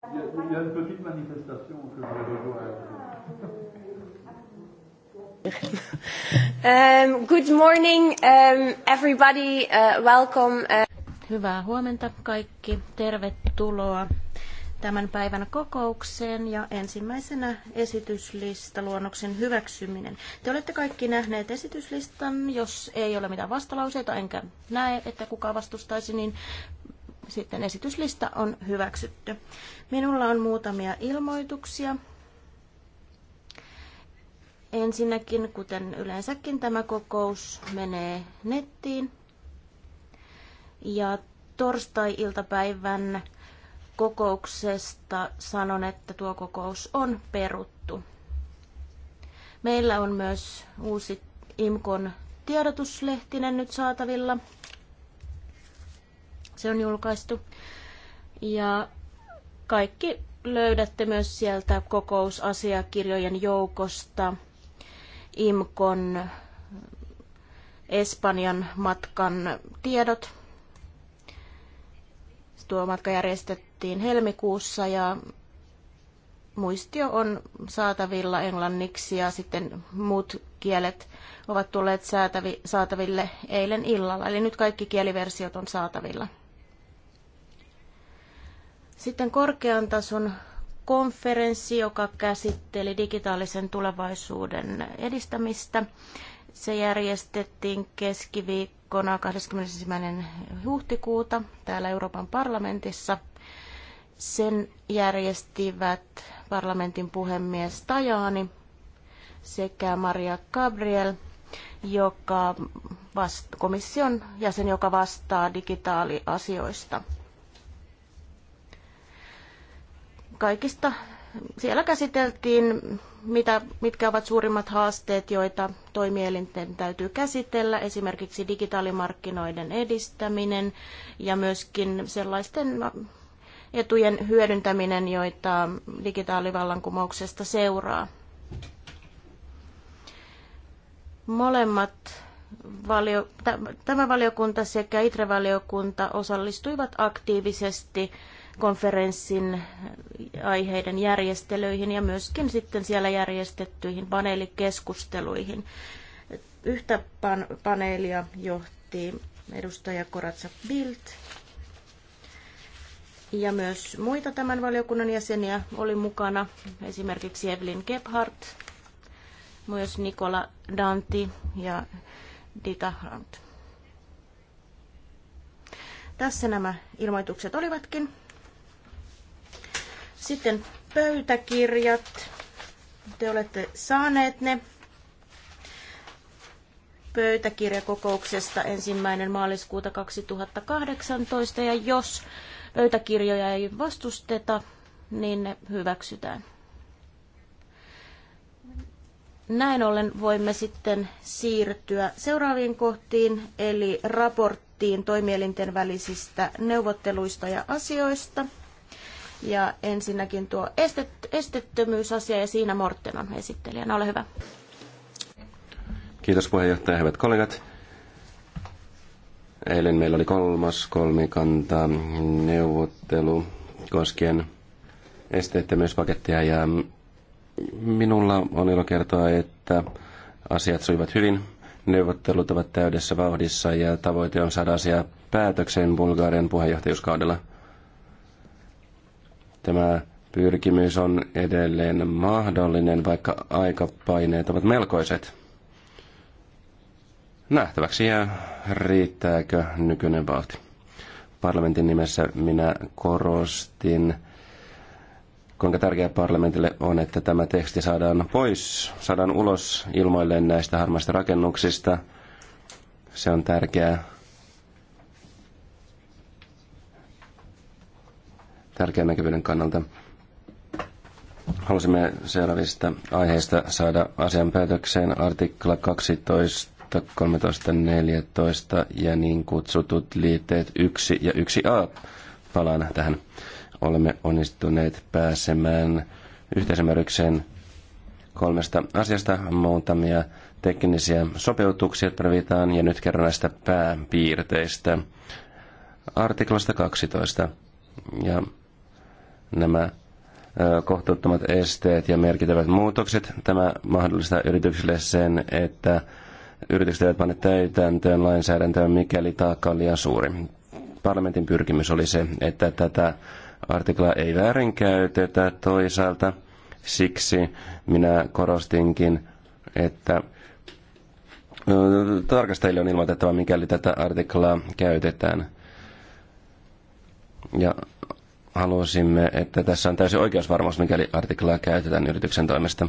Il y, a, il y a une petite manifestation que je vais rejoindre. Um, good morning um, everybody, uh, welcome. Uh... Hyvää huomenta kaikki, tervetuloa tämän päivän kokoukseen ja ensimmäisenä esityslistaluonnoksen hyväksyminen. Te olette kaikki nähneet esityslistan, jos ei ole mitään vastalauseita, enkä näe, että kuka vastustaisi, niin sitten esityslista on hyväksytty. Minulla on muutamia ilmoituksia. Ensinnäkin, kuten yleensäkin, tämä kokous menee nettiin. Ja torstai-iltapäivän kokouksesta sanon, että tuo kokous on peruttu. Meillä on myös uusi IMKON tiedotuslehtinen nyt saatavilla. Se on julkaistu. Ja kaikki löydätte myös sieltä kokousasiakirjojen joukosta IMKON Espanjan matkan tiedot. Tuo matka järjestettiin helmikuussa ja muistio on saatavilla englanniksi ja sitten muut kielet ovat tulleet saataville eilen illalla. Eli nyt kaikki kieliversiot on saatavilla. Sitten korkean tason konferenssi, joka käsitteli digitaalisen tulevaisuuden edistämistä. Se järjestettiin keskiviikkona 21. huhtikuuta täällä Euroopan parlamentissa. Sen järjestivät parlamentin puhemies Tajani sekä Maria Gabriel, joka vast- komission jäsen, joka vastaa digitaaliasioista. kaikista siellä käsiteltiin, mitä, mitkä ovat suurimmat haasteet, joita toimielinten täytyy käsitellä, esimerkiksi digitaalimarkkinoiden edistäminen ja myöskin sellaisten etujen hyödyntäminen, joita digitaalivallankumouksesta seuraa. Molemmat valio, tämä valiokunta sekä ITRE-valiokunta osallistuivat aktiivisesti konferenssin aiheiden järjestelyihin ja myöskin sitten siellä järjestettyihin paneelikeskusteluihin. Yhtä pan- paneelia johti edustaja Koratsa Bild. Ja myös muita tämän valiokunnan jäseniä oli mukana, esimerkiksi Evelyn Gebhardt, myös Nikola Danti ja Dita Hunt. Tässä nämä ilmoitukset olivatkin. Sitten pöytäkirjat. Te olette saaneet ne pöytäkirjakokouksesta ensimmäinen maaliskuuta 2018 ja jos pöytäkirjoja ei vastusteta, niin ne hyväksytään. Näin ollen voimme sitten siirtyä seuraaviin kohtiin, eli raporttiin toimielinten välisistä neuvotteluista ja asioista – ja ensinnäkin tuo estet, estettömyysasia ja siinä Morten on esittelijänä. Ole hyvä. Kiitos puheenjohtaja, hyvät kollegat. Eilen meillä oli kolmas kolmikanta neuvottelu koskien esteettömyyspakettia ja minulla on ilo kertoa, että asiat sujuvat hyvin. Neuvottelut ovat täydessä vauhdissa ja tavoite on saada asia päätökseen Bulgarian puheenjohtajuuskaudella – Tämä pyrkimys on edelleen mahdollinen, vaikka aikapaineet ovat melkoiset. Nähtäväksi jää, riittääkö nykyinen vauhti. Parlamentin nimessä minä korostin, kuinka tärkeää parlamentille on, että tämä teksti saadaan pois, saadaan ulos ilmoilleen näistä harmaista rakennuksista. Se on tärkeää tärkeän näkyvyyden kannalta. Halusimme seuraavista aiheista saada asian päätökseen artikla 12, 13, 14 ja niin kutsutut liitteet 1 ja 1a. Palaan tähän. Olemme onnistuneet pääsemään yhteisymmärrykseen kolmesta asiasta muutamia teknisiä sopeutuksia tarvitaan ja nyt kerron näistä pääpiirteistä artiklasta 12. Ja nämä kohtuuttomat esteet ja merkittävät muutokset. Tämä mahdollistaa yrityksille sen, että yritykset eivät pane täytäntöön lainsäädäntöön, mikäli taakka on liian suuri. Parlamentin pyrkimys oli se, että tätä artiklaa ei väärinkäytetä toisaalta. Siksi minä korostinkin, että tarkastajille on ilmoitettava, mikäli tätä artiklaa käytetään. Ja haluaisimme, että tässä on täysin oikeusvarmuus, mikäli artiklaa käytetään yrityksen toimesta.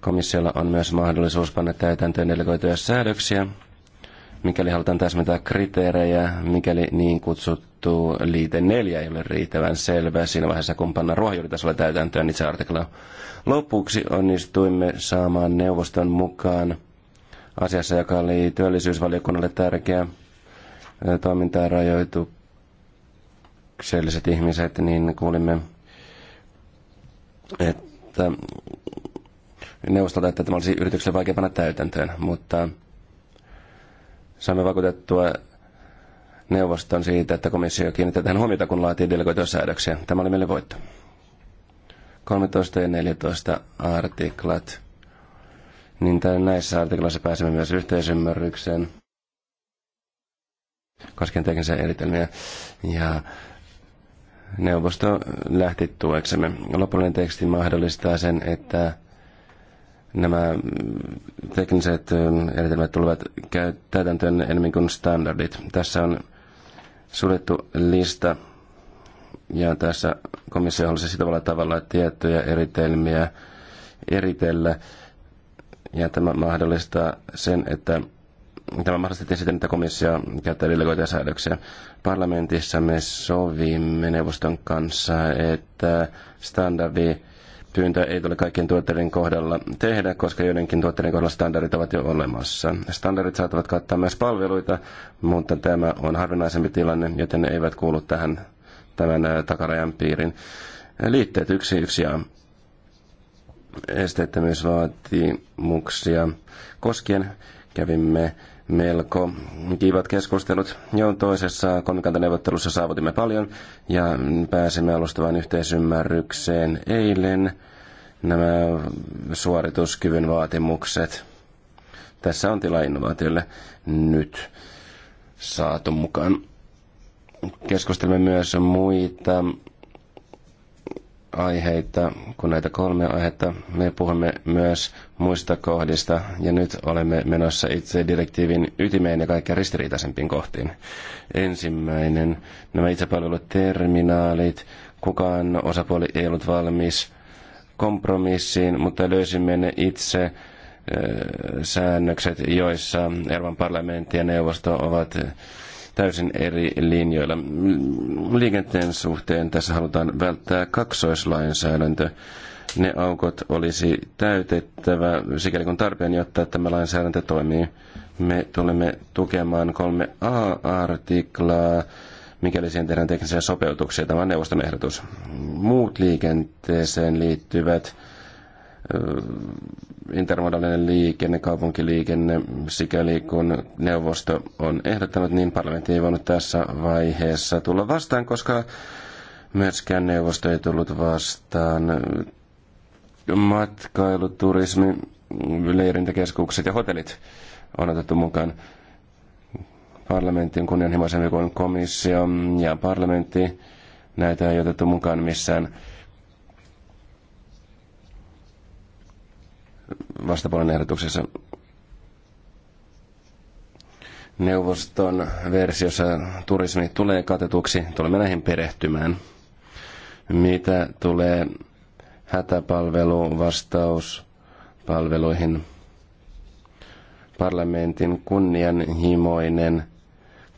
Komissiolla on myös mahdollisuus panna täytäntöön delegoituja säädöksiä, mikäli halutaan täsmentää kriteerejä, mikäli niin kutsuttu liite 4 ei ole riittävän selvä siinä vaiheessa, kun panna ruohonjuuritasolla täytäntöön itse artiklaa. Lopuksi onnistuimme saamaan neuvoston mukaan asiassa, joka oli työllisyysvaliokunnalle tärkeä toimintarajoitu, edistykselliset ihmiset, niin kuulimme, että neuvostolta, että tämä olisi yritykselle vaikea panna täytäntöön, mutta saimme vakuutettua neuvoston siitä, että komissio kiinnittää tähän huomiota, kun laatii delegoituja säädöksiä. Tämä oli meille voitto. 13 ja 14 artiklat. Niin näissä artikloissa pääsemme myös yhteisymmärrykseen koskien teknisiä eritelmiä ja neuvosto lähti tueksemme. Lopullinen teksti mahdollistaa sen, että nämä tekniset järjestelmät tulevat täytäntöön enemmän kuin standardit. Tässä on suljettu lista ja tässä komissio halusi sitovalla tavalla tiettyjä eritelmiä eritellä ja tämä mahdollistaa sen, että Tämä mahdollistettiin siten, että komissio käyttää delegoituja säädöksiä. Parlamentissa me sovimme neuvoston kanssa, että standardi pyyntö ei tule kaikkien tuotteiden kohdalla tehdä, koska joidenkin tuotteiden kohdalla standardit ovat jo olemassa. Standardit saattavat kattaa myös palveluita, mutta tämä on harvinaisempi tilanne, joten ne eivät kuulu tähän tämän äh, takarajan piirin. Liitteet yksi yksi ja esteettömyysvaatimuksia koskien kävimme melko kivat keskustelut. Jo toisessa kolmikantaneuvottelussa saavutimme paljon ja pääsimme alustavaan yhteisymmärrykseen eilen nämä suorituskyvyn vaatimukset. Tässä on tila innovaatiolle nyt saatu mukaan. Keskustelemme myös muita aiheita kun näitä kolmea aihetta. Me puhumme myös muista kohdista ja nyt olemme menossa itse direktiivin ytimeen ja kaikkein ristiriitaisempiin kohtiin. Ensimmäinen, nämä itsepalveluterminaalit. Kukaan osapuoli ei ollut valmis kompromissiin, mutta löysimme ne itse eh, säännökset, joissa Euroopan parlamentti ja neuvosto ovat täysin eri linjoilla. Liikenteen suhteen tässä halutaan välttää kaksoislainsäädäntö. Ne aukot olisi täytettävä sikäli kun tarpeen, jotta tämä lainsäädäntö toimii. Me tulemme tukemaan 3a-artiklaa, mikäli siihen tehdään teknisiä sopeutuksia. Tämä on neuvoston ehdotus. Muut liikenteeseen liittyvät intermodaalinen liikenne, kaupunkiliikenne, sikäli kun neuvosto on ehdottanut, niin parlamentti ei voinut tässä vaiheessa tulla vastaan, koska myöskään neuvosto ei tullut vastaan. Matkailu, turismi, leirintäkeskukset ja hotellit on otettu mukaan. parlamentin on kunnianhimoisempi kuin komissio ja parlamentti. Näitä ei otettu mukaan missään vastapuolen ehdotuksessa. Neuvoston versiossa turismi tulee katetuksi, tulemme näihin perehtymään. Mitä tulee hätäpalvelu vastauspalveluihin, parlamentin kunnianhimoinen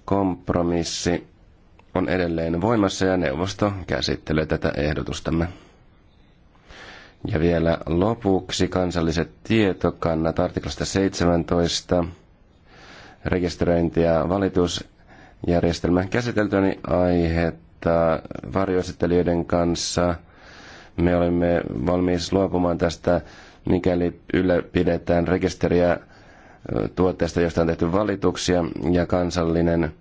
kompromissi on edelleen voimassa ja neuvosto käsittelee tätä ehdotustamme. Ja vielä lopuksi kansalliset tietokannat artiklasta 17 rekisteröinti- ja valitusjärjestelmä käsiteltyäni aihetta varjoesittelijöiden kanssa. Me olemme valmiit luopumaan tästä, mikäli ylläpidetään rekisteriä tuotteista, josta on tehty valituksia, ja kansallinen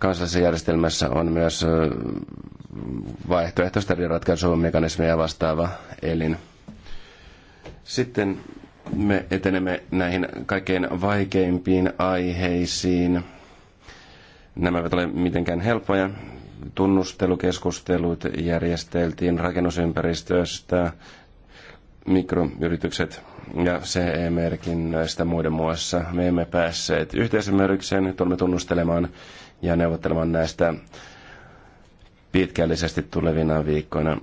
kansallisessa järjestelmässä on myös vaihtoehtoista ratkaisumekanismeja vastaava elin. Sitten me etenemme näihin kaikkein vaikeimpiin aiheisiin. Nämä eivät ole mitenkään helppoja. Tunnustelukeskustelut järjesteltiin rakennusympäristöstä, mikroyritykset ja CE-merkinnöistä muiden muassa. Me emme päässeet yhteisymmärrykseen, tulemme tunnustelemaan ja neuvottelemaan näistä pitkällisesti tulevina viikkoina.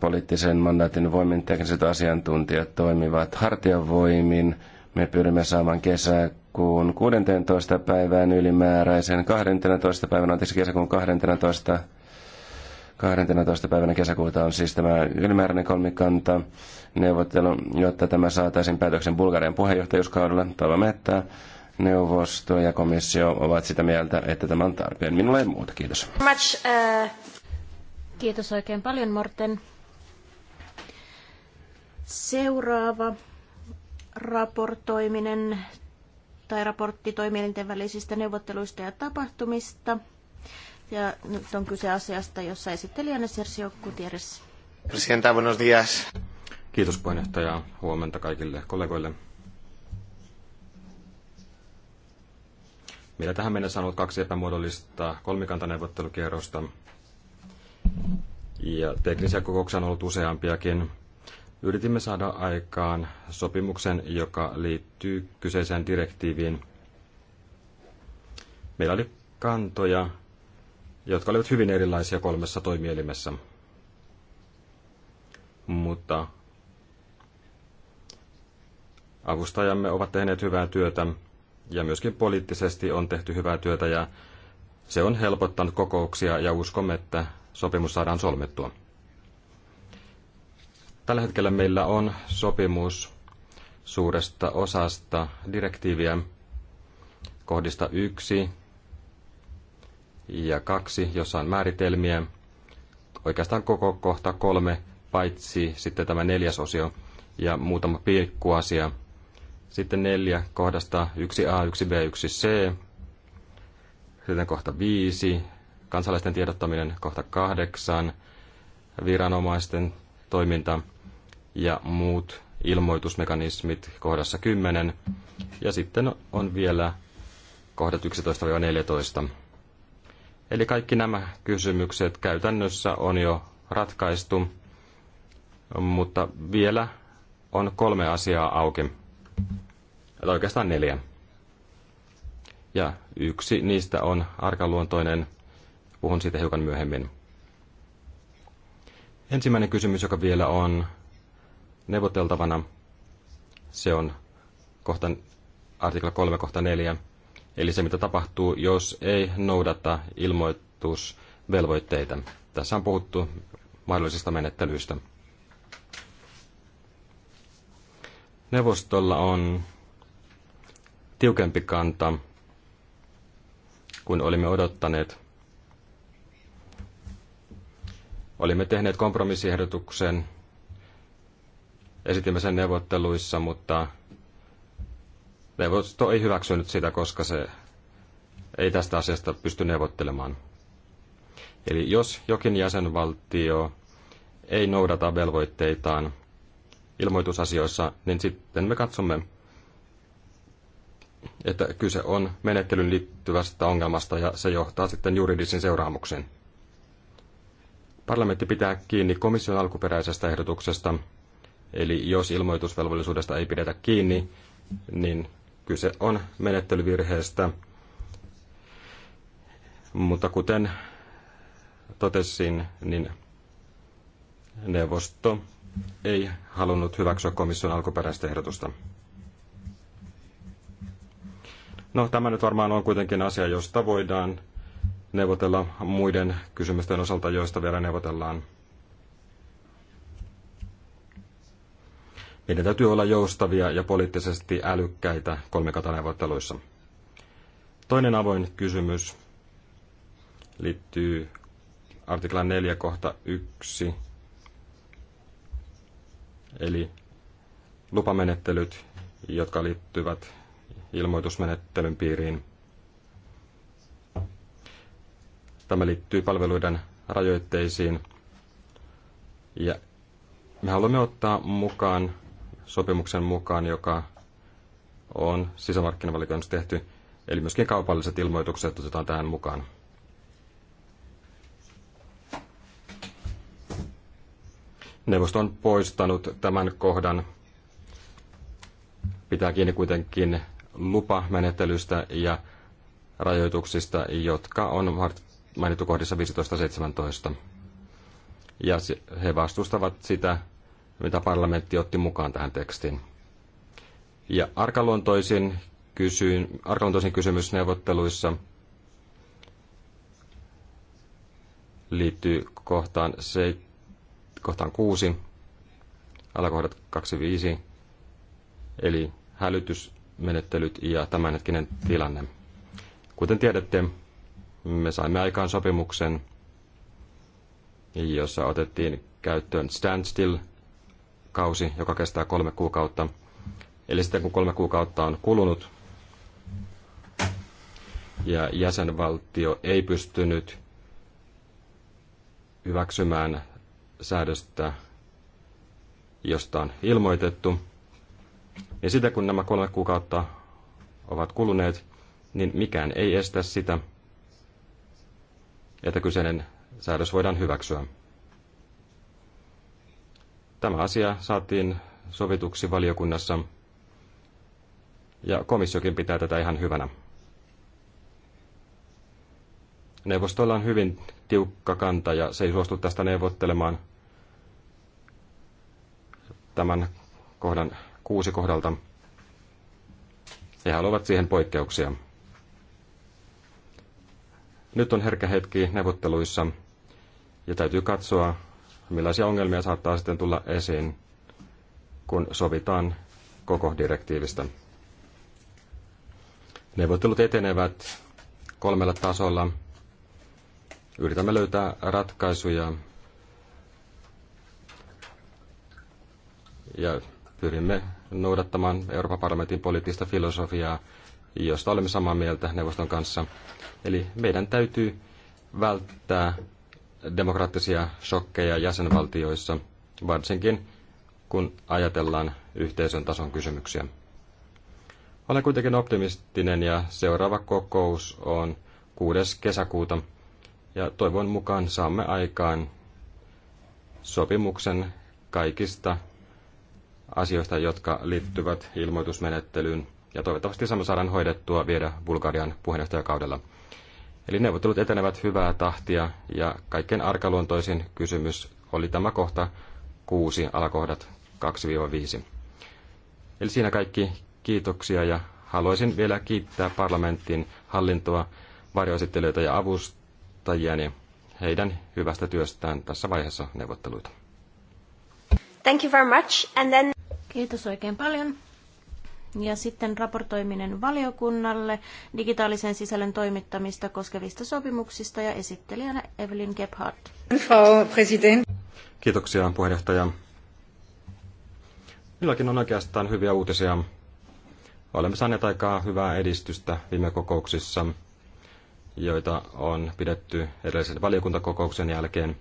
Poliittisen mandaatin voimin tekniset asiantuntijat toimivat hartiavoimin. Me pyrimme saamaan kesäkuun 16. päivään ylimääräisen 12. päivän, anteeksi kesäkuun 12. 12. päivänä kesäkuuta on siis tämä ylimääräinen kolmikanta neuvottelu, jotta tämä saataisiin päätöksen Bulgarian puheenjohtajuuskaudella. Toivomme, että neuvosto ja komissio ovat sitä mieltä, että tämä on tarpeen. Minulla ei muuta. Kiitos. Uh, Kiitos oikein paljon, Morten. Seuraava raportoiminen tai raportti toimielinten välisistä neuvotteluista ja tapahtumista. Ja nyt on kyse asiasta, jossa esittelijänä Sergio Gutierrez. Presidenta, buenos días. Kiitos puheenjohtaja. Huomenta kaikille kollegoille. Meillä tähän mennessä on ollut kaksi epämuodollista kolmikantaneuvottelukierrosta. Ja teknisiä kokouksia on ollut useampiakin. Yritimme saada aikaan sopimuksen, joka liittyy kyseiseen direktiiviin. Meillä oli kantoja, jotka olivat hyvin erilaisia kolmessa toimielimessä. Mutta avustajamme ovat tehneet hyvää työtä ja myöskin poliittisesti on tehty hyvää työtä ja se on helpottanut kokouksia ja uskomme, että sopimus saadaan solmittua. Tällä hetkellä meillä on sopimus suuresta osasta direktiiviä kohdista 1 ja 2, jossa on määritelmiä. Oikeastaan koko kohta kolme, paitsi sitten tämä neljäs osio ja muutama pikku asia, sitten neljä kohdasta 1a, 1b, 1c. Sitten kohta 5. Kansalaisten tiedottaminen kohta 8. Viranomaisten toiminta ja muut ilmoitusmekanismit kohdassa 10. Ja sitten on vielä kohdat 11-14. Eli kaikki nämä kysymykset käytännössä on jo ratkaistu, mutta vielä on kolme asiaa auki tai oikeastaan neljä. Ja yksi niistä on arkaluontoinen, puhun siitä hiukan myöhemmin. Ensimmäinen kysymys, joka vielä on neuvoteltavana, se on kohta, artikla 3 kohta 4, eli se mitä tapahtuu, jos ei noudata ilmoitusvelvoitteita. Tässä on puhuttu mahdollisista menettelyistä. Neuvostolla on tiukempi kanta kuin olimme odottaneet. Olimme tehneet kompromissiehdotuksen, esitimme sen neuvotteluissa, mutta neuvosto ei hyväksynyt sitä, koska se ei tästä asiasta pysty neuvottelemaan. Eli jos jokin jäsenvaltio ei noudata velvoitteitaan, ilmoitusasioissa, niin sitten me katsomme, että kyse on menettelyn liittyvästä ongelmasta ja se johtaa sitten juridisiin seuraamuksiin. Parlamentti pitää kiinni komission alkuperäisestä ehdotuksesta, eli jos ilmoitusvelvollisuudesta ei pidetä kiinni, niin kyse on menettelyvirheestä. Mutta kuten totesin, niin neuvosto ei halunnut hyväksyä komission alkuperäistä ehdotusta. No, tämä nyt varmaan on kuitenkin asia, josta voidaan neuvotella muiden kysymysten osalta, joista vielä neuvotellaan. Meidän täytyy olla joustavia ja poliittisesti älykkäitä kolmikataneuvotteluissa. Toinen avoin kysymys liittyy artiklan 4 kohta 1 eli lupamenettelyt, jotka liittyvät ilmoitusmenettelyn piiriin. Tämä liittyy palveluiden rajoitteisiin. Ja me haluamme ottaa mukaan sopimuksen mukaan, joka on sisämarkkinavalikoinnissa tehty, eli myöskin kaupalliset ilmoitukset otetaan tähän mukaan. Neuvosto on poistanut tämän kohdan. Pitää kiinni kuitenkin lupamenettelystä ja rajoituksista, jotka on mainittu kohdissa 15.17. Ja he vastustavat sitä, mitä parlamentti otti mukaan tähän tekstiin. Ja arkaluontoisin, kysyin arkaluontoisin kysymys neuvotteluissa liittyy kohtaan 7 kohtaan 6, alakohdat 25, eli hälytysmenettelyt ja tämänhetkinen tilanne. Kuten tiedätte, me saimme aikaan sopimuksen, jossa otettiin käyttöön standstill-kausi, joka kestää kolme kuukautta. Eli sitten kun kolme kuukautta on kulunut ja jäsenvaltio ei pystynyt hyväksymään säädöstä, josta on ilmoitettu. Ja sitä kun nämä kolme kuukautta ovat kuluneet, niin mikään ei estä sitä, että kyseinen säädös voidaan hyväksyä. Tämä asia saatiin sovituksi valiokunnassa, ja komissiokin pitää tätä ihan hyvänä. Neuvostolla on hyvin tiukka kanta ja se ei suostu tästä neuvottelemaan tämän kohdan kuusi kohdalta. He haluavat siihen poikkeuksia. Nyt on herkkä hetki neuvotteluissa ja täytyy katsoa, millaisia ongelmia saattaa sitten tulla esiin, kun sovitaan koko direktiivistä. Neuvottelut etenevät kolmella tasolla – Yritämme löytää ratkaisuja ja pyrimme noudattamaan Euroopan parlamentin poliittista filosofiaa, josta olemme samaa mieltä neuvoston kanssa. Eli meidän täytyy välttää demokraattisia shokkeja jäsenvaltioissa, varsinkin kun ajatellaan yhteisön tason kysymyksiä. Olen kuitenkin optimistinen ja seuraava kokous on 6. kesäkuuta ja toivon mukaan saamme aikaan sopimuksen kaikista asioista, jotka liittyvät ilmoitusmenettelyyn. Ja toivottavasti saamme saadaan hoidettua viedä Bulgarian puheenjohtajakaudella. Eli neuvottelut etenevät hyvää tahtia ja kaikkein arkaluontoisin kysymys oli tämä kohta kuusi alakohdat 2-5. Eli siinä kaikki kiitoksia ja haluaisin vielä kiittää parlamentin hallintoa, varjoesittelijöitä ja avustajia ja heidän hyvästä työstään tässä vaiheessa neuvotteluita. Thank you very much. And then... Kiitos oikein paljon. Ja sitten raportoiminen valiokunnalle digitaalisen sisällön toimittamista koskevista sopimuksista ja esittelijänä Evelyn Gebhardt. Frau President. Kiitoksia puheenjohtaja. Milläkin on oikeastaan hyviä uutisia. Olemme saaneet aikaa hyvää edistystä viime kokouksissa joita on pidetty edellisen valiokuntakokouksen jälkeen.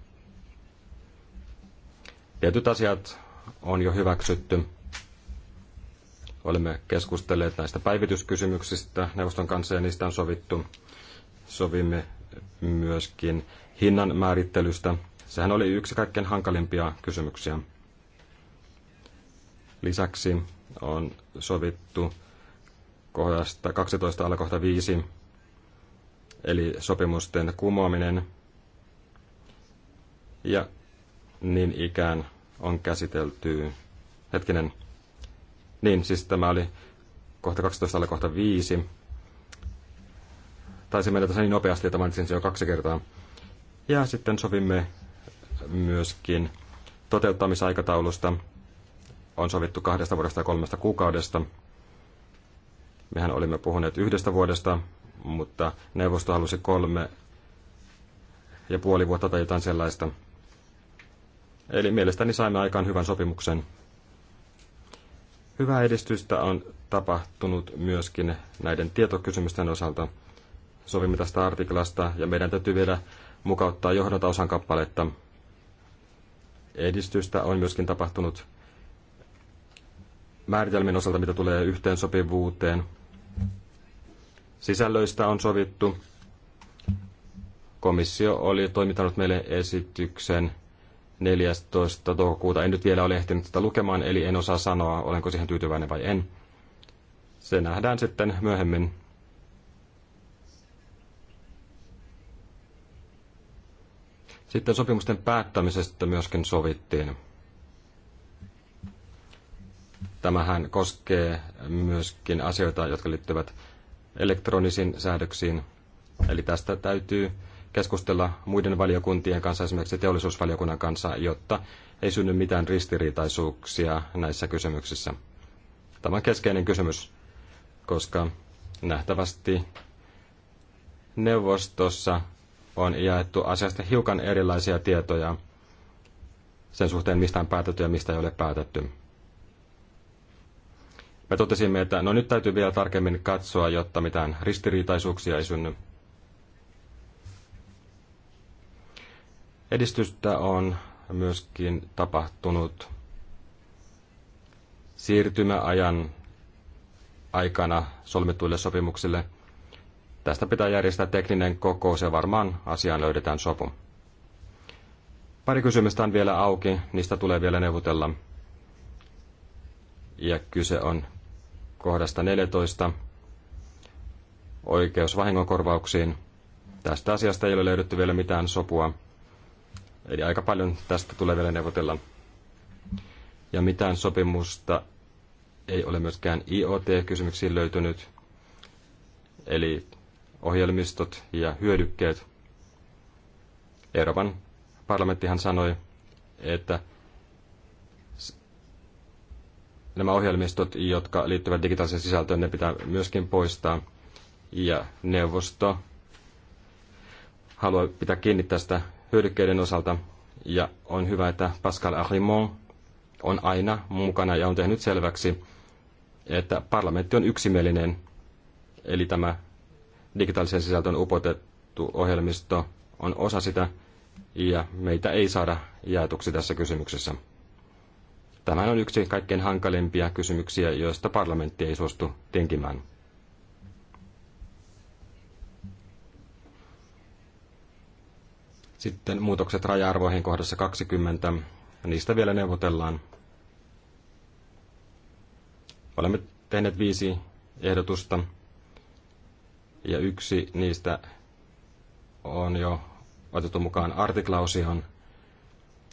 Tietyt asiat on jo hyväksytty. Olemme keskustelleet näistä päivityskysymyksistä neuvoston kanssa ja niistä on sovittu. Sovimme myöskin hinnan määrittelystä. Sehän oli yksi kaikkein hankalimpia kysymyksiä. Lisäksi on sovittu kohdasta 12 alakohta 5 eli sopimusten kumoaminen. Ja niin ikään on käsitelty, hetkinen, niin siis tämä oli kohta 12 alle kohta 5. Taisi mennä tässä niin nopeasti, että mainitsin sen jo kaksi kertaa. Ja sitten sovimme myöskin toteuttamisaikataulusta. On sovittu kahdesta vuodesta ja kolmesta kuukaudesta. Mehän olimme puhuneet yhdestä vuodesta, mutta neuvosto halusi kolme ja puoli vuotta tai jotain sellaista. Eli mielestäni saimme aikaan hyvän sopimuksen. Hyvää edistystä on tapahtunut myöskin näiden tietokysymysten osalta. Sovimme tästä artiklasta ja meidän täytyy vielä mukauttaa johdantaosan kappaletta. Edistystä on myöskin tapahtunut määritelmien osalta, mitä tulee yhteensopivuuteen. Sisällöistä on sovittu. Komissio oli toimittanut meille esityksen 14. toukokuuta. En nyt vielä ole ehtinyt sitä lukemaan, eli en osaa sanoa, olenko siihen tyytyväinen vai en. Se nähdään sitten myöhemmin. Sitten sopimusten päättämisestä myöskin sovittiin. Tämähän koskee myöskin asioita, jotka liittyvät elektronisiin säädöksiin. Eli tästä täytyy keskustella muiden valiokuntien kanssa, esimerkiksi teollisuusvaliokunnan kanssa, jotta ei synny mitään ristiriitaisuuksia näissä kysymyksissä. Tämä on keskeinen kysymys, koska nähtävästi neuvostossa on jaettu asiasta hiukan erilaisia tietoja sen suhteen, mistä on päätetty ja mistä ei ole päätetty. Me totesimme, että no nyt täytyy vielä tarkemmin katsoa, jotta mitään ristiriitaisuuksia ei synny. Edistystä on myöskin tapahtunut siirtymäajan aikana solmituille sopimuksille. Tästä pitää järjestää tekninen kokous ja varmaan asiaan löydetään sopu. Pari kysymystä on vielä auki, niistä tulee vielä neuvotella. Ja kyse on kohdasta 14 oikeus vahingonkorvauksiin. Tästä asiasta ei ole löydetty vielä mitään sopua. Eli aika paljon tästä tulee vielä neuvotella. Ja mitään sopimusta ei ole myöskään IoT-kysymyksiin löytynyt. Eli ohjelmistot ja hyödykkeet. Euroopan parlamenttihan sanoi, että nämä ohjelmistot, jotka liittyvät digitaaliseen sisältöön, ne pitää myöskin poistaa. Ja neuvosto haluaa pitää kiinni tästä hyödykkeiden osalta. Ja on hyvä, että Pascal Arimon on aina mukana ja on tehnyt selväksi, että parlamentti on yksimielinen. Eli tämä digitaalisen sisältöön upotettu ohjelmisto on osa sitä, ja meitä ei saada jäätuksi tässä kysymyksessä. Tämä on yksi kaikkein hankalimpia kysymyksiä, joista parlamentti ei suostu tinkimään. Sitten muutokset raja-arvoihin kohdassa 20. Niistä vielä neuvotellaan. Olemme tehneet viisi ehdotusta ja yksi niistä on jo otettu mukaan artiklausioon.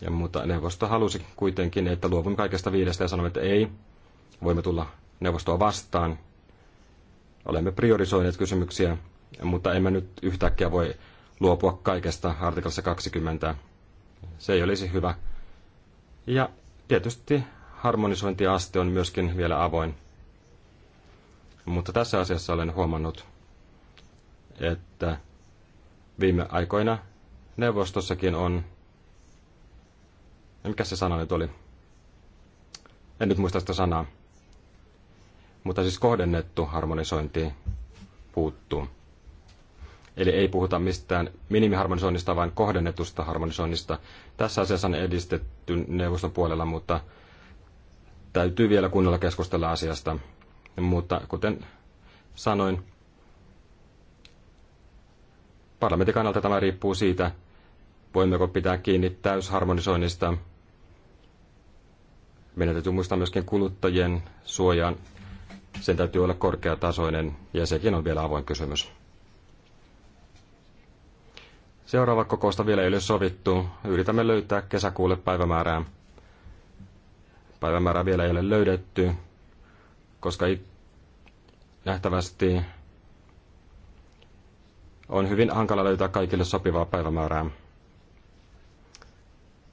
Ja, mutta neuvosto halusi kuitenkin, että luovumme kaikesta viidestä ja sanoimme, että ei, voimme tulla neuvostoa vastaan. Olemme priorisoineet kysymyksiä, mutta emme nyt yhtäkkiä voi luopua kaikesta artiklassa 20. Se ei olisi hyvä. Ja tietysti harmonisointiaste on myöskin vielä avoin. Mutta tässä asiassa olen huomannut, että viime aikoina neuvostossakin on mikä se sana nyt oli? En nyt muista sitä sanaa. Mutta siis kohdennettu harmonisointi puuttuu. Eli ei puhuta mistään minimiharmonisoinnista, vaan kohdennetusta harmonisoinnista. Tässä asiassa on edistetty neuvoston puolella, mutta täytyy vielä kunnolla keskustella asiasta. Mutta kuten sanoin, parlamentin kannalta tämä riippuu siitä, voimmeko pitää kiinni täysharmonisoinnista meidän täytyy muistaa myöskin kuluttajien suojan. Sen täytyy olla korkeatasoinen ja sekin on vielä avoin kysymys. Seuraava kokousta vielä ei ole sovittu. Yritämme löytää kesäkuulle päivämäärää. Päivämäärää vielä ei ole löydetty, koska nähtävästi on hyvin hankala löytää kaikille sopivaa päivämäärää.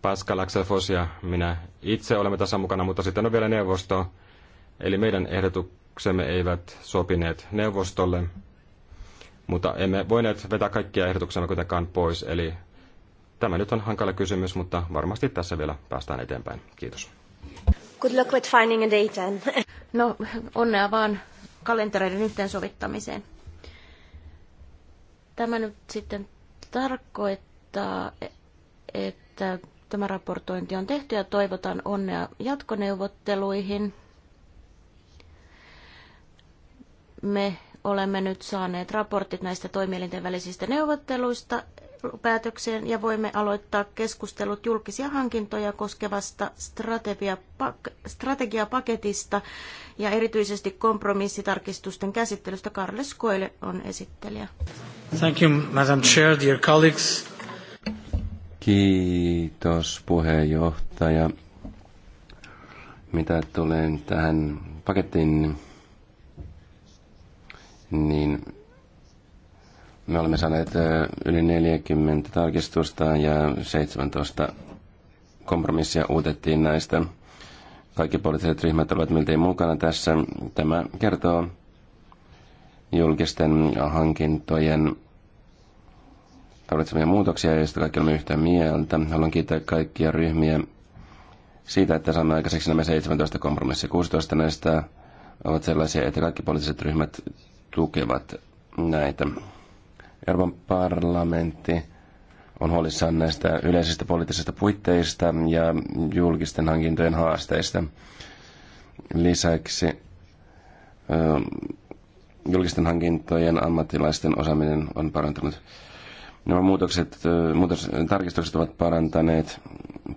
Pascal Axelfos ja minä itse olemme tässä mukana, mutta sitten on vielä neuvosto. Eli meidän ehdotuksemme eivät sopineet neuvostolle, mutta emme voineet vetää kaikkia ehdotuksemme kuitenkaan pois. Eli tämä nyt on hankala kysymys, mutta varmasti tässä vielä päästään eteenpäin. Kiitos. Good luck with finding a date No, onnea vaan kalentereiden yhteensovittamiseen. Tämä nyt sitten tarkoittaa, e- että Tämä raportointi on tehty ja toivotan onnea jatkoneuvotteluihin. Me olemme nyt saaneet raportit näistä toimielinten välisistä neuvotteluista päätökseen ja voimme aloittaa keskustelut julkisia hankintoja koskevasta strategiapaketista ja erityisesti kompromissitarkistusten käsittelystä. Karles Koile on esittelijä. Thank you, Madam Chair, dear colleagues. Kiitos puheenjohtaja. Mitä tulee tähän pakettiin, niin me olemme saaneet yli 40 tarkistusta ja 17 kompromissia uutettiin näistä. Kaikki poliittiset ryhmät ovat miltei mukana tässä. Tämä kertoo julkisten hankintojen tarvitsemia muutoksia, joista kaikki olemme yhtä mieltä. Haluan kiittää kaikkia ryhmiä siitä, että saamme aikaiseksi nämä 17 kompromissia. 16 näistä ovat sellaisia, että kaikki poliittiset ryhmät tukevat näitä. Euroopan parlamentti on huolissaan näistä yleisistä poliittisista puitteista ja julkisten hankintojen haasteista. Lisäksi julkisten hankintojen ammattilaisten osaaminen on parantunut. Nämä muutokset, muutos, tarkistukset ovat parantaneet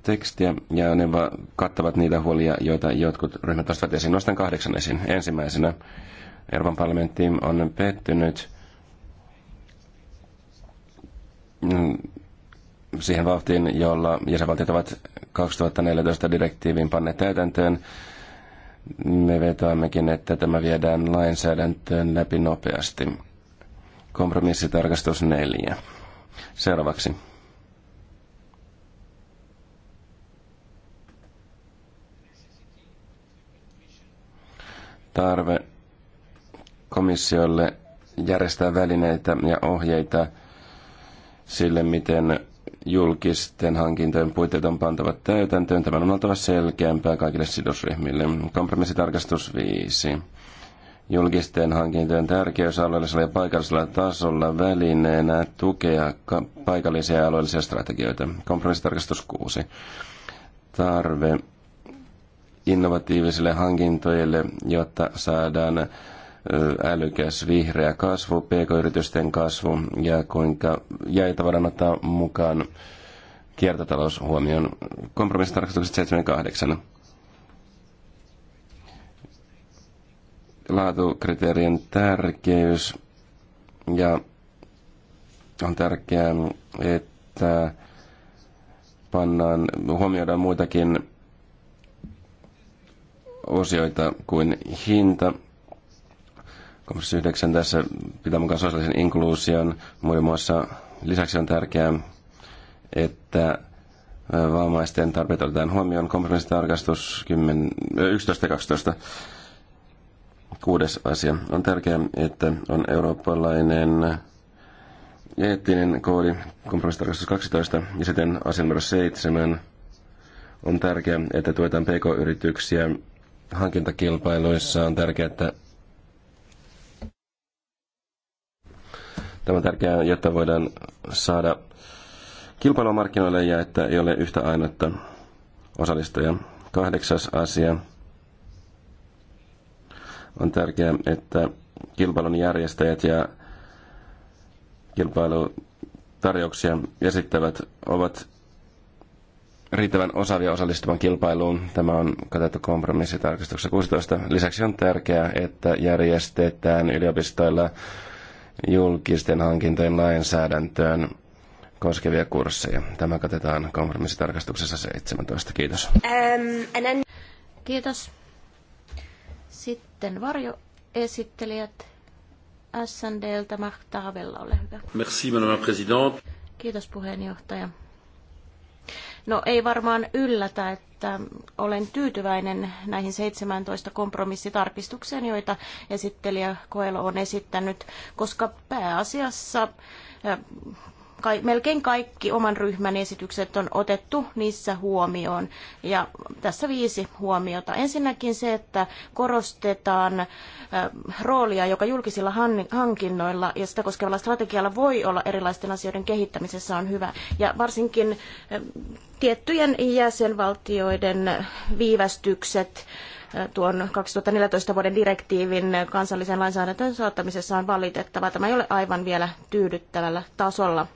tekstiä ja ne va- kattavat niitä huolia, joita jotkut ryhmät nostavat esiin. Nostan kahdeksan esiin. Ensimmäisenä Euroopan parlamentti on pettynyt mm, siihen vauhtiin, jolla jäsenvaltiot ovat 2014 direktiivin panneet täytäntöön. Me vetoammekin, että tämä viedään lainsäädäntöön läpi nopeasti. Kompromissitarkastus neljä. Seuraavaksi. Tarve komissiolle järjestää välineitä ja ohjeita sille, miten julkisten hankintojen puitteet on pantava täytäntöön. Tämän on oltava selkeämpää kaikille sidosryhmille. Kompromissitarkastus 5. Julkisten hankintojen tärkeys alueellisella ja paikallisella tasolla välineenä tukea paikallisia ja alueellisia strategioita. Kompromissitarkastus 6. Tarve innovatiivisille hankintoille, jotta saadaan älykäs vihreä kasvu, pk-yritysten kasvu ja kuinka jäi voidaan ottaa mukaan kiertotalous huomioon. Kompromissitarkastukset 78. laatukriteerien tärkeys ja on tärkeää, että pannaan, huomioidaan muitakin osioita kuin hinta. Komissio 9 tässä pitää mukaan sosiaalisen inkluusion muiden muassa. Lisäksi on tärkeää, että äh, vammaisten tarpeet otetaan huomioon. Kompromissitarkastus 10, 11 12 Kuudes asia. On tärkeää, että on eurooppalainen eettinen koodi, kompromissitarkastus 12, ja sitten asia numero 7. On tärkeää, että tuetaan pk-yrityksiä hankintakilpailuissa. On tärkeää, että Tämä on tärkeää, jotta voidaan saada kilpailua markkinoille ja että ei ole yhtä ainoa osallistujaa. Kahdeksas asia on tärkeää, että kilpailun järjestäjät ja kilpailutarjouksia esittävät ovat riittävän osaavia osallistuvan kilpailuun. Tämä on katettu kompromissitarkistuksessa 16. Lisäksi on tärkeää, että järjestetään yliopistoilla julkisten hankintojen lainsäädäntöön koskevia kursseja. Tämä katetaan kompromissitarkastuksessa 17. Kiitos. Um, then... Kiitos. Sitten varjoesittelijät SNDltä Mahta ole hyvä. Merci, madame présidente. Kiitos puheenjohtaja. No ei varmaan yllätä, että olen tyytyväinen näihin 17 kompromissitarkistukseen, joita esittelijä Koelo on esittänyt, koska pääasiassa ka- melkein kaikki oman ryhmän esitykset on otettu niissä huomioon. Ja tässä viisi huomiota. Ensinnäkin se, että korostetaan roolia, joka julkisilla hankinnoilla ja sitä koskevalla strategialla voi olla erilaisten asioiden kehittämisessä on hyvä. Ja varsinkin tiettyjen jäsenvaltioiden viivästykset tuon 2014 vuoden direktiivin kansallisen lainsäädäntöön saattamisessa on valitettava. Tämä ei ole aivan vielä tyydyttävällä tasolla.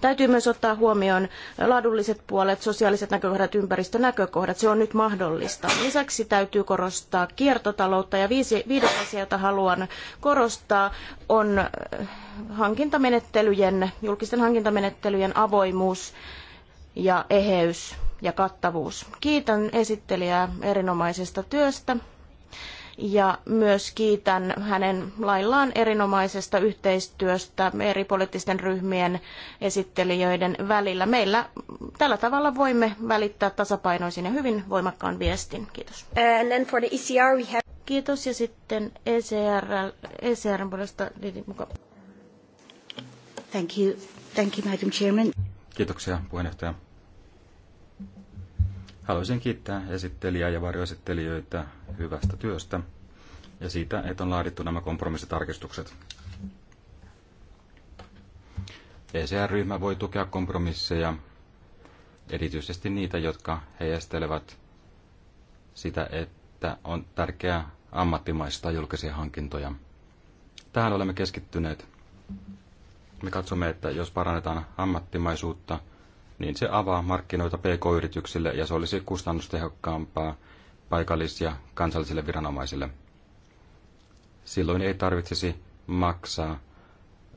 Täytyy myös ottaa huomioon laadulliset puolet, sosiaaliset näkökohdat, ympäristönäkökohdat. Se on nyt mahdollista. Lisäksi täytyy korostaa kiertotaloutta ja viisi, viides asia, jota haluan korostaa, on äh, hankintamenettelyjen, julkisten hankintamenettelyjen avoimuus ja eheys ja kattavuus. Kiitän esittelijää erinomaisesta työstä ja myös kiitän hänen laillaan erinomaisesta yhteistyöstä eri poliittisten ryhmien esittelijöiden välillä. Meillä tällä tavalla voimme välittää tasapainoisin ja hyvin voimakkaan viestin. Kiitos. E have... Kiitos ja sitten ECR, ECRn puolesta Didi mukaan. Thank you. Thank you, Madam Chairman. Kiitoksia puheenjohtaja. Haluaisin kiittää esittelijää ja varjoesittelijöitä hyvästä työstä ja siitä, että on laadittu nämä kompromissitarkistukset. ECR-ryhmä voi tukea kompromisseja, erityisesti niitä, jotka heijastelevat sitä, että on tärkeää ammattimaista julkisia hankintoja. Tähän olemme keskittyneet. Me katsomme, että jos parannetaan ammattimaisuutta, niin se avaa markkinoita pk-yrityksille ja se olisi kustannustehokkaampaa paikallis- ja kansallisille viranomaisille. Silloin ei tarvitsisi maksaa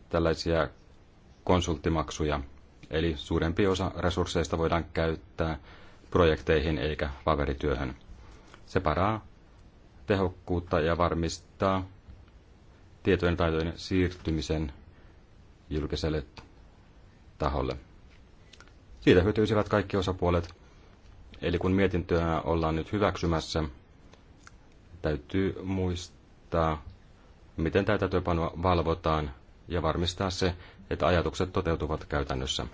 tällaisia konsulttimaksuja, eli suurempi osa resursseista voidaan käyttää projekteihin eikä paperityöhön. Se paraa tehokkuutta ja varmistaa tietojen taitojen siirtymisen julkiselle taholle. Siitä hyötyisivät kaikki osapuolet. Eli kun mietintöä ollaan nyt hyväksymässä, täytyy muistaa, miten työpanoa valvotaan ja varmistaa se, että ajatukset toteutuvat käytännössä.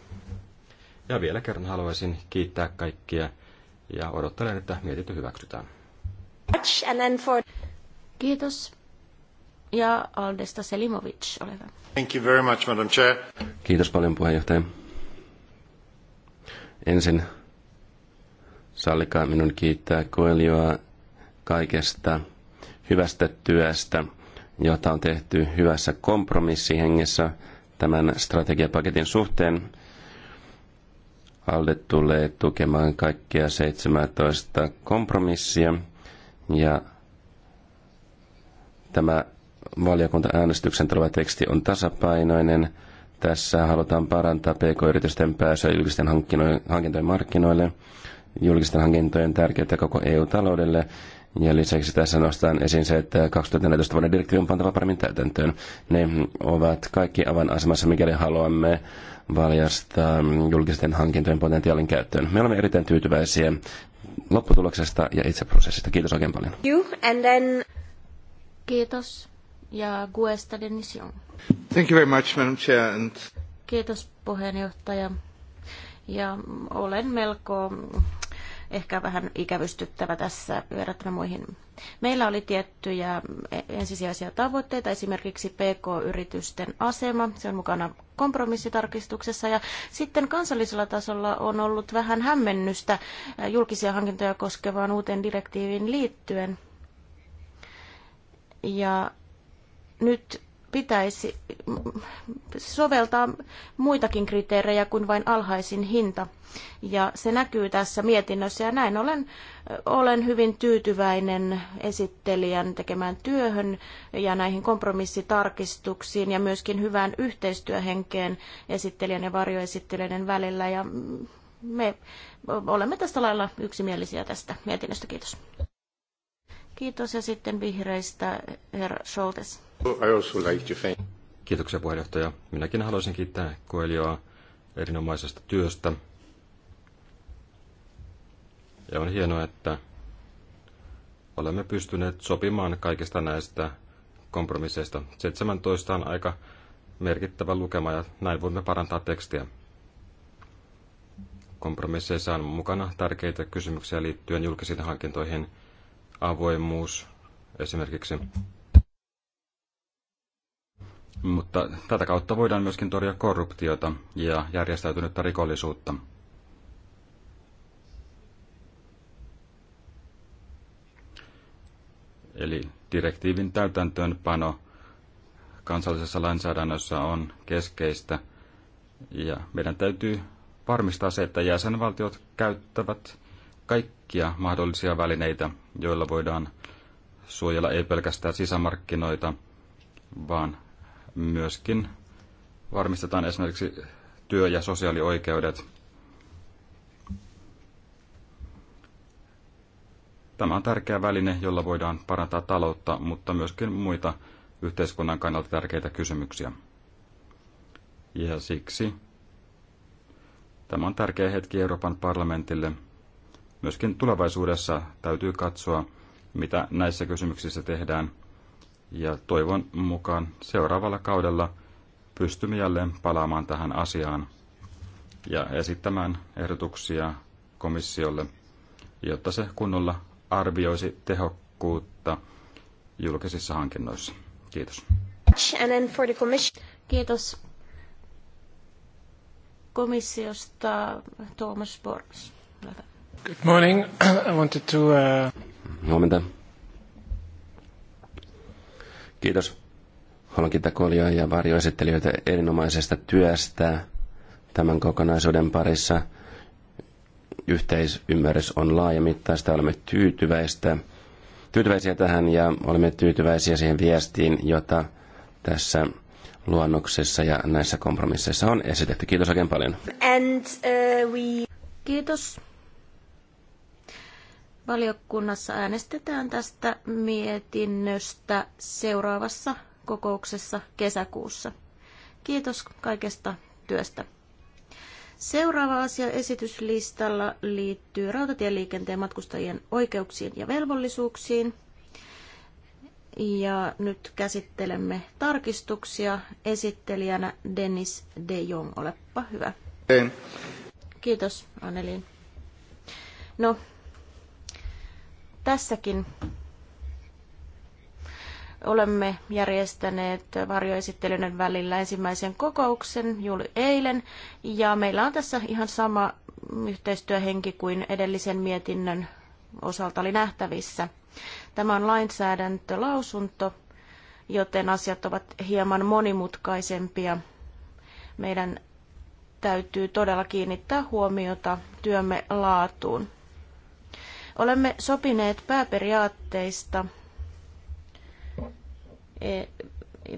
Ja vielä kerran haluaisin kiittää kaikkia ja odottelen, että mietintö hyväksytään. Kiitos. Ja Aldesta Selimovic, ole hyvä. Thank you very much, Madam Chair. Kiitos paljon puheenjohtaja. Ensin sallikaa minun kiittää Koelioa kaikesta hyvästä työstä, jota on tehty hyvässä kompromissihengessä tämän strategiapaketin suhteen. Alde tulee tukemaan kaikkia 17 kompromissia ja tämä valiokuntaäänestyksen tuleva teksti on tasapainoinen – tässä halutaan parantaa pk-yritysten pääsyä julkisten hankintojen markkinoille, julkisten hankintojen tärkeyttä koko EU-taloudelle, ja lisäksi tässä nostan esiin se, että 2014 vuoden direktiivi on pantava paremmin täytäntöön. Ne ovat kaikki avainasemassa, mikäli haluamme valjastaa julkisten hankintojen potentiaalin käyttöön. Me olemme erittäin tyytyväisiä lopputuloksesta ja itse prosessista. Kiitos oikein paljon. You, and then... Kiitos ja Guesta Dennis Young. Thank you very much, Madam Chair. And... Kiitos puheenjohtaja. Ja olen melko ehkä vähän ikävystyttävä tässä verrattuna muihin. Meillä oli tiettyjä ensisijaisia tavoitteita, esimerkiksi PK-yritysten asema, se on mukana kompromissitarkistuksessa, ja sitten kansallisella tasolla on ollut vähän hämmennystä julkisia hankintoja koskevaan uuteen direktiiviin liittyen. Ja nyt pitäisi soveltaa muitakin kriteerejä kuin vain alhaisin hinta. Ja se näkyy tässä mietinnössä ja näin olen, olen hyvin tyytyväinen esittelijän tekemään työhön ja näihin kompromissitarkistuksiin ja myöskin hyvään yhteistyöhenkeen esittelijän ja varjoesittelijän välillä. Ja me olemme tästä lailla yksimielisiä tästä mietinnöstä. Kiitos. Kiitos ja sitten vihreistä herra Scholtes. Kiitoksia puheenjohtaja. Minäkin haluaisin kiittää Koelioa erinomaisesta työstä. Ja on hienoa, että olemme pystyneet sopimaan kaikista näistä kompromisseista. 17 on aika merkittävä lukema ja näin voimme parantaa tekstiä. Kompromisseissa on mukana tärkeitä kysymyksiä liittyen julkisiin hankintoihin, avoimuus esimerkiksi mutta tätä kautta voidaan myöskin torjua korruptiota ja järjestäytynyttä rikollisuutta. Eli direktiivin täytäntöönpano kansallisessa lainsäädännössä on keskeistä ja meidän täytyy varmistaa se, että jäsenvaltiot käyttävät kaikkia mahdollisia välineitä, joilla voidaan suojella ei pelkästään sisämarkkinoita, vaan myöskin varmistetaan esimerkiksi työ- ja sosiaalioikeudet. Tämä on tärkeä väline, jolla voidaan parantaa taloutta, mutta myöskin muita yhteiskunnan kannalta tärkeitä kysymyksiä. Ja siksi tämä on tärkeä hetki Euroopan parlamentille. Myöskin tulevaisuudessa täytyy katsoa, mitä näissä kysymyksissä tehdään – ja toivon mukaan seuraavalla kaudella pystymme jälleen palaamaan tähän asiaan ja esittämään ehdotuksia komissiolle, jotta se kunnolla arvioisi tehokkuutta julkisissa hankinnoissa. Kiitos. Kiitos komissiosta Thomas Borgs. Good morning. I wanted to... Uh... Huomenta. Kiitos. Haluan kiittää Koljaa ja varjoesittelijöitä erinomaisesta työstä tämän kokonaisuuden parissa. Yhteisymmärrys on laajamittaista. Olemme tyytyväistä. tyytyväisiä tähän ja olemme tyytyväisiä siihen viestiin, jota tässä luonnoksessa ja näissä kompromisseissa on esitetty. Kiitos oikein paljon. And, uh, we... Kiitos. Valiokunnassa äänestetään tästä mietinnöstä seuraavassa kokouksessa kesäkuussa. Kiitos kaikesta työstä. Seuraava asia esityslistalla liittyy rautatieliikenteen matkustajien oikeuksiin ja velvollisuuksiin. Ja nyt käsittelemme tarkistuksia. Esittelijänä Dennis de Jong, olepa hyvä. En. Kiitos Anneliin. No, Tässäkin olemme järjestäneet varjoesittelyiden välillä ensimmäisen kokouksen juuri eilen. Ja meillä on tässä ihan sama yhteistyöhenki kuin edellisen mietinnön osalta oli nähtävissä. Tämä on lainsäädäntölausunto, joten asiat ovat hieman monimutkaisempia. Meidän täytyy todella kiinnittää huomiota työmme laatuun. Olemme sopineet pääperiaatteista e,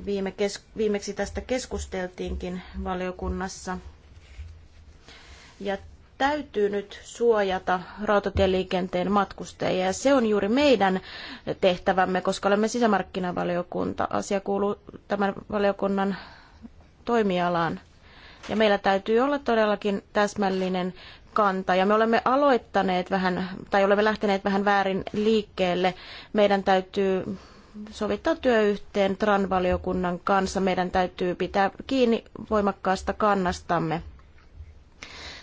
viime kes, viimeksi tästä keskusteltiinkin valiokunnassa. Ja täytyy nyt suojata rautatieliikenteen matkustajia. Ja se on juuri meidän tehtävämme, koska olemme sisämarkkinavaliokunta. Asia kuuluu tämän valiokunnan toimialaan. Ja meillä täytyy olla todellakin täsmällinen kanta ja me olemme aloittaneet vähän, tai olemme lähteneet vähän väärin liikkeelle. Meidän täytyy sovittaa työ yhteen TRAN-valiokunnan kanssa. Meidän täytyy pitää kiinni voimakkaasta kannastamme.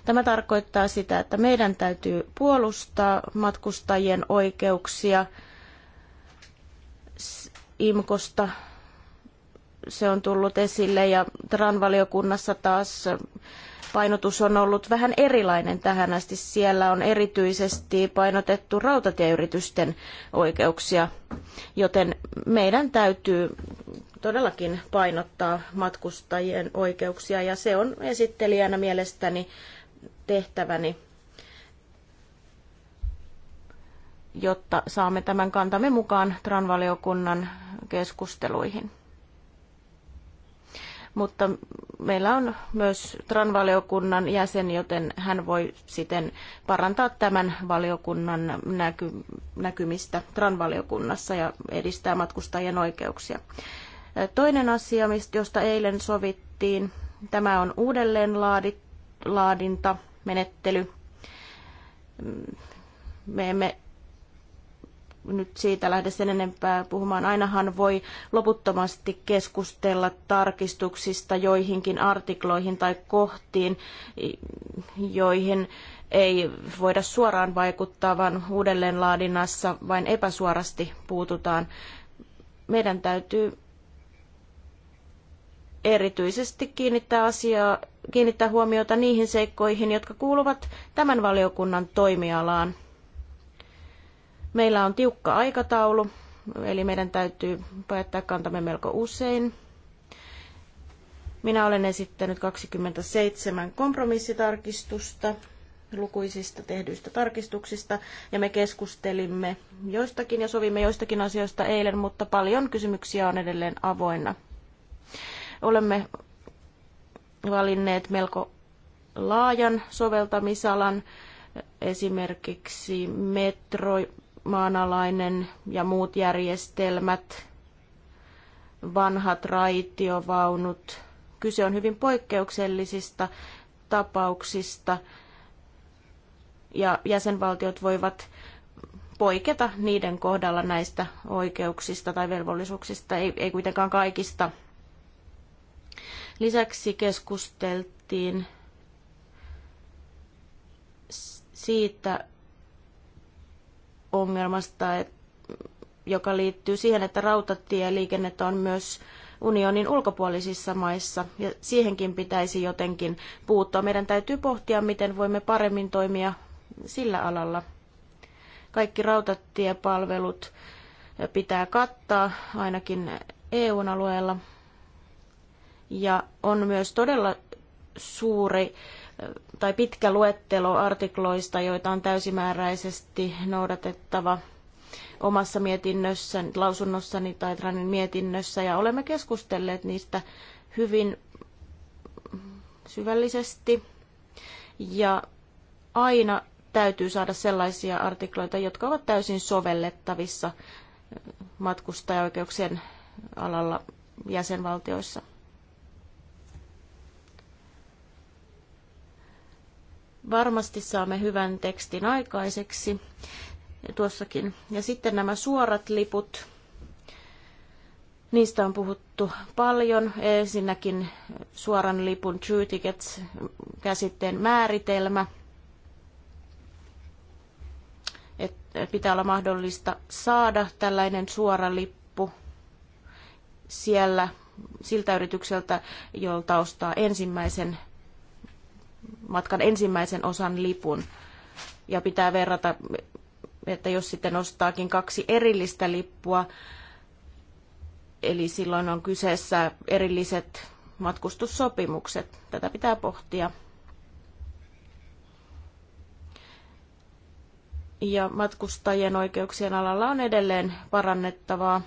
Tämä tarkoittaa sitä, että meidän täytyy puolustaa matkustajien oikeuksia IMKosta. Se on tullut esille ja TRAN-valiokunnassa taas painotus on ollut vähän erilainen tähän asti. Siellä on erityisesti painotettu rautatieyritysten oikeuksia, joten meidän täytyy todellakin painottaa matkustajien oikeuksia ja se on esittelijänä mielestäni tehtäväni, jotta saamme tämän kantamme mukaan Tranvaliokunnan keskusteluihin mutta meillä on myös TRAN-valiokunnan jäsen, joten hän voi siten parantaa tämän valiokunnan näky, näkymistä TRAN-valiokunnassa ja edistää matkustajien oikeuksia. Toinen asia, josta eilen sovittiin, tämä on uudelleen laadinta, menettely. Me emme nyt siitä lähde sen enempää puhumaan. Ainahan voi loputtomasti keskustella tarkistuksista joihinkin artikloihin tai kohtiin, joihin ei voida suoraan vaikuttaa, vaan uudelleenlaadinnassa vain epäsuorasti puututaan. Meidän täytyy erityisesti kiinnittää, asiaa, kiinnittää huomiota niihin seikkoihin, jotka kuuluvat tämän valiokunnan toimialaan. Meillä on tiukka aikataulu, eli meidän täytyy päättää kantamme melko usein. Minä olen esittänyt 27 kompromissitarkistusta lukuisista tehdyistä tarkistuksista ja me keskustelimme joistakin ja sovimme joistakin asioista eilen, mutta paljon kysymyksiä on edelleen avoinna. Olemme valinneet melko laajan soveltamisalan esimerkiksi metro, maanalainen ja muut järjestelmät, vanhat raitiovaunut. Kyse on hyvin poikkeuksellisista tapauksista ja jäsenvaltiot voivat poiketa niiden kohdalla näistä oikeuksista tai velvollisuuksista, ei, ei kuitenkaan kaikista. Lisäksi keskusteltiin siitä, ongelmasta, joka liittyy siihen, että rautatieliikennettä on myös unionin ulkopuolisissa maissa, ja siihenkin pitäisi jotenkin puuttua. Meidän täytyy pohtia, miten voimme paremmin toimia sillä alalla. Kaikki rautatiepalvelut pitää kattaa, ainakin EUn alueella. Ja on myös todella suuri tai pitkä luettelo artikloista, joita on täysimääräisesti noudatettava omassa mietinnössä, lausunnossani tai Tranin mietinnössä, ja olemme keskustelleet niistä hyvin syvällisesti. Ja aina täytyy saada sellaisia artikloita, jotka ovat täysin sovellettavissa matkustajaoikeuksien alalla jäsenvaltioissa. Varmasti saamme hyvän tekstin aikaiseksi tuossakin. Ja sitten nämä suorat liput. Niistä on puhuttu paljon. Ensinnäkin suoran lipun True Tickets-käsitteen määritelmä. Et pitää olla mahdollista saada tällainen suora lippu siellä siltä yritykseltä, jolta ostaa ensimmäisen matkan ensimmäisen osan lipun. Ja pitää verrata, että jos sitten ostaakin kaksi erillistä lippua, eli silloin on kyseessä erilliset matkustussopimukset. Tätä pitää pohtia. Ja matkustajien oikeuksien alalla on edelleen parannettavaa.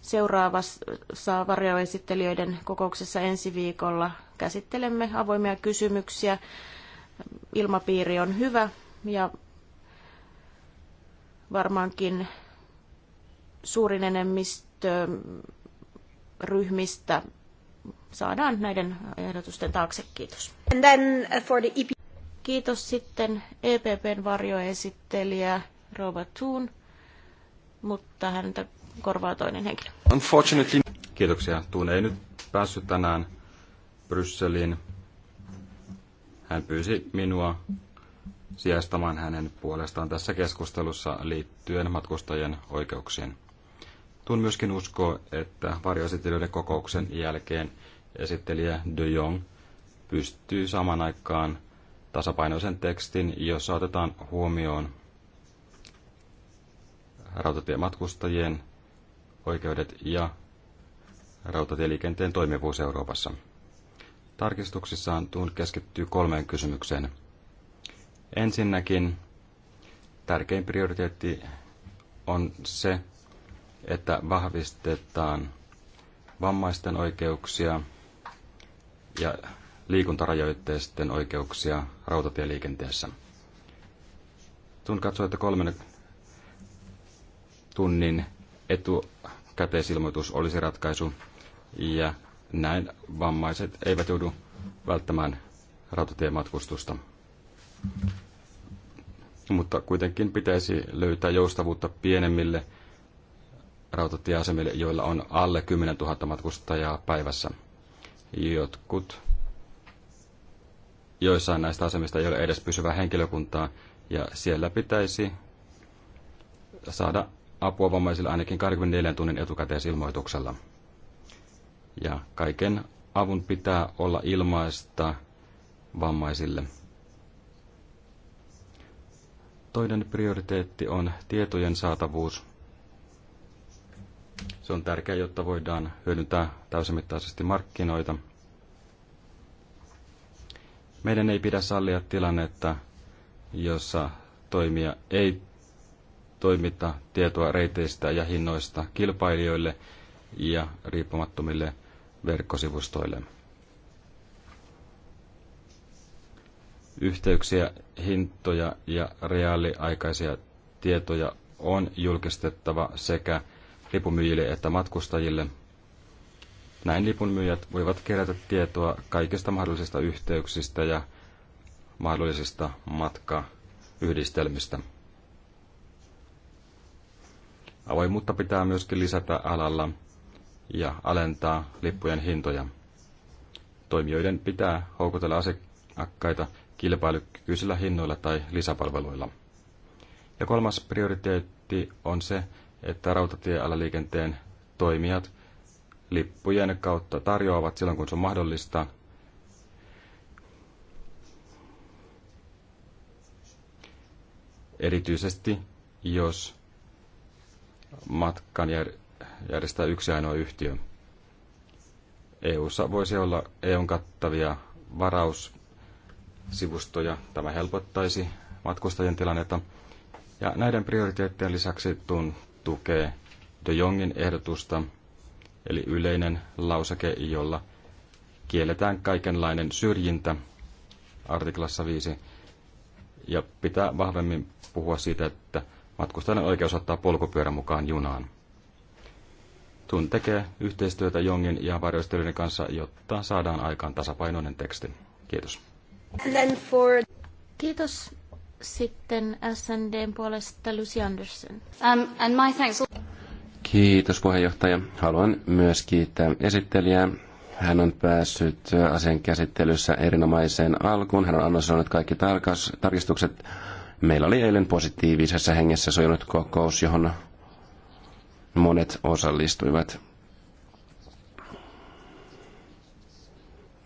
Seuraavassa varjoesittelijöiden kokouksessa ensi viikolla käsittelemme avoimia kysymyksiä. Ilmapiiri on hyvä ja varmaankin suurin enemmistö ryhmistä saadaan näiden ehdotusten taakse. Kiitos. And then uh, for the EP... Kiitos sitten EPPn varjoesittelijä Rova Thun, mutta häntä korvaa toinen henkilö. Unfortunately... Kiitoksia. Tuun ei nyt päässyt tänään Brysseliin. Hän pyysi minua sijastamaan hänen puolestaan tässä keskustelussa liittyen matkustajien oikeuksiin. Tun myöskin uskoa, että varjoesittelyiden kokouksen jälkeen esittelijä De Jong pystyy saman aikaan tasapainoisen tekstin, jossa otetaan huomioon rautatiematkustajien oikeudet ja rautatieliikenteen toimivuus Euroopassa tarkistuksissaan Tuun keskittyy kolmeen kysymykseen. Ensinnäkin tärkein prioriteetti on se, että vahvistetaan vammaisten oikeuksia ja liikuntarajoitteisten oikeuksia rautatieliikenteessä. Tun katsoa, että kolmen tunnin etukäteisilmoitus olisi ratkaisu ja näin vammaiset eivät joudu välttämään rautatiematkustusta. Mutta kuitenkin pitäisi löytää joustavuutta pienemmille rautatieasemille, joilla on alle 10 000 matkustajaa päivässä. Jotkut joissain näistä asemista ei ole edes pysyvää henkilökuntaa, ja siellä pitäisi saada apua vammaisille ainakin 24 tunnin etukäteisilmoituksella. Ja kaiken avun pitää olla ilmaista vammaisille. Toinen prioriteetti on tietojen saatavuus. Se on tärkeää, jotta voidaan hyödyntää täysimittaisesti markkinoita. Meidän ei pidä sallia tilannetta, jossa toimija ei toimita tietoa reiteistä ja hinnoista kilpailijoille ja riippumattomille verkkosivustoille. Yhteyksiä, hintoja ja reaaliaikaisia tietoja on julkistettava sekä lipunmyyjille että matkustajille. Näin lipunmyyjät voivat kerätä tietoa kaikista mahdollisista yhteyksistä ja mahdollisista matkayhdistelmistä. Avoimuutta pitää myöskin lisätä alalla, ja alentaa lippujen hintoja. Toimijoiden pitää houkutella asiakkaita kilpailukykyisillä hinnoilla tai lisäpalveluilla. Ja kolmas prioriteetti on se, että rautatiealaliikenteen toimijat lippujen kautta tarjoavat silloin, kun se on mahdollista, erityisesti jos matkan jär- järjestää yksi ainoa yhtiö. EUssa voisi olla EUn kattavia varaussivustoja. Tämä helpottaisi matkustajien tilannetta. Ja näiden prioriteettien lisäksi tun tukee De Jongin ehdotusta, eli yleinen lauseke, jolla kielletään kaikenlainen syrjintä artiklassa 5 ja pitää vahvemmin puhua siitä, että matkustajan oikeus ottaa polkupyörä mukaan junaan. Tun tekee yhteistyötä Jongin ja varjostelijoiden kanssa, jotta saadaan aikaan tasapainoinen teksti. Kiitos. For... Kiitos. Sitten SNDn puolesta Lucy Anderson. Um, and my thanks... Kiitos puheenjohtaja. Haluan myös kiittää esittelijää. Hän on päässyt asian käsittelyssä erinomaiseen alkuun. Hän on annonsoinut kaikki tarkas, tarkistukset. Meillä oli eilen positiivisessa hengessä sujunut kokous, johon monet osallistuivat.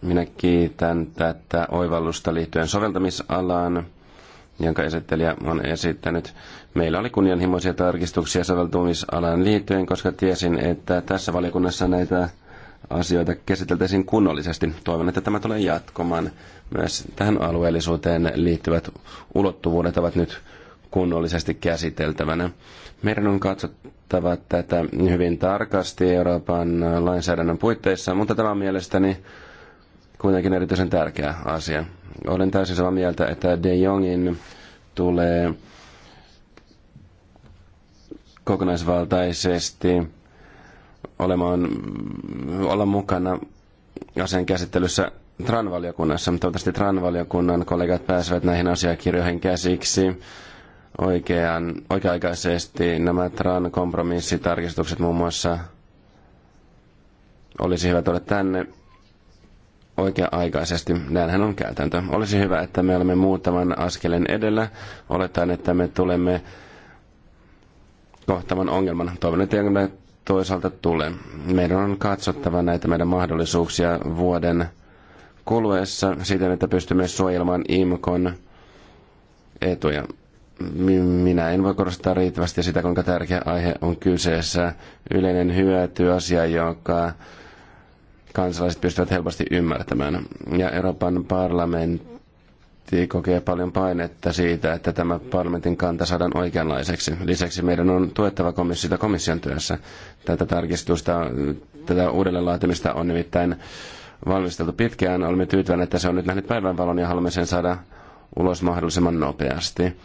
Minä kiitän tätä oivallusta liittyen soveltamisalaan, jonka esittelijä on esittänyt. Meillä oli kunnianhimoisia tarkistuksia soveltumisalaan liittyen, koska tiesin, että tässä valiokunnassa näitä asioita käsiteltäisiin kunnollisesti. Toivon, että tämä tulee jatkumaan. Myös tähän alueellisuuteen liittyvät ulottuvuudet ovat nyt kunnollisesti käsiteltävänä. Meidän on katsottava tätä hyvin tarkasti Euroopan lainsäädännön puitteissa, mutta tämä on mielestäni kuitenkin erityisen tärkeä asia. Olen täysin samaa mieltä, että De Jongin tulee kokonaisvaltaisesti olemaan, olla mukana asian käsittelyssä Tran-valiokunnassa. Toivottavasti Tran-valiokunnan kollegat pääsevät näihin asiakirjoihin käsiksi oikean, oikea-aikaisesti nämä TRAN kompromissitarkistukset muun muassa olisi hyvä tuoda tänne oikea-aikaisesti. Näinhän on käytäntö. Olisi hyvä, että me olemme muutaman askelen edellä. Oletan, että me tulemme kohtaman ongelman. Toivon, että toisaalta tulee. Meidän on katsottava näitä meidän mahdollisuuksia vuoden kuluessa siten, että pystymme suojelemaan IMKon etuja minä en voi korostaa riittävästi sitä, kuinka tärkeä aihe on kyseessä. Yleinen hyöty, asia, joka kansalaiset pystyvät helposti ymmärtämään. Ja Euroopan parlamentti kokee paljon painetta siitä, että tämä parlamentin kanta saadaan oikeanlaiseksi. Lisäksi meidän on tuettava komissiota komission työssä. Tätä tarkistusta, tätä uudelleenlaatimista on nimittäin valmisteltu pitkään. Olemme tyytyväinen, että se on nyt nähnyt päivänvalon ja haluamme sen saada ulos mahdollisimman nopeasti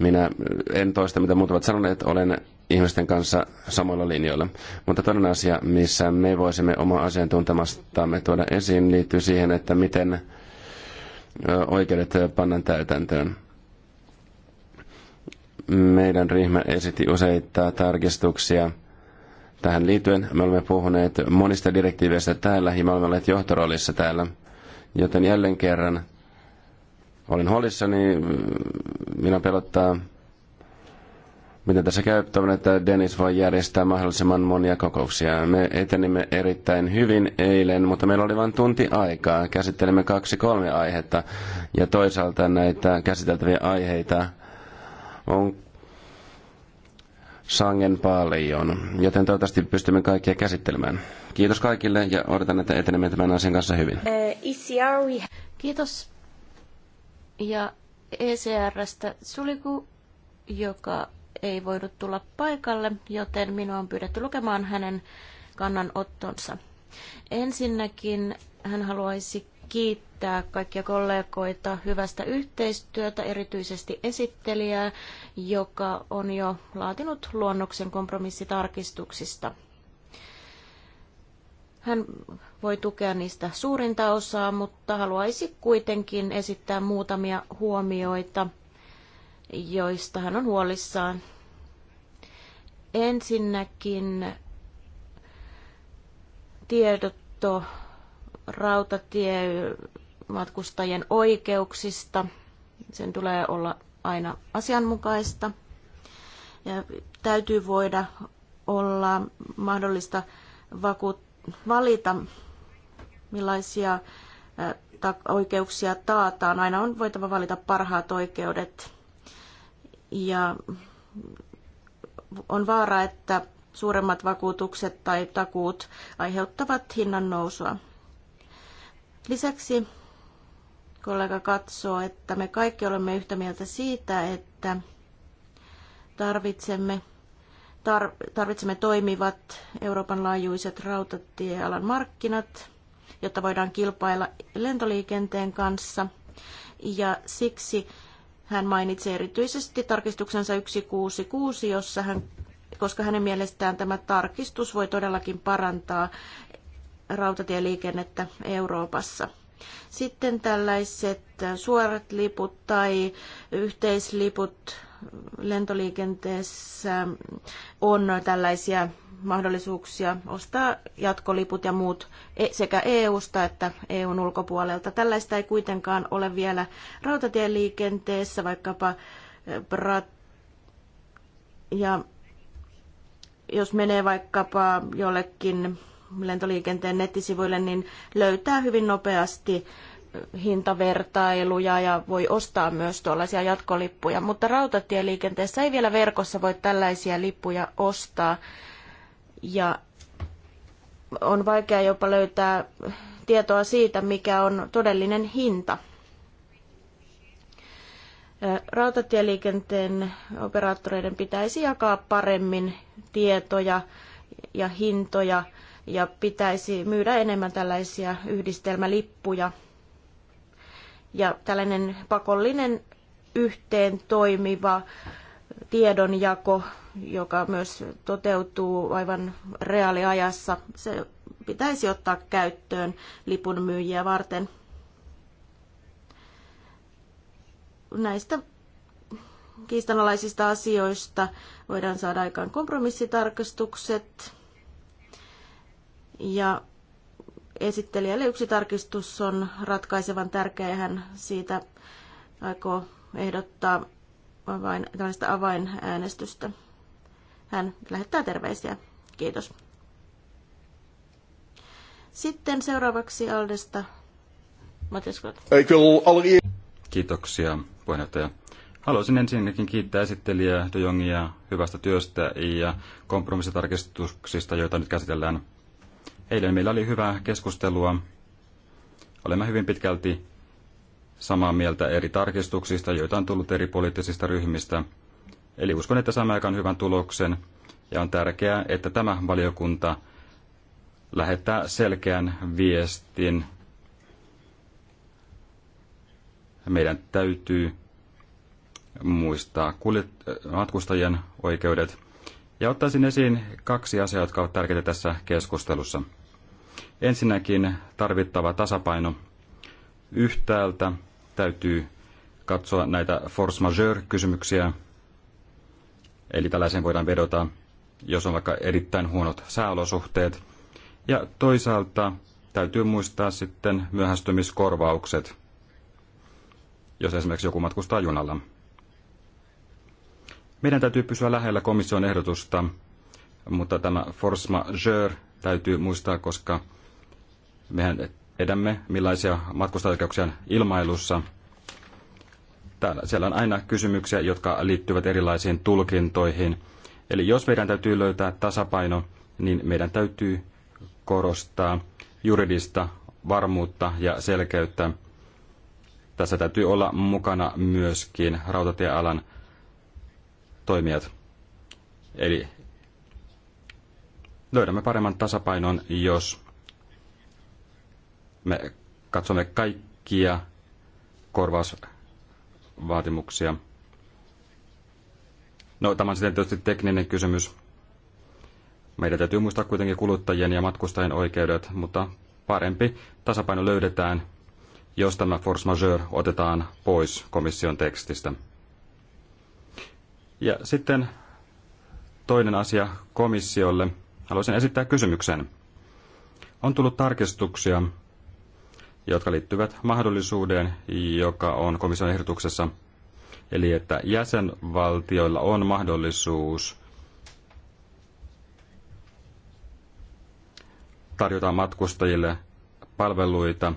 minä en toista, mitä muut ovat sanoneet, olen ihmisten kanssa samoilla linjoilla. Mutta toinen asia, missä me voisimme oma asiantuntemastamme tuoda esiin, liittyy siihen, että miten oikeudet pannaan täytäntöön. Meidän ryhmä esitti useita tarkistuksia tähän liittyen. Me olemme puhuneet monista direktiiveistä täällä ja me olemme olleet johtoroolissa täällä. Joten jälleen kerran Olin niin mm, minä pelottaa, miten tässä käy, toivon, että Dennis voi järjestää mahdollisimman monia kokouksia. Me etenimme erittäin hyvin eilen, mutta meillä oli vain tunti aikaa. Käsittelimme kaksi kolme aihetta ja toisaalta näitä käsiteltäviä aiheita on sangen paljon, joten toivottavasti pystymme kaikkia käsittelemään. Kiitos kaikille ja odotan, että etenemme tämän asian kanssa hyvin. Eh, e Kiitos ja ECRstä Suliku, joka ei voinut tulla paikalle, joten minua on pyydetty lukemaan hänen kannanottonsa. Ensinnäkin hän haluaisi kiittää kaikkia kollegoita hyvästä yhteistyötä, erityisesti esittelijää, joka on jo laatinut luonnoksen kompromissitarkistuksista. Hän voi tukea niistä suurinta osaa, mutta haluaisi kuitenkin esittää muutamia huomioita, joista hän on huolissaan. Ensinnäkin tiedotto rautatiematkustajien oikeuksista. Sen tulee olla aina asianmukaista. Ja täytyy voida olla mahdollista vakuuttaa valita, millaisia oikeuksia taataan. Aina on voitava valita parhaat oikeudet. Ja on vaara, että suuremmat vakuutukset tai takuut aiheuttavat hinnan nousua. Lisäksi kollega katsoo, että me kaikki olemme yhtä mieltä siitä, että tarvitsemme Tarvitsemme toimivat Euroopan laajuiset rautatiealan markkinat, jotta voidaan kilpailla lentoliikenteen kanssa. Ja siksi hän mainitsi erityisesti tarkistuksensa 166, jossa hän, koska hänen mielestään tämä tarkistus voi todellakin parantaa rautatieliikennettä Euroopassa. Sitten tällaiset suorat liput tai yhteisliput lentoliikenteessä on tällaisia mahdollisuuksia ostaa jatkoliput ja muut e- sekä EU-sta että EUn ulkopuolelta. Tällaista ei kuitenkaan ole vielä rautatieliikenteessä, vaikkapa e, ja jos menee vaikkapa jollekin lentoliikenteen nettisivuille, niin löytää hyvin nopeasti hintavertailuja ja voi ostaa myös tuollaisia jatkolippuja, mutta rautatieliikenteessä ei vielä verkossa voi tällaisia lippuja ostaa ja on vaikea jopa löytää tietoa siitä, mikä on todellinen hinta. Rautatieliikenteen operaattoreiden pitäisi jakaa paremmin tietoja ja hintoja ja pitäisi myydä enemmän tällaisia yhdistelmälippuja ja tällainen pakollinen yhteen toimiva tiedonjako, joka myös toteutuu aivan reaaliajassa, se pitäisi ottaa käyttöön lipunmyyjiä varten. Näistä kiistanalaisista asioista voidaan saada aikaan kompromissitarkastukset ja esittelijälle yksi tarkistus on ratkaisevan tärkeä ja hän siitä aikoo ehdottaa avain, tällaista avainäänestystä. Hän lähettää terveisiä. Kiitos. Sitten seuraavaksi Aldesta Matias Kiitoksia puheenjohtaja. Haluaisin ensinnäkin kiittää esittelijää De Jongia hyvästä työstä ja kompromissitarkistuksista, joita nyt käsitellään. Eilen meillä oli hyvää keskustelua. Olemme hyvin pitkälti samaa mieltä eri tarkistuksista, joita on tullut eri poliittisista ryhmistä. Eli uskon, että saamme aikaan hyvän tuloksen ja on tärkeää, että tämä valiokunta lähettää selkeän viestin. Meidän täytyy muistaa kuljet- äh, matkustajien oikeudet. Ja ottaisin esiin kaksi asiaa, jotka ovat tärkeitä tässä keskustelussa. Ensinnäkin tarvittava tasapaino. Yhtäältä täytyy katsoa näitä force majeure-kysymyksiä, eli tällaiseen voidaan vedota, jos on vaikka erittäin huonot sääolosuhteet. Ja toisaalta täytyy muistaa sitten myöhästymiskorvaukset, jos esimerkiksi joku matkustaa junalla. Meidän täytyy pysyä lähellä komission ehdotusta, mutta tämä force majeure täytyy muistaa, koska Mehän edämme, millaisia matkustajoikeuksia on ilmailussa. Täällä, siellä on aina kysymyksiä, jotka liittyvät erilaisiin tulkintoihin. Eli jos meidän täytyy löytää tasapaino, niin meidän täytyy korostaa juridista varmuutta ja selkeyttä. Tässä täytyy olla mukana myöskin rautatiealan toimijat. Eli löydämme paremman tasapainon, jos me katsomme kaikkia korvausvaatimuksia. No, tämä on sitten tietysti tekninen kysymys. Meidän täytyy muistaa kuitenkin kuluttajien ja matkustajien oikeudet, mutta parempi tasapaino löydetään, jos tämä force majeure otetaan pois komission tekstistä. Ja sitten toinen asia komissiolle. Haluaisin esittää kysymyksen. On tullut tarkistuksia jotka liittyvät mahdollisuuteen, joka on komission ehdotuksessa, eli että jäsenvaltioilla on mahdollisuus tarjota matkustajille palveluita,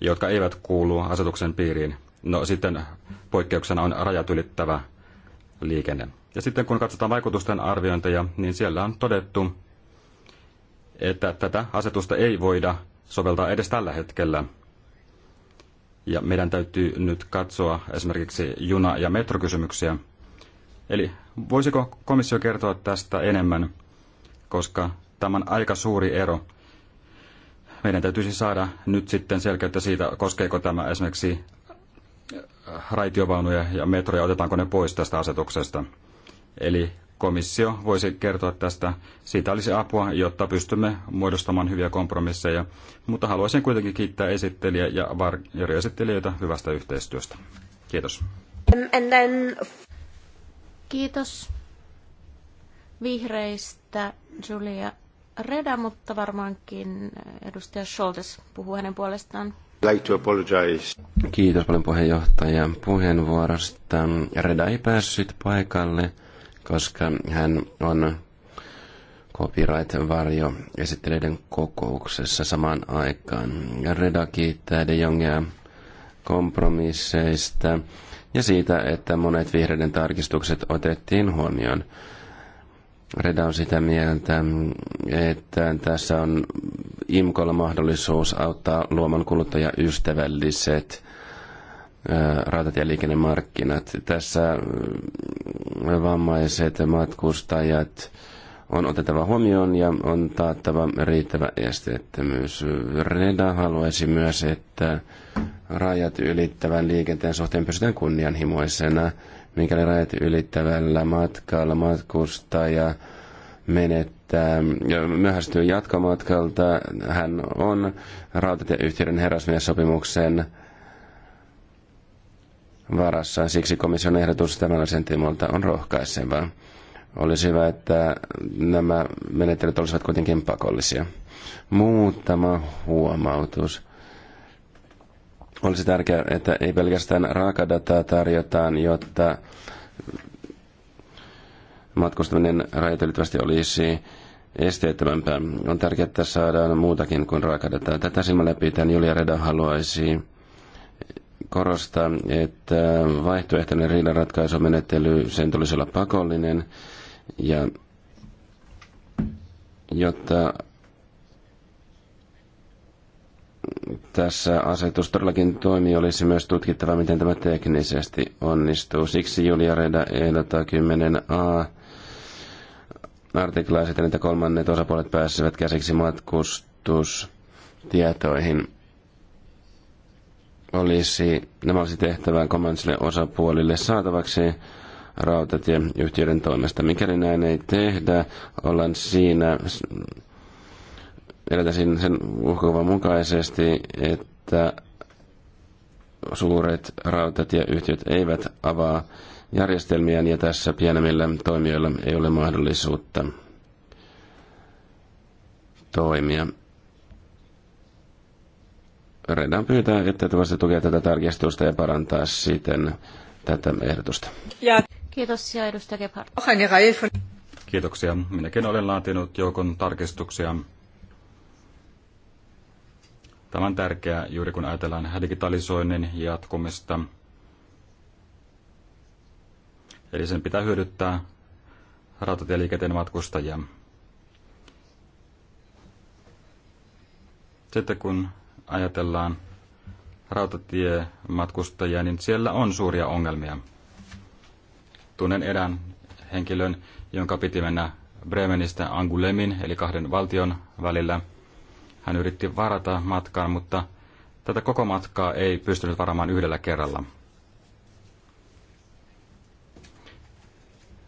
jotka eivät kuulu asetuksen piiriin. No sitten poikkeuksena on rajat ylittävä liikenne. Ja sitten kun katsotaan vaikutusten arviointeja, niin siellä on todettu, että tätä asetusta ei voida soveltaa edes tällä hetkellä. Ja meidän täytyy nyt katsoa esimerkiksi juna- ja metrokysymyksiä. Eli voisiko komissio kertoa tästä enemmän, koska tämä on aika suuri ero. Meidän täytyisi siis saada nyt sitten selkeyttä siitä, koskeeko tämä esimerkiksi äh, raitiovaunuja ja metroja, otetaanko ne pois tästä asetuksesta. Eli komissio voisi kertoa tästä. Siitä olisi apua, jotta pystymme muodostamaan hyviä kompromisseja, mutta haluaisin kuitenkin kiittää esittelijä ja varjoesittelijöitä hyvästä yhteistyöstä. Kiitos. Then... Kiitos vihreistä Julia Reda, mutta varmaankin edustaja Scholtes puhuu hänen puolestaan. Like to apologize. Kiitos paljon puheenjohtajan puheenvuorosta. Reda ei päässyt paikalle koska hän on copyright-varjo esittelyiden kokouksessa samaan aikaan. Reda kiittää De Jongia kompromisseista ja siitä, että monet vihreiden tarkistukset otettiin huomioon. Reda on sitä mieltä, että tässä on IMKOlla mahdollisuus auttaa luoman kuluttajaystävälliset rautatieliikennemarkkinat. Tässä vammaiset matkustajat on otettava huomioon ja on taattava riittävä esteettömyys. Reda haluaisi myös, että rajat ylittävän liikenteen suhteen pysytään kunnianhimoisena, mikäli rajat ylittävällä matkalla matkustaja menettää, ja myöhästyy jatkomatkalta. Hän on rautatieyhtiöiden herrasmiessopimuksen sopimuksen varassa. Siksi komission ehdotus tämän asian tiimoilta on rohkaisevaa. Olisi hyvä, että nämä menettelyt olisivat kuitenkin pakollisia. Muutama huomautus. Olisi tärkeää, että ei pelkästään raakadataa tarjotaan, jotta matkustaminen rajoitettavasti olisi esteettömämpää. On tärkeää, että saadaan muutakin kuin raakadataa. Tätä silmällä pitäen Julia Reda haluaisi korostaa, että vaihtoehtoinen riidanratkaisumenettely, sen tulisi olla pakollinen, ja jotta tässä asetus todellakin toimii, olisi myös tutkittava, miten tämä teknisesti onnistuu. Siksi Julia Reda ehdottaa 10a artiklaa siten, että kolmannet osapuolet pääsevät käsiksi matkustustietoihin olisi, nämä olisi tehtävää kolmansille osapuolille saatavaksi rautatieyhtiöiden toimesta. Mikäli näin ei tehdä, ollaan siinä, edetä sen uhkakuvan mukaisesti, että suuret rautatieyhtiöt eivät avaa järjestelmiään ja tässä pienemmillä toimijoilla ei ole mahdollisuutta toimia. Redan pyytää, että tuossa tukee tätä tarkistusta ja parantaa sitten tätä ehdotusta. Ja. Kiitos ja edustaja Gebhardt. Kiitoksia. Minäkin olen laatinut joukon tarkistuksia. Tämä on tärkeää juuri kun ajatellaan digitalisoinnin jatkumista. Eli sen pitää hyödyttää rautatieliikenteen matkustajia. Sitten kun ajatellaan rautatiematkustajia, niin siellä on suuria ongelmia. Tunnen erään henkilön, jonka piti mennä Bremenistä Angulemin, eli kahden valtion välillä. Hän yritti varata matkan, mutta tätä koko matkaa ei pystynyt varamaan yhdellä kerralla.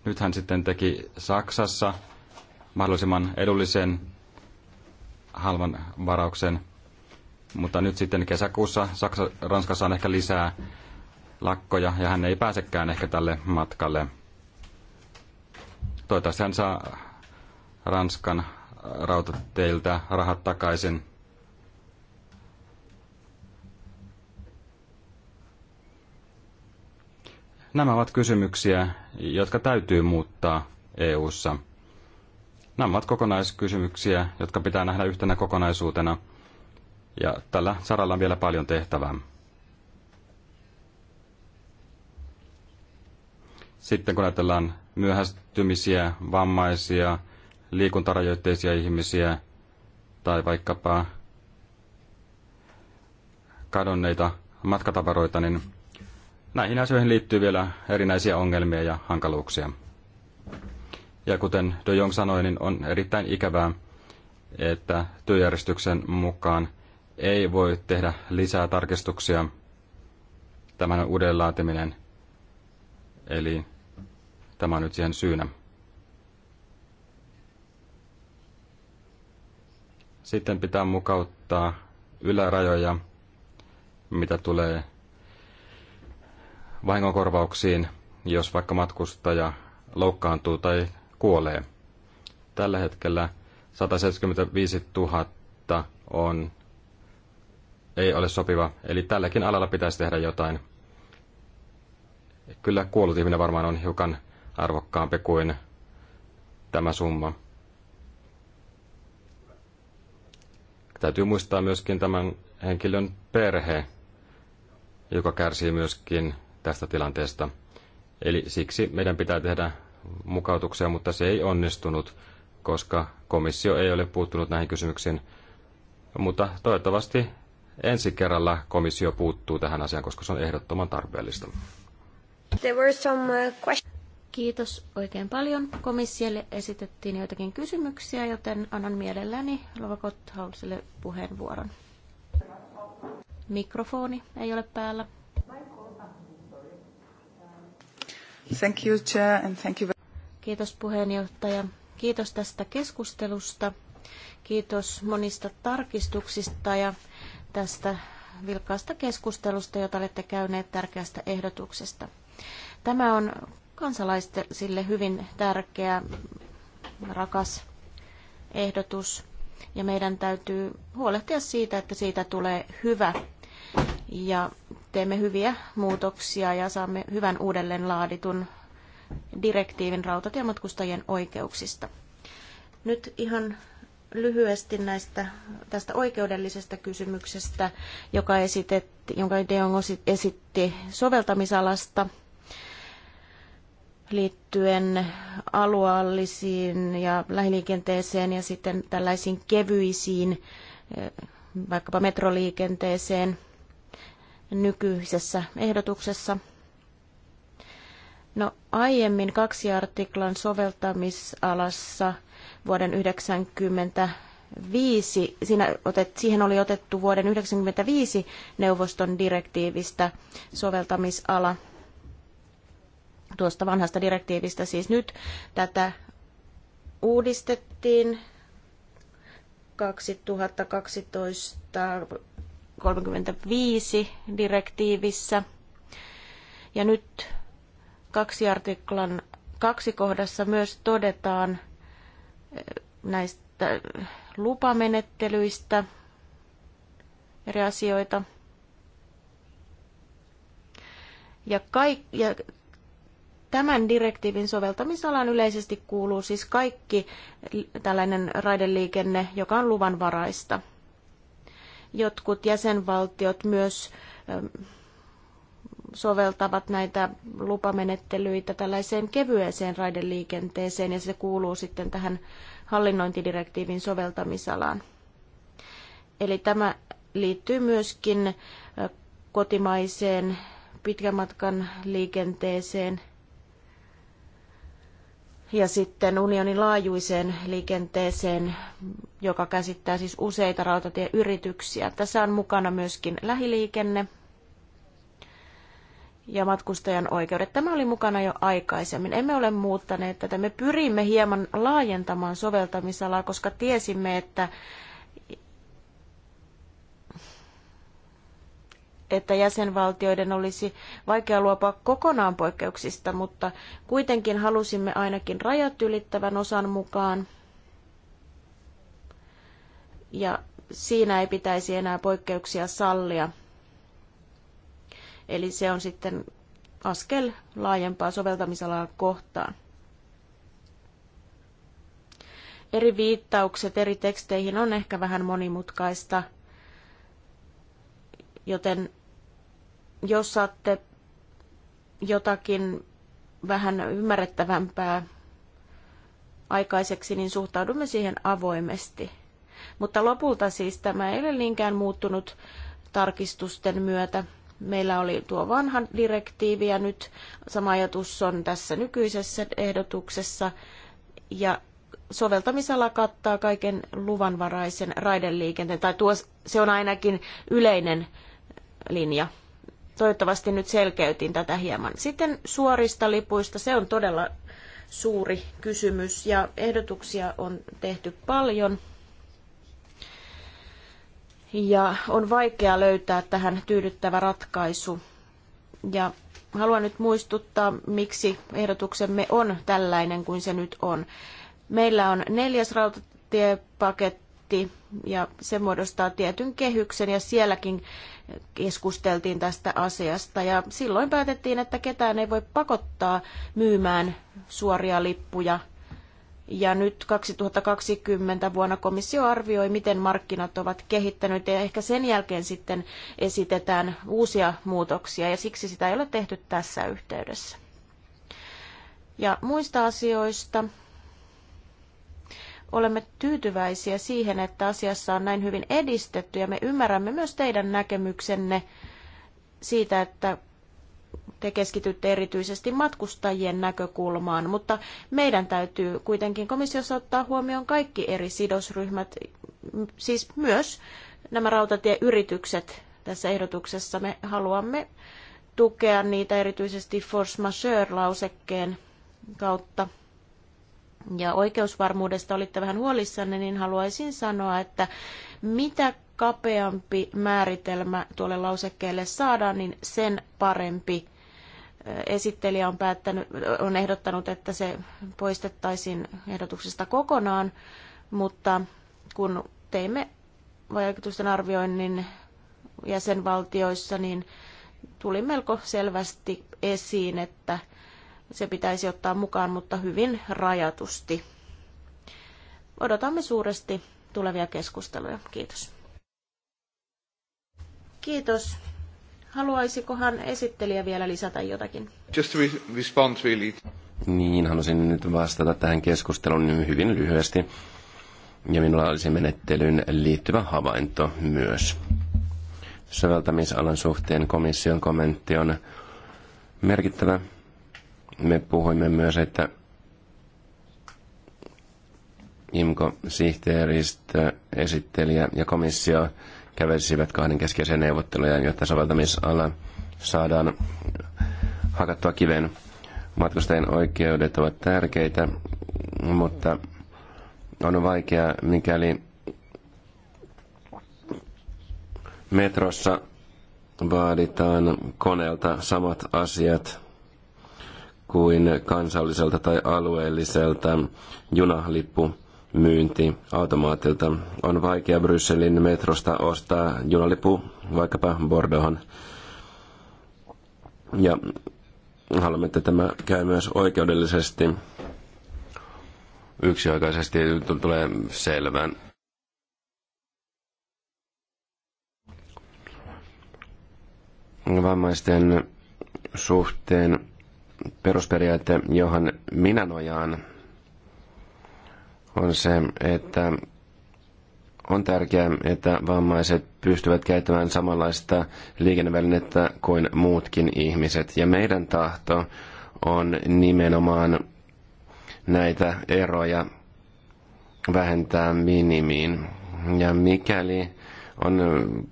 Nyt hän sitten teki Saksassa mahdollisimman edullisen halvan varauksen – mutta nyt sitten kesäkuussa Saksa, Ranskassa on ehkä lisää lakkoja ja hän ei pääsekään ehkä tälle matkalle. Toivottavasti hän saa Ranskan rautateiltä rahat takaisin. Nämä ovat kysymyksiä, jotka täytyy muuttaa EU:ssa. Nämä ovat kokonaiskysymyksiä, jotka pitää nähdä yhtenä kokonaisuutena – ja tällä saralla on vielä paljon tehtävää. Sitten kun ajatellaan myöhästymisiä, vammaisia, liikuntarajoitteisia ihmisiä tai vaikkapa kadonneita matkatavaroita, niin näihin asioihin liittyy vielä erinäisiä ongelmia ja hankaluuksia. Ja kuten De Jong sanoi, niin on erittäin ikävää, että työjärjestyksen mukaan – ei voi tehdä lisää tarkistuksia. Tämän uuden laatiminen, eli tämä on nyt siihen syynä. Sitten pitää mukauttaa ylärajoja, mitä tulee vahingonkorvauksiin, jos vaikka matkustaja loukkaantuu tai kuolee. Tällä hetkellä 175 000 on ei ole sopiva. Eli tälläkin alalla pitäisi tehdä jotain. Kyllä kuollut ihminen varmaan on hiukan arvokkaampi kuin tämä summa. Täytyy muistaa myöskin tämän henkilön perhe, joka kärsii myöskin tästä tilanteesta. Eli siksi meidän pitää tehdä mukautuksia, mutta se ei onnistunut, koska komissio ei ole puuttunut näihin kysymyksiin. Mutta toivottavasti ensi kerralla komissio puuttuu tähän asiaan, koska se on ehdottoman tarpeellista. There were some uh, Kiitos oikein paljon. Komissiolle esitettiin joitakin kysymyksiä, joten annan mielelläni Lova Kothausille puheenvuoron. Mikrofoni ei ole päällä. Thank you, Chair, and thank you. Kiitos puheenjohtaja. Kiitos tästä keskustelusta. Kiitos monista tarkistuksista ja tästä vilkkaasta keskustelusta, jota olette käyneet tärkeästä ehdotuksesta. Tämä on kansalaisille hyvin tärkeä, rakas ehdotus, ja meidän täytyy huolehtia siitä, että siitä tulee hyvä, ja teemme hyviä muutoksia ja saamme hyvän uudelleen laaditun direktiivin rautatiematkustajien oikeuksista. Nyt ihan lyhyesti näistä, tästä oikeudellisesta kysymyksestä, joka esitetti, jonka Jong esitti soveltamisalasta liittyen alueellisiin ja lähiliikenteeseen ja sitten tällaisiin kevyisiin, eh, vaikkapa metroliikenteeseen nykyisessä ehdotuksessa. No aiemmin kaksi artiklan soveltamisalassa – vuoden 1995, siinä otet, siihen oli otettu vuoden 1995 neuvoston direktiivistä soveltamisala tuosta vanhasta direktiivistä. Siis nyt tätä uudistettiin 2012 35 direktiivissä. Ja nyt kaksi artiklan kaksi kohdassa myös todetaan, näistä lupamenettelyistä eri asioita. Ja, kaik, ja tämän direktiivin soveltamisalaan yleisesti kuuluu siis kaikki tällainen raideliikenne, joka on luvanvaraista. Jotkut jäsenvaltiot myös soveltavat näitä lupamenettelyitä tällaiseen kevyeseen raideliikenteeseen ja se kuuluu sitten tähän hallinnointidirektiivin soveltamisalaan. Eli tämä liittyy myöskin kotimaiseen pitkän matkan liikenteeseen ja sitten unionin laajuiseen liikenteeseen, joka käsittää siis useita rautatieyrityksiä. Tässä on mukana myöskin lähiliikenne, ja matkustajan oikeudet. Tämä oli mukana jo aikaisemmin. Emme ole muuttaneet tätä. Me pyrimme hieman laajentamaan soveltamisalaa, koska tiesimme, että että jäsenvaltioiden olisi vaikea luopua kokonaan poikkeuksista, mutta kuitenkin halusimme ainakin rajat ylittävän osan mukaan. Ja siinä ei pitäisi enää poikkeuksia sallia. Eli se on sitten askel laajempaa soveltamisalaa kohtaan. Eri viittaukset eri teksteihin on ehkä vähän monimutkaista, joten jos saatte jotakin vähän ymmärrettävämpää aikaiseksi, niin suhtaudumme siihen avoimesti. Mutta lopulta siis tämä ei ole niinkään muuttunut tarkistusten myötä. Meillä oli tuo vanha direktiivi ja nyt sama ajatus on tässä nykyisessä ehdotuksessa. Ja soveltamisala kattaa kaiken luvanvaraisen raideliikenteen, tai tuo, se on ainakin yleinen linja. Toivottavasti nyt selkeytin tätä hieman. Sitten suorista lipuista, se on todella suuri kysymys ja ehdotuksia on tehty paljon – ja on vaikea löytää tähän tyydyttävä ratkaisu. Ja haluan nyt muistuttaa, miksi ehdotuksemme on tällainen kuin se nyt on. Meillä on neljäs rautatiepaketti ja se muodostaa tietyn kehyksen ja sielläkin keskusteltiin tästä asiasta ja silloin päätettiin, että ketään ei voi pakottaa myymään suoria lippuja ja nyt 2020 vuonna komissio arvioi, miten markkinat ovat kehittäneet ja ehkä sen jälkeen sitten esitetään uusia muutoksia ja siksi sitä ei ole tehty tässä yhteydessä. Ja muista asioista olemme tyytyväisiä siihen, että asiassa on näin hyvin edistetty ja me ymmärrämme myös teidän näkemyksenne siitä, että te keskitytte erityisesti matkustajien näkökulmaan, mutta meidän täytyy kuitenkin komissiossa ottaa huomioon kaikki eri sidosryhmät, siis myös nämä rautatieyritykset tässä ehdotuksessa. Me haluamme tukea niitä erityisesti force majeure-lausekkeen kautta. Ja oikeusvarmuudesta olitte vähän huolissanne, niin haluaisin sanoa, että mitä kapeampi määritelmä tuolle lausekkeelle saadaan, niin sen parempi esittelijä on, päättänyt, on ehdottanut, että se poistettaisiin ehdotuksesta kokonaan, mutta kun teimme vaikutusten arvioinnin jäsenvaltioissa, niin tuli melko selvästi esiin, että se pitäisi ottaa mukaan, mutta hyvin rajatusti. Odotamme suuresti tulevia keskusteluja. Kiitos. Kiitos. Haluaisikohan esittelijä vielä lisätä jotakin? Just to respond really. Niin, halusin nyt vastata tähän keskusteluun hyvin lyhyesti. Ja minulla olisi menettelyyn liittyvä havainto myös. Soveltamisalan suhteen komission kommentti on merkittävä. Me puhuimme myös, että IMKO-sihteeristö, esittelijä ja komissio kävelisivät kahden keskeisiä neuvottelujen, jotta soveltamisala saadaan hakattua kiveen. Matkustajien oikeudet ovat tärkeitä, mutta on vaikea, mikäli metrossa vaaditaan koneelta samat asiat kuin kansalliselta tai alueelliselta junalippu myynti automaatilta. On vaikea Brysselin metrosta ostaa junalipu vaikkapa Bordeauxhan. Ja haluamme, että tämä käy myös oikeudellisesti Yksiaikaisesti tulee selvän. Vammaisten suhteen perusperiaate, johon minä nojaan on se, että on tärkeää, että vammaiset pystyvät käyttämään samanlaista liikennevälinettä kuin muutkin ihmiset. Ja meidän tahto on nimenomaan näitä eroja vähentää minimiin. Ja mikäli on,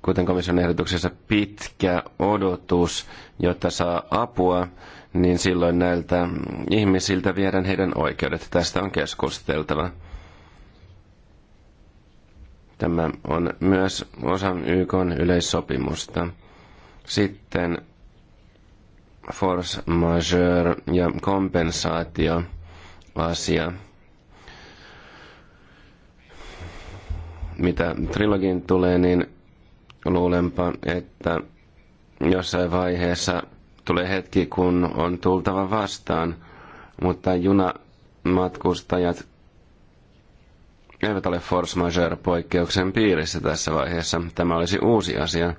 kuten komission ehdotuksessa, pitkä odotus, jotta saa apua, niin silloin näiltä ihmisiltä viedään heidän oikeudet. Tästä on keskusteltava. Tämä on myös osa YK yleissopimusta. Sitten force majeure ja kompensaatio asia. Mitä trilogin tulee, niin luulenpa, että jossain vaiheessa tulee hetki, kun on tultava vastaan, mutta junamatkustajat eivät ole force majeure poikkeuksen piirissä tässä vaiheessa. Tämä olisi uusi asia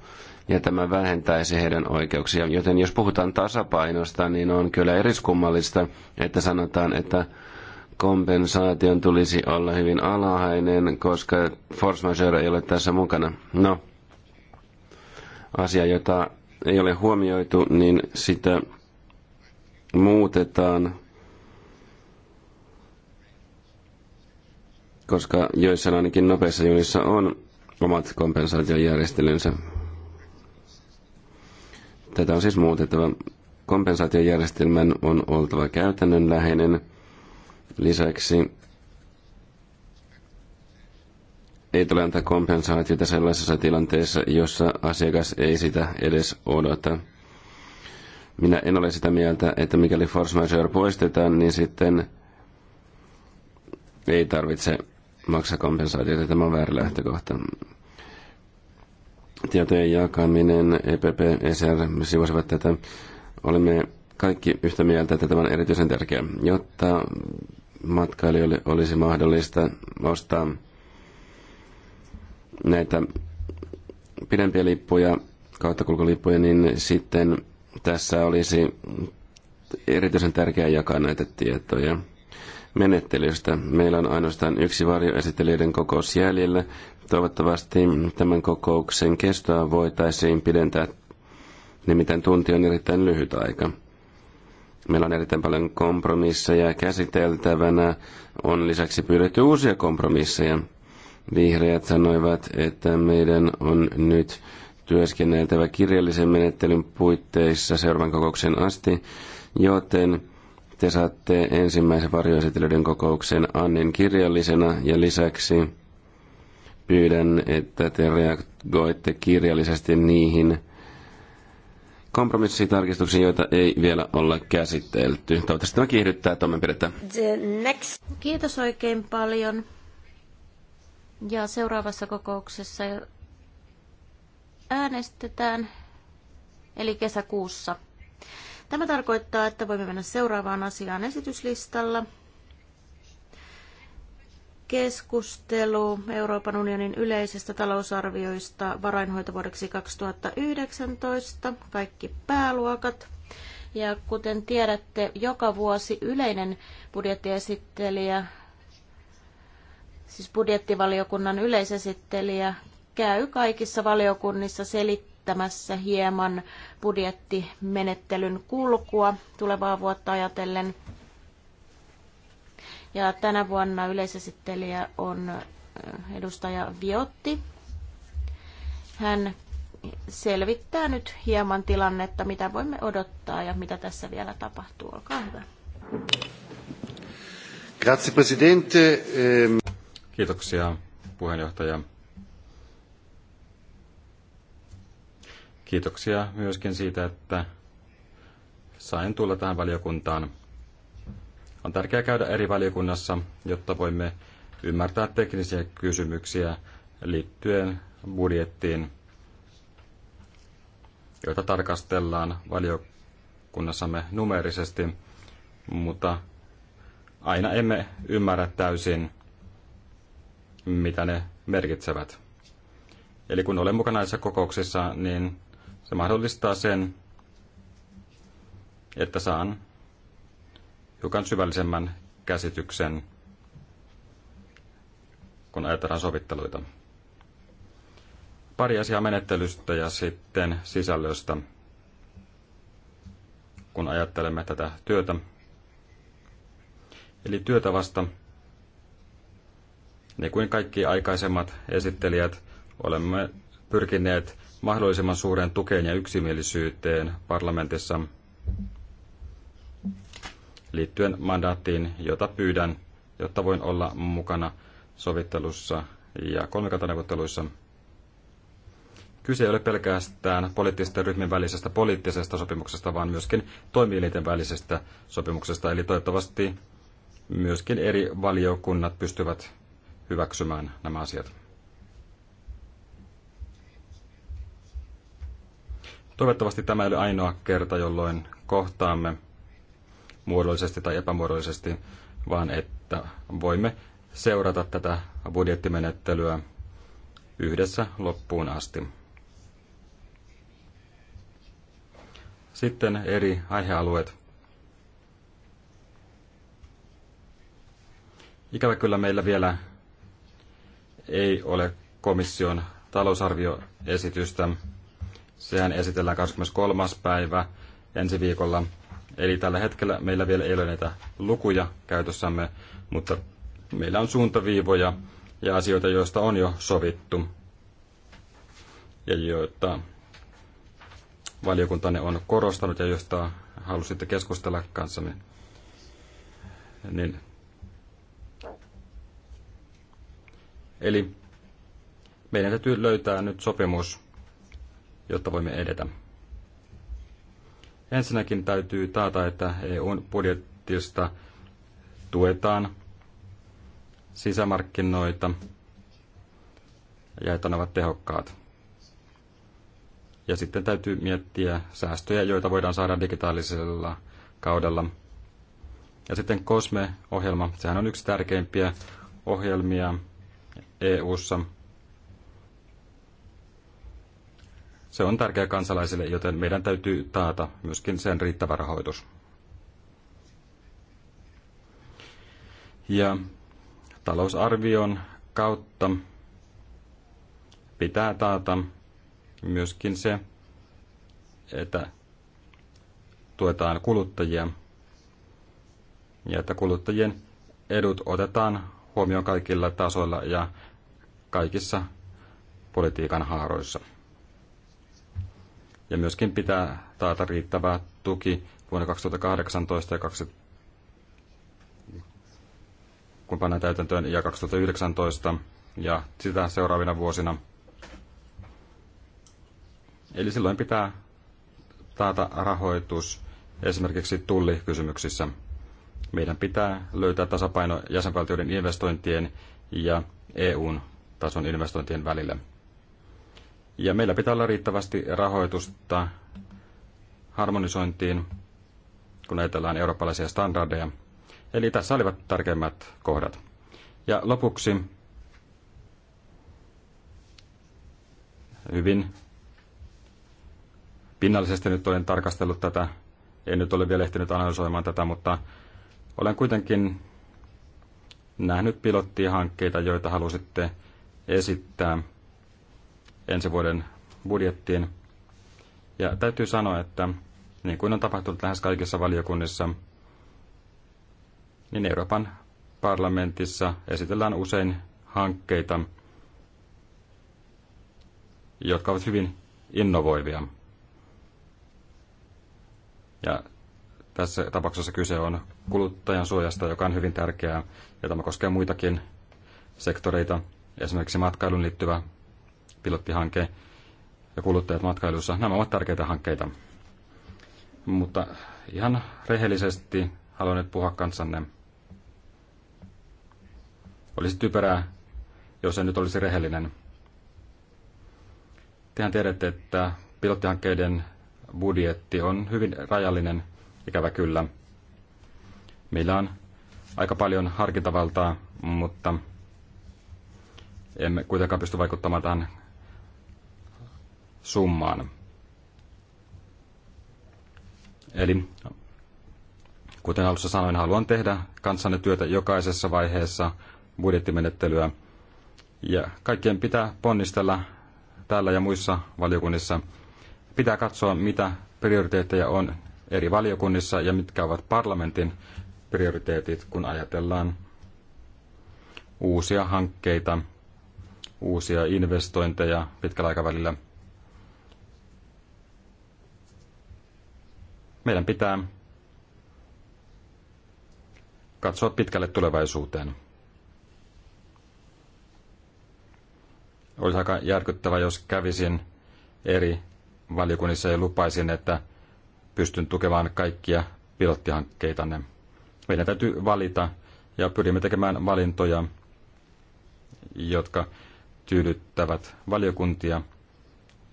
ja tämä vähentäisi heidän oikeuksia. Joten jos puhutaan tasapainosta, niin on kyllä eriskummallista, että sanotaan, että kompensaation tulisi olla hyvin alhainen, koska force majeure ei ole tässä mukana. No, asia, jota ei ole huomioitu, niin sitä muutetaan koska joissain ainakin nopeissa junissa on omat kompensaatiojärjestelynsä. Tätä on siis muutettava. Kompensaatiojärjestelmän on oltava käytännönläheinen. Lisäksi ei tule antaa kompensaatiota sellaisessa tilanteessa, jossa asiakas ei sitä edes odota. Minä en ole sitä mieltä, että mikäli force majeure poistetaan, niin sitten ei tarvitse maksaa kompensaatiota. Tämä on väärä lähtökohta. Tietojen jakaminen, EPP, ESR sivuisivat tätä. Olemme kaikki yhtä mieltä, että tämä on erityisen tärkeä, jotta matkailijoille olisi mahdollista ostaa näitä pidempiä lippuja, kauttakulkulippuja, niin sitten tässä olisi erityisen tärkeää jakaa näitä tietoja menettelystä. Meillä on ainoastaan yksi varjoesittelijöiden kokous jäljellä. Toivottavasti tämän kokouksen kestoa voitaisiin pidentää, nimittäin tunti on erittäin lyhyt aika. Meillä on erittäin paljon kompromisseja käsiteltävänä. On lisäksi pyydetty uusia kompromisseja. Vihreät sanoivat, että meidän on nyt työskenneltävä kirjallisen menettelyn puitteissa seuraavan kokouksen asti, joten te saatte ensimmäisen varjoesitelyiden kokouksen Annin kirjallisena ja lisäksi pyydän, että te reagoitte kirjallisesti niihin kompromissitarkistuksiin, joita ei vielä olla käsitelty. Toivottavasti tämä kiihdyttää toimenpidettä. Next. Kiitos oikein paljon. Ja seuraavassa kokouksessa äänestetään, eli kesäkuussa. Tämä tarkoittaa, että voimme mennä seuraavaan asiaan esityslistalla. Keskustelu Euroopan unionin yleisestä talousarvioista varainhoitovuodeksi 2019, kaikki pääluokat. Ja kuten tiedätte, joka vuosi yleinen budjettiesittelijä, siis budjettivaliokunnan yleisesittelijä, käy kaikissa valiokunnissa selittämään, selkeyttämässä hieman budjettimenettelyn kulkua tulevaa vuotta ajatellen. Ja tänä vuonna yleisesittelijä on edustaja Viotti. Hän selvittää nyt hieman tilannetta, mitä voimme odottaa ja mitä tässä vielä tapahtuu. Olkaa hyvä. Grazie, presidente. Ehm. Kiitoksia, puheenjohtaja. Kiitoksia myöskin siitä, että sain tulla tähän valiokuntaan. On tärkeää käydä eri valiokunnassa, jotta voimme ymmärtää teknisiä kysymyksiä liittyen budjettiin, joita tarkastellaan valiokunnassamme numerisesti, mutta aina emme ymmärrä täysin, mitä ne merkitsevät. Eli kun olen mukana näissä kokouksissa, niin se mahdollistaa sen, että saan hiukan syvällisemmän käsityksen, kun ajatellaan sovitteluita. Pari asiaa menettelystä ja sitten sisällöstä, kun ajattelemme tätä työtä. Eli työtä vasta, niin kuin kaikki aikaisemmat esittelijät, olemme pyrkineet mahdollisimman suureen tukeen ja yksimielisyyteen parlamentissa liittyen mandaattiin, jota pyydän, jotta voin olla mukana sovittelussa ja kolmikantaneuvotteluissa. Kyse ei ole pelkästään poliittisten ryhmien välisestä poliittisesta sopimuksesta, vaan myöskin toimielinten välisestä sopimuksesta. Eli toivottavasti myöskin eri valiokunnat pystyvät hyväksymään nämä asiat. Toivottavasti tämä ei ole ainoa kerta, jolloin kohtaamme muodollisesti tai epämuodollisesti, vaan että voimme seurata tätä budjettimenettelyä yhdessä loppuun asti. Sitten eri aihealueet. Ikävä kyllä meillä vielä ei ole komission talousarvioesitystä Sehän esitellään 23. päivä ensi viikolla. Eli tällä hetkellä meillä vielä ei ole näitä lukuja käytössämme, mutta meillä on suuntaviivoja ja asioita, joista on jo sovittu ja joita valiokuntanne on korostanut ja joista halusitte keskustella kanssamme. Niin. Eli meidän täytyy löytää nyt sopimus jotta voimme edetä. Ensinnäkin täytyy taata, että EUn budjettista tuetaan sisämarkkinoita ja että ne ovat tehokkaat. Ja sitten täytyy miettiä säästöjä, joita voidaan saada digitaalisella kaudella. Ja sitten COSME-ohjelma, sehän on yksi tärkeimpiä ohjelmia EU:ssa. ssa Se on tärkeä kansalaisille, joten meidän täytyy taata myöskin sen riittävä rahoitus. Ja talousarvion kautta pitää taata myöskin se, että tuetaan kuluttajia ja että kuluttajien edut otetaan huomioon kaikilla tasoilla ja kaikissa politiikan haaroissa ja myöskin pitää taata riittävää tuki vuonna 2018 ja 20, kun pannaan täytäntöön ja 2019 ja sitä seuraavina vuosina. Eli silloin pitää taata rahoitus esimerkiksi tullikysymyksissä. Meidän pitää löytää tasapaino jäsenvaltioiden investointien ja EUn tason investointien välillä. Ja meillä pitää olla riittävästi rahoitusta harmonisointiin, kun ajatellaan eurooppalaisia standardeja. Eli tässä olivat tärkeimmät kohdat. Ja lopuksi hyvin pinnallisesti nyt olen tarkastellut tätä. En nyt ole vielä ehtinyt analysoimaan tätä, mutta olen kuitenkin nähnyt pilottihankkeita, joita halusitte esittää – ensi vuoden budjettiin. Ja täytyy sanoa, että niin kuin on tapahtunut lähes kaikissa valiokunnissa, niin Euroopan parlamentissa esitellään usein hankkeita, jotka ovat hyvin innovoivia. Ja tässä tapauksessa kyse on kuluttajan suojasta, joka on hyvin tärkeää, ja tämä koskee muitakin sektoreita, esimerkiksi matkailun liittyvä pilottihanke ja kuluttajat matkailussa, nämä ovat tärkeitä hankkeita. Mutta ihan rehellisesti haluan nyt puhua kanssanne. Olisi typerää, jos en nyt olisi rehellinen. Tehän tiedätte, että pilottihankkeiden budjetti on hyvin rajallinen, ikävä kyllä. Meillä on aika paljon harkintavaltaa, mutta emme kuitenkaan pysty vaikuttamaan tähän summaan. Eli kuten alussa sanoin, haluan tehdä kanssanne työtä jokaisessa vaiheessa budjettimenettelyä. Ja kaikkien pitää ponnistella täällä ja muissa valiokunnissa. Pitää katsoa, mitä prioriteetteja on eri valiokunnissa ja mitkä ovat parlamentin prioriteetit, kun ajatellaan uusia hankkeita, uusia investointeja pitkällä aikavälillä – meidän pitää katsoa pitkälle tulevaisuuteen. Olisi aika järkyttävä, jos kävisin eri valiokunnissa ja lupaisin, että pystyn tukemaan kaikkia pilottihankkeitanne. Meidän täytyy valita ja pyrimme tekemään valintoja, jotka tyydyttävät valiokuntia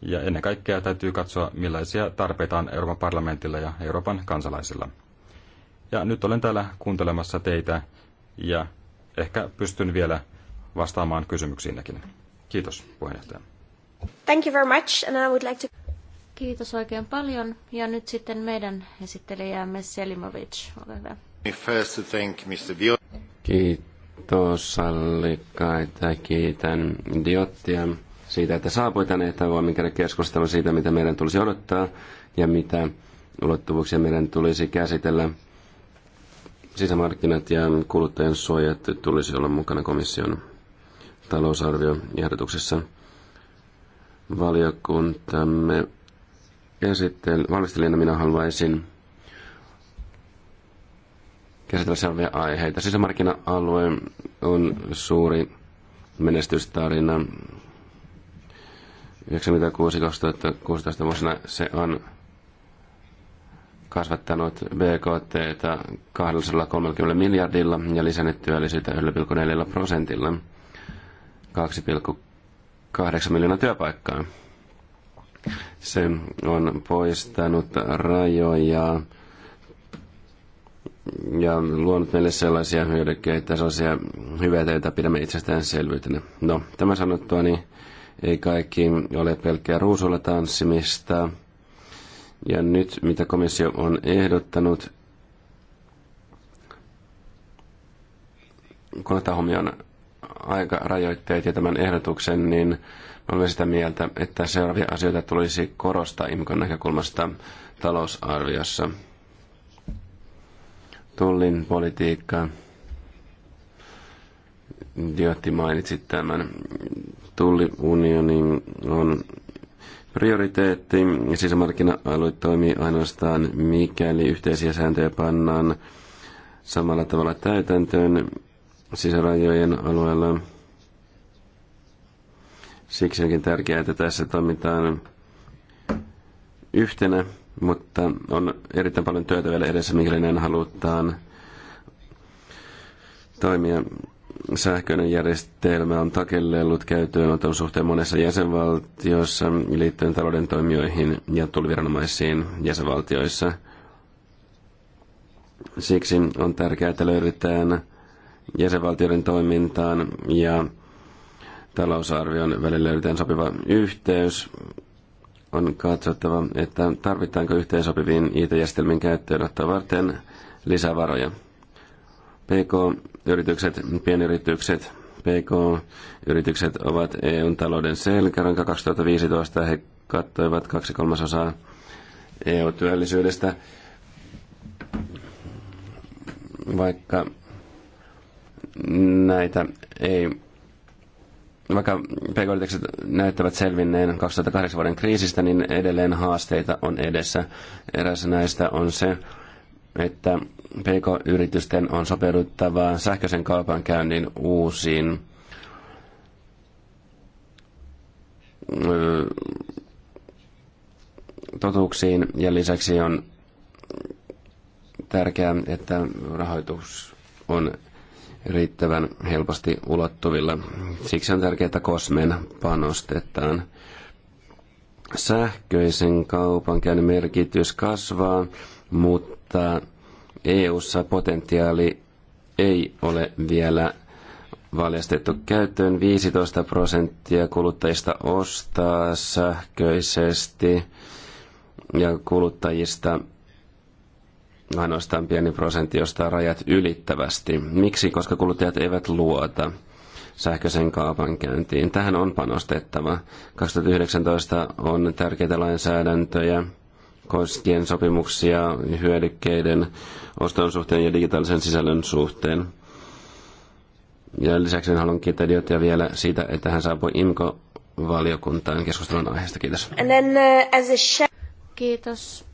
ja ennen kaikkea täytyy katsoa, millaisia tarpeita on Euroopan parlamentilla ja Euroopan kansalaisilla. Ja nyt olen täällä kuuntelemassa teitä ja ehkä pystyn vielä vastaamaan kysymyksiinnekin. Kiitos puheenjohtaja. Thank you very much and I would like to... Kiitos oikein paljon. Ja nyt sitten meidän esittelijämme Selimovic, ole hyvä. First thank Mr. Kiitos Sallikkaita, kiitän Diottia siitä, että saapui tänne, että voimme käydä keskustelua siitä, mitä meidän tulisi odottaa ja mitä ulottuvuuksia meidän tulisi käsitellä. Sisämarkkinat ja kuluttajan suojat tulisi olla mukana komission talousarvioehdotuksessa. Valiokuntamme esittel, valmistelijana minä haluaisin käsitellä selviä aiheita. Sisämarkkina-alue on suuri menestystarina 96-2016 vuosina se on kasvattanut BKT 230 miljardilla ja lisännyt työllisyyttä 1,4 prosentilla 2,8 miljoonaa työpaikkaa. Se on poistanut rajoja ja luonut meille sellaisia hyödykkeitä, sellaisia hyveitä, joita pidämme itsestäänselvyytenä. No, tämä sanottua, niin ei kaikki ole pelkkää ruusulla tanssimista. Ja nyt, mitä komissio on ehdottanut, kun ottaa huomioon rajoitteet ja tämän ehdotuksen, niin olen sitä mieltä, että seuraavia asioita tulisi korostaa IMKon näkökulmasta talousarviossa. Tullin politiikka. Diotti mainitsi tämän tulliunioni on prioriteetti. Sisämarkkina-alue toimii ainoastaan, mikäli yhteisiä sääntöjä pannaan samalla tavalla täytäntöön sisärajojen alueella. Siksi onkin tärkeää, että tässä toimitaan yhtenä, mutta on erittäin paljon työtä vielä edessä, mikäli näin halutaan toimia sähköinen järjestelmä on takellellut käyttöönoton suhteen monessa jäsenvaltiossa liittyen talouden toimijoihin ja tuliviranomaisiin jäsenvaltioissa. Siksi on tärkeää, että löydetään jäsenvaltioiden toimintaan ja talousarvion välillä löydetään sopiva yhteys. On katsottava, että tarvitaanko yhteensopiviin IT-järjestelmien käyttöönottoa varten lisävaroja. PK yritykset, pienyritykset, PK-yritykset ovat EUn talouden selkäranka. 2015 he kattoivat kaksi kolmasosaa EU-työllisyydestä. Vaikka näitä ei vaikka pk näyttävät selvinneen 2008 vuoden kriisistä, niin edelleen haasteita on edessä. Eräs näistä on se, että PK-yritysten on sopeuduttava sähköisen kaupankäynnin uusiin totuuksiin ja lisäksi on tärkeää, että rahoitus on riittävän helposti ulottuvilla. Siksi on tärkeää, että Kosmeen panostetaan. Sähköisen kaupankäynnin merkitys kasvaa, mutta EU:ssa potentiaali ei ole vielä valjastettu käyttöön. 15 prosenttia kuluttajista ostaa sähköisesti ja kuluttajista ainoastaan pieni prosentti ostaa rajat ylittävästi. Miksi? Koska kuluttajat eivät luota sähköisen kaupankäyntiin. Tähän on panostettava. 2019 on tärkeitä lainsäädäntöjä koskien sopimuksia hyödykkeiden oston suhteen ja digitaalisen sisällön suhteen. Ja lisäksi haluan kiittää Diotia vielä siitä, että hän saapui IMKO-valiokuntaan keskustelun aiheesta. Kiitos. And then, uh, as a Kiitos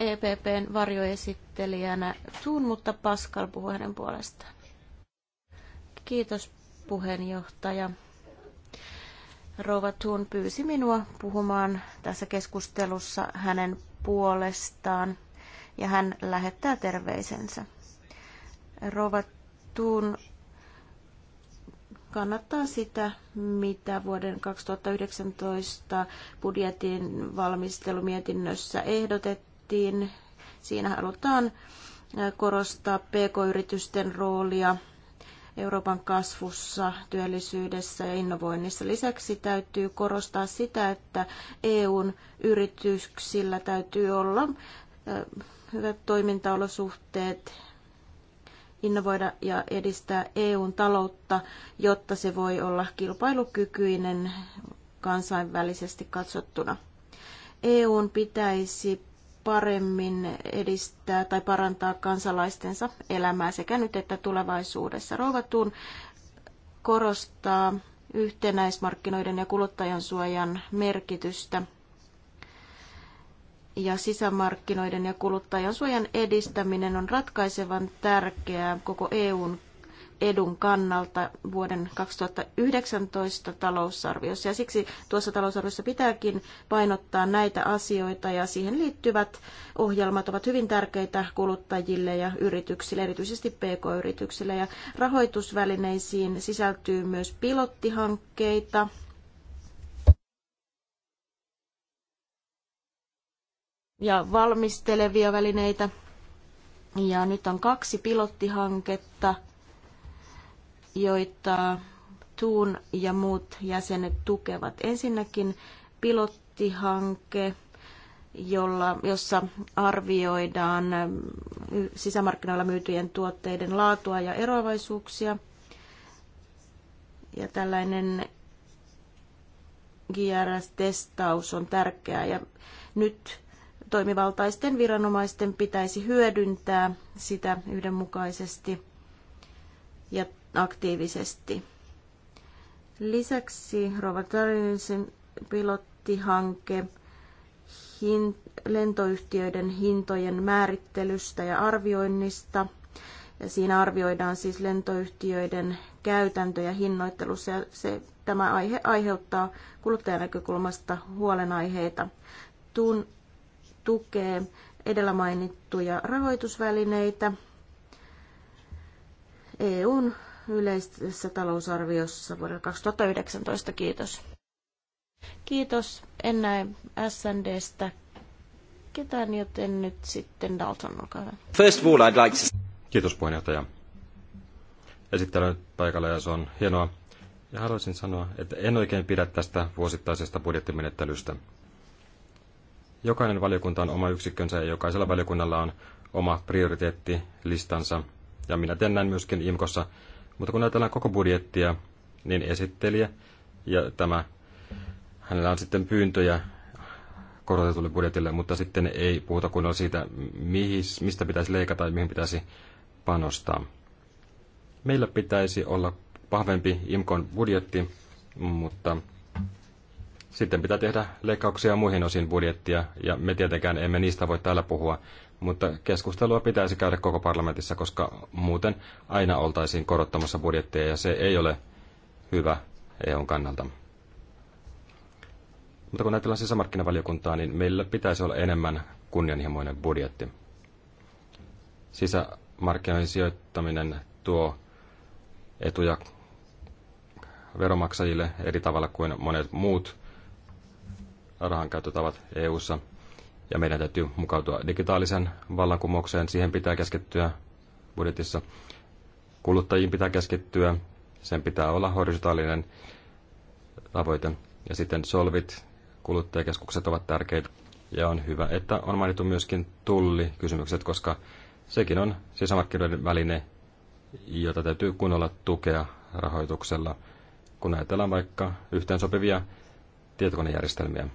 EPPn varjoesittelijänä Tuun, mutta Pascal puhuu hänen puolestaan. Kiitos puheenjohtaja. Rova Thun pyysi minua puhumaan tässä keskustelussa hänen puolestaan ja hän lähettää terveisensä. Rova Thun kannattaa sitä, mitä vuoden 2019 budjetin valmistelumietinnössä ehdotettiin. Siinä halutaan korostaa pk-yritysten roolia Euroopan kasvussa, työllisyydessä ja innovoinnissa. Lisäksi täytyy korostaa sitä, että EUn yrityksillä täytyy olla hyvät toimintaolosuhteet, innovoida ja edistää EUn taloutta, jotta se voi olla kilpailukykyinen kansainvälisesti katsottuna. EUn pitäisi paremmin edistää tai parantaa kansalaistensa elämää sekä nyt että tulevaisuudessa. Rouva korostaa yhtenäismarkkinoiden ja kuluttajan suojan merkitystä ja sisämarkkinoiden ja kuluttajan suojan edistäminen on ratkaisevan tärkeää koko EUn edun kannalta vuoden 2019 talousarviossa. Ja siksi tuossa talousarviossa pitääkin painottaa näitä asioita ja siihen liittyvät ohjelmat ovat hyvin tärkeitä kuluttajille ja yrityksille, erityisesti pk-yrityksille. Ja rahoitusvälineisiin sisältyy myös pilottihankkeita, ja valmistelevia välineitä. Ja nyt on kaksi pilottihanketta – joita Tuun ja muut jäsenet tukevat. Ensinnäkin pilottihanke, jolla, jossa arvioidaan mm, sisämarkkinoilla myytyjen tuotteiden laatua ja eroavaisuuksia. Ja tällainen GRS-testaus on tärkeää ja nyt toimivaltaisten viranomaisten pitäisi hyödyntää sitä yhdenmukaisesti. Ja aktiivisesti. Lisäksi Robert Dariosin pilottihanke lentoyhtiöiden hintojen määrittelystä ja arvioinnista. Ja siinä arvioidaan siis lentoyhtiöiden käytäntöjä hinnoittelussa ja se, tämä aihe aiheuttaa kuluttajan näkökulmasta huolenaiheita. Tun, tukee edellä mainittuja rahoitusvälineitä, EUn yleisessä talousarviossa vuodelle 2019. Kiitos. Kiitos. En näe SNDstä ketään, joten nyt sitten Dalton, olkaa hyvä. First of all, I'd like to... Kiitos puheenjohtaja. Esittelen paikalla ja se on hienoa. Ja haluaisin sanoa, että en oikein pidä tästä vuosittaisesta budjettimenettelystä. Jokainen valiokunta on oma yksikkönsä ja jokaisella valiokunnalla on oma prioriteettilistansa. Ja minä teen näin myöskin IMKossa, mutta kun ajatellaan koko budjettia, niin esittelijä ja tämä, hänellä on sitten pyyntöjä korotetulle budjetille, mutta sitten ei puhuta on siitä, mihin, mistä pitäisi leikata ja mihin pitäisi panostaa. Meillä pitäisi olla pahvempi IMKon budjetti, mutta sitten pitää tehdä leikkauksia muihin osin budjettia, ja me tietenkään emme niistä voi täällä puhua, mutta keskustelua pitäisi käydä koko parlamentissa, koska muuten aina oltaisiin korottamassa budjettia ja se ei ole hyvä EUn kannalta. Mutta kun ajatellaan sisämarkkinavaliokuntaa, niin meillä pitäisi olla enemmän kunnianhimoinen budjetti. Sisämarkkinoihin sijoittaminen tuo etuja veromaksajille eri tavalla kuin monet muut rahankäyttötavat EU-ssa – ja meidän täytyy mukautua digitaalisen vallankumoukseen. Siihen pitää keskittyä budjetissa. Kuluttajiin pitää keskittyä. Sen pitää olla horisontaalinen tavoite. Ja sitten solvit, kuluttajakeskukset ovat tärkeitä. Ja on hyvä, että on mainittu myöskin tullikysymykset, koska sekin on sisämarkkinoiden väline, jota täytyy kunnolla tukea rahoituksella, kun ajatellaan vaikka yhteensopivia tietokonejärjestelmiä.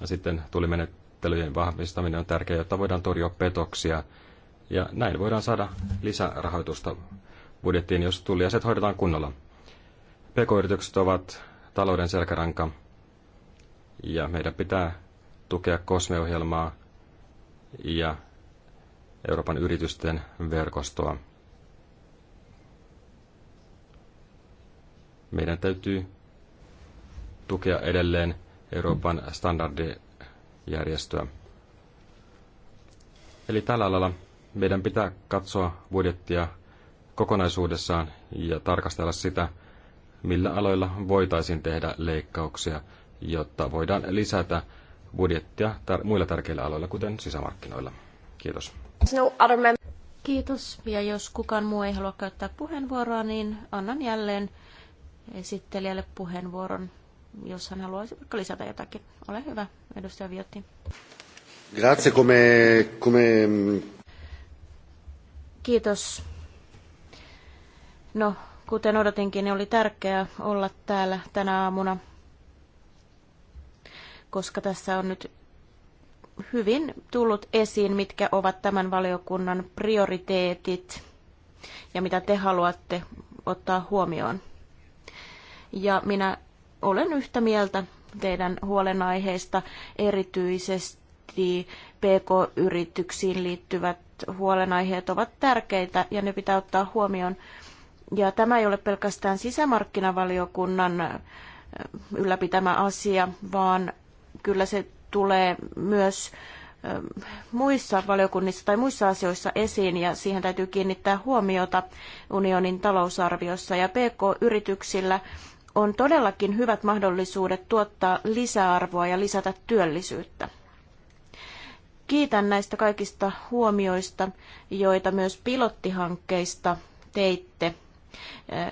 Ja sitten tuli menet menettelyjen vahvistaminen on tärkeää, jotta voidaan torjua petoksia. Ja näin voidaan saada lisärahoitusta budjettiin, jos tulliaset hoidetaan kunnolla. PK-yritykset ovat talouden selkäranka ja meidän pitää tukea kosmeohjelmaa ja Euroopan yritysten verkostoa. Meidän täytyy tukea edelleen Euroopan standardi järjestöä. Eli tällä alalla meidän pitää katsoa budjettia kokonaisuudessaan ja tarkastella sitä, millä aloilla voitaisiin tehdä leikkauksia, jotta voidaan lisätä budjettia muilla tärkeillä aloilla, kuten sisämarkkinoilla. Kiitos. No Kiitos. Ja jos kukaan muu ei halua käyttää puheenvuoroa, niin annan jälleen esittelijälle puheenvuoron jos hän haluaisi vaikka lisätä jotakin. Ole hyvä, edustaja Viotti. Grazie, come, come... Kiitos. No, kuten odotinkin, niin oli tärkeää olla täällä tänä aamuna, koska tässä on nyt hyvin tullut esiin, mitkä ovat tämän valiokunnan prioriteetit ja mitä te haluatte ottaa huomioon. Ja minä olen yhtä mieltä teidän huolenaiheista, erityisesti PK-yrityksiin liittyvät huolenaiheet ovat tärkeitä ja ne pitää ottaa huomioon. Ja tämä ei ole pelkästään sisämarkkinavaliokunnan äh, ylläpitämä asia, vaan kyllä se tulee myös äh, muissa valiokunnissa tai muissa asioissa esiin ja siihen täytyy kiinnittää huomiota unionin talousarviossa ja PK-yrityksillä on todellakin hyvät mahdollisuudet tuottaa lisäarvoa ja lisätä työllisyyttä. Kiitän näistä kaikista huomioista, joita myös pilottihankkeista teitte.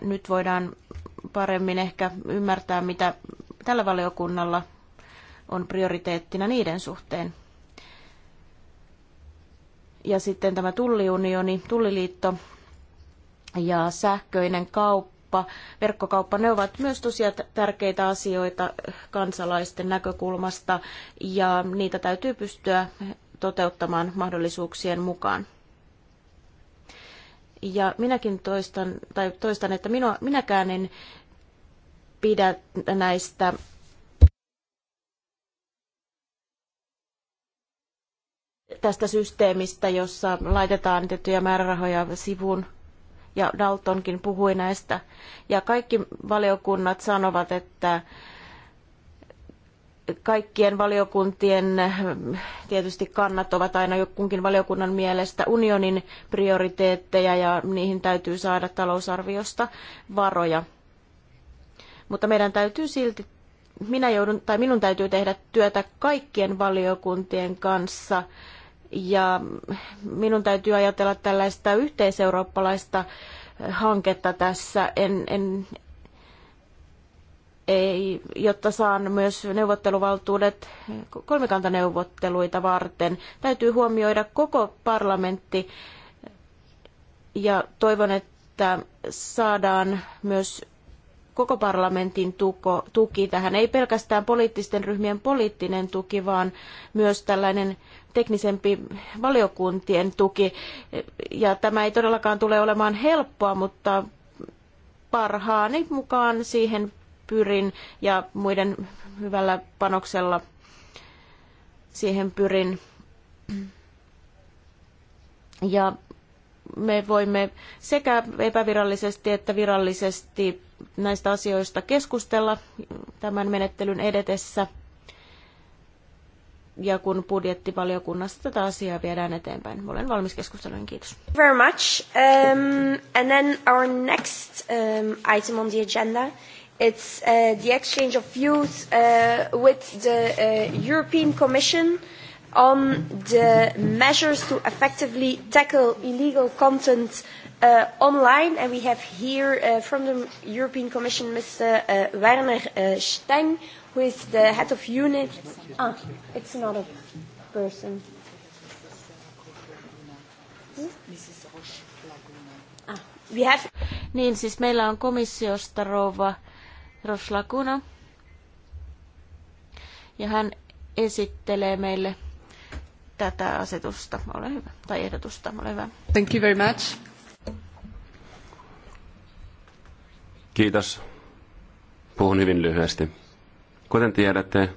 Nyt voidaan paremmin ehkä ymmärtää, mitä tällä valiokunnalla on prioriteettina niiden suhteen. Ja sitten tämä tulliunioni, tulliliitto ja sähköinen kauppa kauppa, verkkokauppa, ne ovat myös tosiaan tärkeitä asioita kansalaisten näkökulmasta ja niitä täytyy pystyä toteuttamaan mahdollisuuksien mukaan. Ja minäkin toistan, tai toistan että minua, minäkään en pidä näistä tästä systeemistä, jossa laitetaan tiettyjä määrärahoja sivuun ja Daltonkin puhui näistä. Ja kaikki valiokunnat sanovat, että kaikkien valiokuntien mm, tietysti kannat ovat aina jokunkin valiokunnan mielestä unionin prioriteetteja ja niihin täytyy saada talousarviosta varoja. Mutta meidän täytyy silti, minä joudun, tai minun täytyy tehdä työtä kaikkien valiokuntien kanssa ja minun täytyy ajatella tällaista yhteiseurooppalaista hanketta tässä, en, en, ei, jotta saan myös neuvotteluvaltuudet kolmikantaneuvotteluita varten. Täytyy huomioida koko parlamentti ja toivon, että saadaan myös koko parlamentin tuko, tuki tähän. Ei pelkästään poliittisten ryhmien poliittinen tuki, vaan myös tällainen teknisempi valiokuntien tuki. Ja tämä ei todellakaan tule olemaan helppoa, mutta parhaani mukaan siihen pyrin ja muiden hyvällä panoksella siihen pyrin. Ja me voimme sekä epävirallisesti että virallisesti näistä asioista keskustella tämän menettelyn edetessä – ja kun budjettivaliokunnassa tätä asiaa viedään eteenpäin. Olen valmis keskusteluun. Kiitos. Very much. Um, and then our next um, item on the agenda it's uh, the exchange of views uh, with the uh, European Commission on the measures to effectively tackle illegal content uh, online. And we have here uh, from the European Commission Mr. Uh, Werner uh, Stein, who is the head of unit. Ah, it's not a person. Hmm? Ah, we have... Niin, siis meillä on komissiosta rouva Roslakuna. Ja hän esittelee meille tätä asetusta. Ole hyvä. Tai ehdotusta. Ole hyvä. Thank you very much. Kiitos. Puhun hyvin lyhyesti. Kuten tiedätte,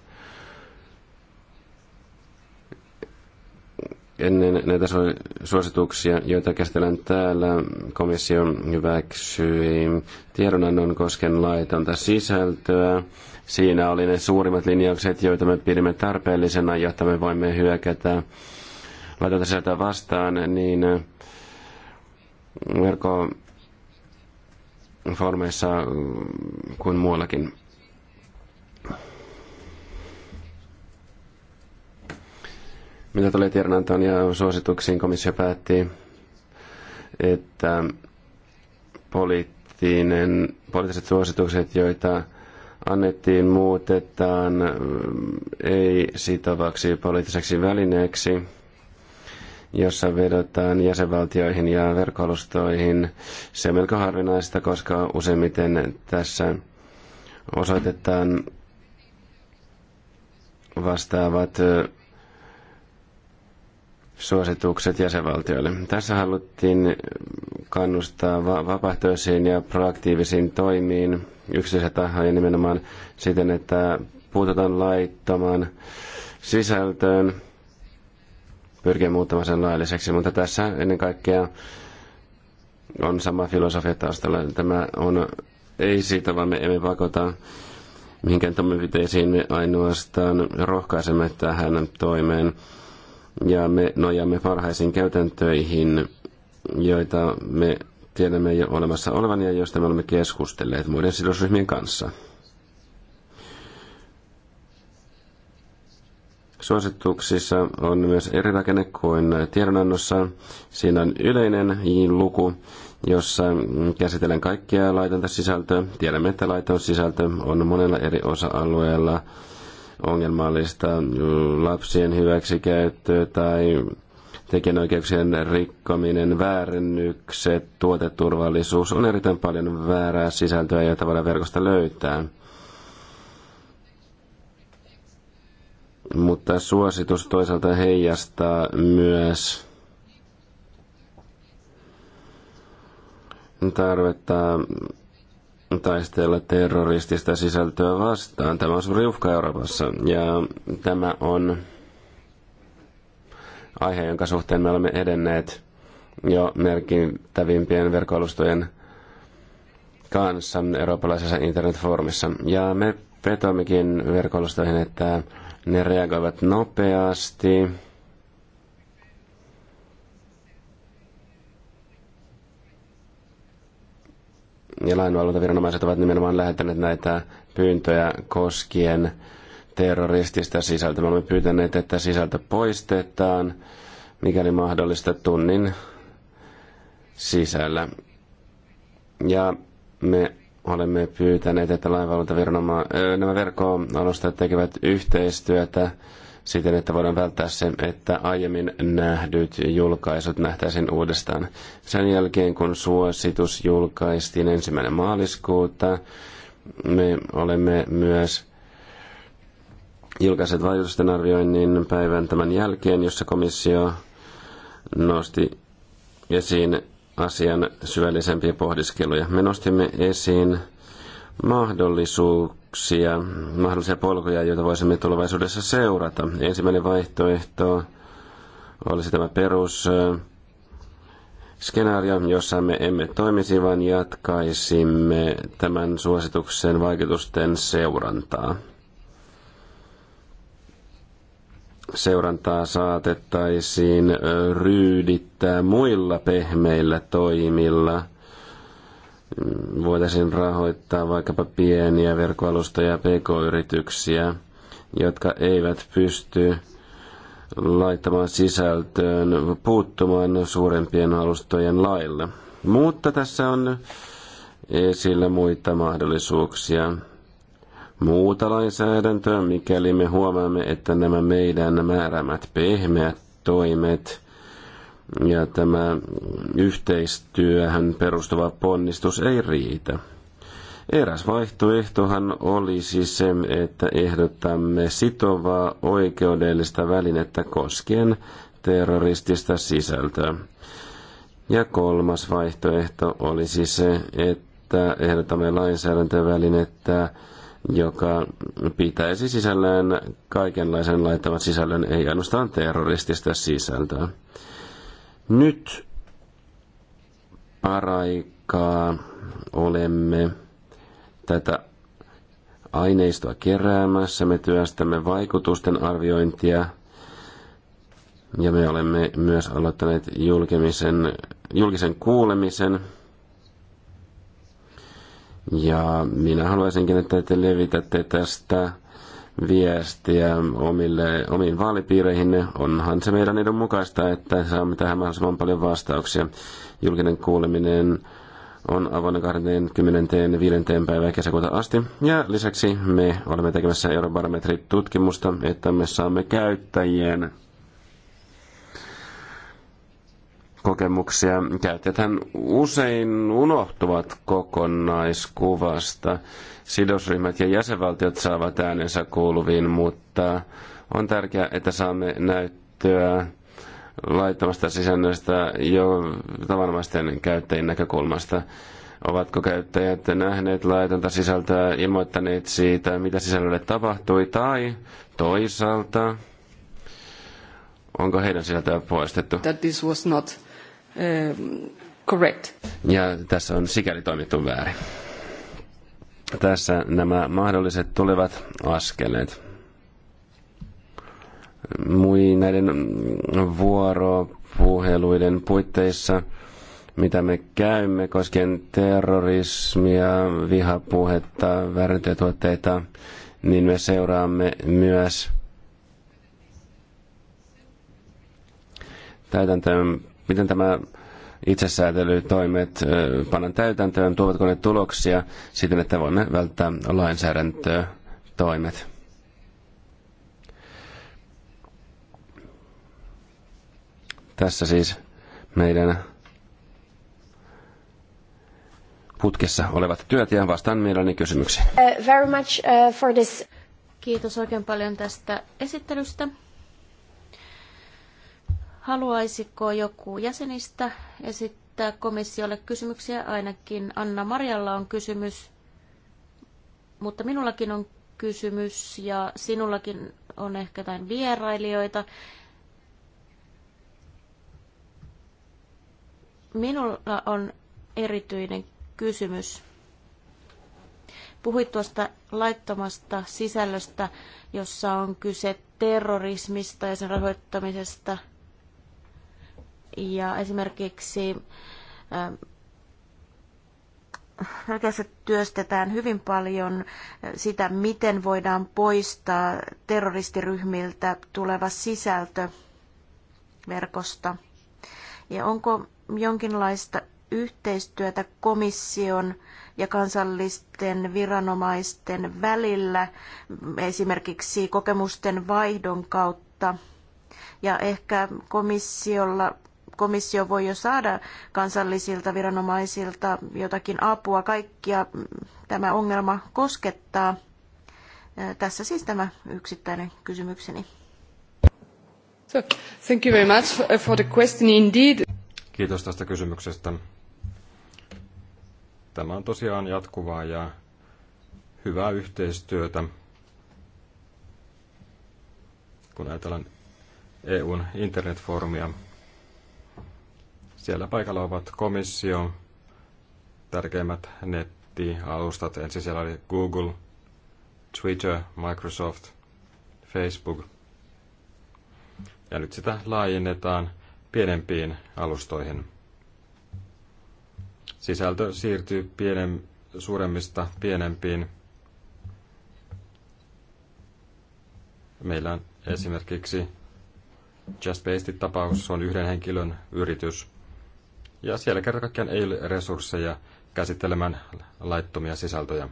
ennen näitä suosituksia, joita käsitellään täällä, komissio hyväksyi tiedonannon kosken laitonta sisältöä. Siinä oli ne suurimmat linjaukset, joita me pidimme tarpeellisena, jotta me voimme hyökätä laitonta sieltä vastaan, niin formeissa kuin muuallakin. Mitä tulee tiedonantoon ja suosituksiin, komissio päätti, että poliittinen, poliittiset suositukset, joita annettiin, muutetaan ei sitovaksi poliittiseksi välineeksi, jossa vedotaan jäsenvaltioihin ja verkkoalustoihin. Se on melko harvinaista, koska useimmiten tässä osoitetaan vastaavat suositukset jäsenvaltioille. Tässä haluttiin kannustaa va- vapaaehtoisiin ja proaktiivisiin toimiin yksityisiä tahoja nimenomaan siten, että puututaan laittomaan sisältöön, pyrkiä muuttamaan sen lailliseksi, mutta tässä ennen kaikkea on sama filosofia taustalla. Tämä on, ei siitä vaan me emme pakota mihinkään toimenpiteisiin, me ainoastaan rohkaisemme tähän toimeen ja me nojaamme parhaisiin käytäntöihin, joita me tiedämme jo olemassa olevan ja joista me olemme keskustelleet muiden sidosryhmien kanssa. Suosituksissa on myös eri rakenne kuin tiedonannossa. Siinä on yleinen luku, jossa käsitellään kaikkia laitonta sisältöä. Tiedämme, että laiton sisältö on monella eri osa-alueella ongelmallista lapsien hyväksikäyttö tai tekijänoikeuksien rikkominen, väärennykset, tuoteturvallisuus. On erittäin paljon väärää sisältöä, jota voidaan verkosta löytää. Mutta suositus toisaalta heijastaa myös tarvetta taistella terroristista sisältöä vastaan. Tämä on suuri uhka Euroopassa ja tämä on aihe, jonka suhteen me olemme edenneet jo merkittävimpien verkkoalustojen kanssa eurooppalaisessa internetfoorumissa. Ja me vetoammekin verkkoalustoihin, että ne reagoivat nopeasti ja lainvalvontaviranomaiset ovat nimenomaan lähettäneet näitä pyyntöjä koskien terroristista sisältöä. Me olemme pyytäneet, että sisältö poistetaan, mikäli mahdollista, tunnin sisällä. Ja me olemme pyytäneet, että lainvalvontaviranomaiset, nämä verkkoalustat tekevät yhteistyötä siten, että voidaan välttää se, että aiemmin nähdyt julkaisut nähtäisiin uudestaan. Sen jälkeen, kun suositus julkaistiin ensimmäinen maaliskuuta, me olemme myös julkaiset vaikutusten arvioinnin päivän tämän jälkeen, jossa komissio nosti esiin asian syvällisempiä pohdiskeluja. Me nostimme esiin mahdollisuuksia, mahdollisia polkuja, joita voisimme tulevaisuudessa seurata. Ensimmäinen vaihtoehto olisi tämä perus skenaario, jossa me emme toimisi, vaan jatkaisimme tämän suosituksen vaikutusten seurantaa. Seurantaa saatettaisiin ryydittää muilla pehmeillä toimilla – voitaisiin rahoittaa vaikkapa pieniä verkkoalustoja ja pk-yrityksiä, jotka eivät pysty laittamaan sisältöön puuttumaan suurempien alustojen lailla. Mutta tässä on esillä muita mahdollisuuksia. Muuta lainsäädäntöä, mikäli me huomaamme, että nämä meidän määrämät pehmeät toimet – ja tämä yhteistyöhän perustuva ponnistus ei riitä. Eräs vaihtoehtohan olisi siis se, että ehdotamme sitovaa oikeudellista välinettä koskien terroristista sisältöä. Ja kolmas vaihtoehto olisi siis se, että ehdotamme lainsäädäntövälinettä, joka pitäisi sisällään kaikenlaisen laittavan sisällön, ei ainoastaan terroristista sisältöä. Nyt paraikaa olemme tätä aineistoa keräämässä. Me työstämme vaikutusten arviointia ja me olemme myös aloittaneet julkisen, julkisen kuulemisen. Ja minä haluaisinkin, että te levitätte tästä viestiä omille, omiin vaalipiireihin. Onhan se meidän edun mukaista, että saamme tähän mahdollisimman paljon vastauksia. Julkinen kuuleminen on avoinna 25. päivää kesäkuuta asti. Ja lisäksi me olemme tekemässä Eurobarometri-tutkimusta, että me saamme käyttäjien kokemuksia. Käyttäjät usein unohtuvat kokonaiskuvasta sidosryhmät ja jäsenvaltiot saavat äänensä kuuluviin, mutta on tärkeää, että saamme näyttöä laittomasta sisällöstä jo tavanomaisten käyttäjien näkökulmasta. Ovatko käyttäjät nähneet laitonta sisältöä, ilmoittaneet siitä, mitä sisällölle tapahtui, tai toisaalta, onko heidän sisältöä poistettu? That this was not, um, correct. Ja tässä on sikäli toimittu väärin. Tässä nämä mahdolliset tulevat askeleet. Mui näiden vuoropuheluiden puitteissa, mitä me käymme koskien terrorismia, vihapuhetta, värintötuotteita, niin me seuraamme myös täytäntöön, miten tämä itsesäätelytoimet panan täytäntöön, tuovatko ne tuloksia siten, että voimme välttää lainsäädäntöä toimet. Tässä siis meidän putkessa olevat työt ja vastaan mielelläni kysymyksiin. Uh, very much, uh, for this. Kiitos oikein paljon tästä esittelystä. Haluaisiko joku jäsenistä esittää komissiolle kysymyksiä? Ainakin Anna Marjalla on kysymys, mutta minullakin on kysymys ja sinullakin on ehkä jotain vierailijoita. Minulla on erityinen kysymys. Puhuit tuosta laittomasta sisällöstä, jossa on kyse terrorismista ja sen rahoittamisesta – ja esimerkiksi Oikeassa äh, työstetään hyvin paljon äh, sitä, miten voidaan poistaa terroristiryhmiltä tuleva sisältö verkosta. Ja onko jonkinlaista yhteistyötä komission ja kansallisten viranomaisten välillä esimerkiksi kokemusten vaihdon kautta? Ja ehkä komissiolla komissio voi jo saada kansallisilta viranomaisilta jotakin apua. Kaikkia mm, tämä ongelma koskettaa. Tässä siis tämä yksittäinen kysymykseni. So, thank you very much for the question indeed. Kiitos tästä kysymyksestä. Tämä on tosiaan jatkuvaa ja hyvää yhteistyötä, kun ajatellaan EUn internetfoorumia. Siellä paikalla ovat komissio, tärkeimmät nettialustat, ensin siellä oli Google, Twitter, Microsoft, Facebook. Ja nyt sitä laajennetaan pienempiin alustoihin. Sisältö siirtyy pienem, suuremmista pienempiin. Meillä on esimerkiksi Just Based-tapaus, on yhden henkilön yritys. Ja siellä kerta kaikkiaan ei ole resursseja käsittelemään laittomia sisältöjä.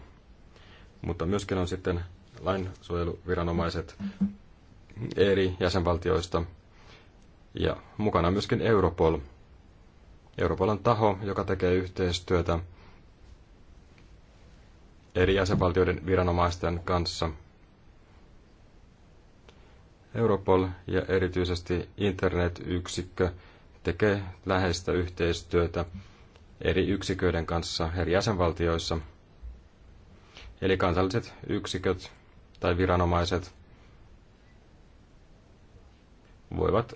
Mutta myöskin on sitten lainsuojeluviranomaiset eri jäsenvaltioista. Ja mukana on myöskin Europol. Europol on taho, joka tekee yhteistyötä eri jäsenvaltioiden viranomaisten kanssa. Europol ja erityisesti internetyksikkö tekee läheistä yhteistyötä eri yksiköiden kanssa eri jäsenvaltioissa. Eli kansalliset yksiköt tai viranomaiset voivat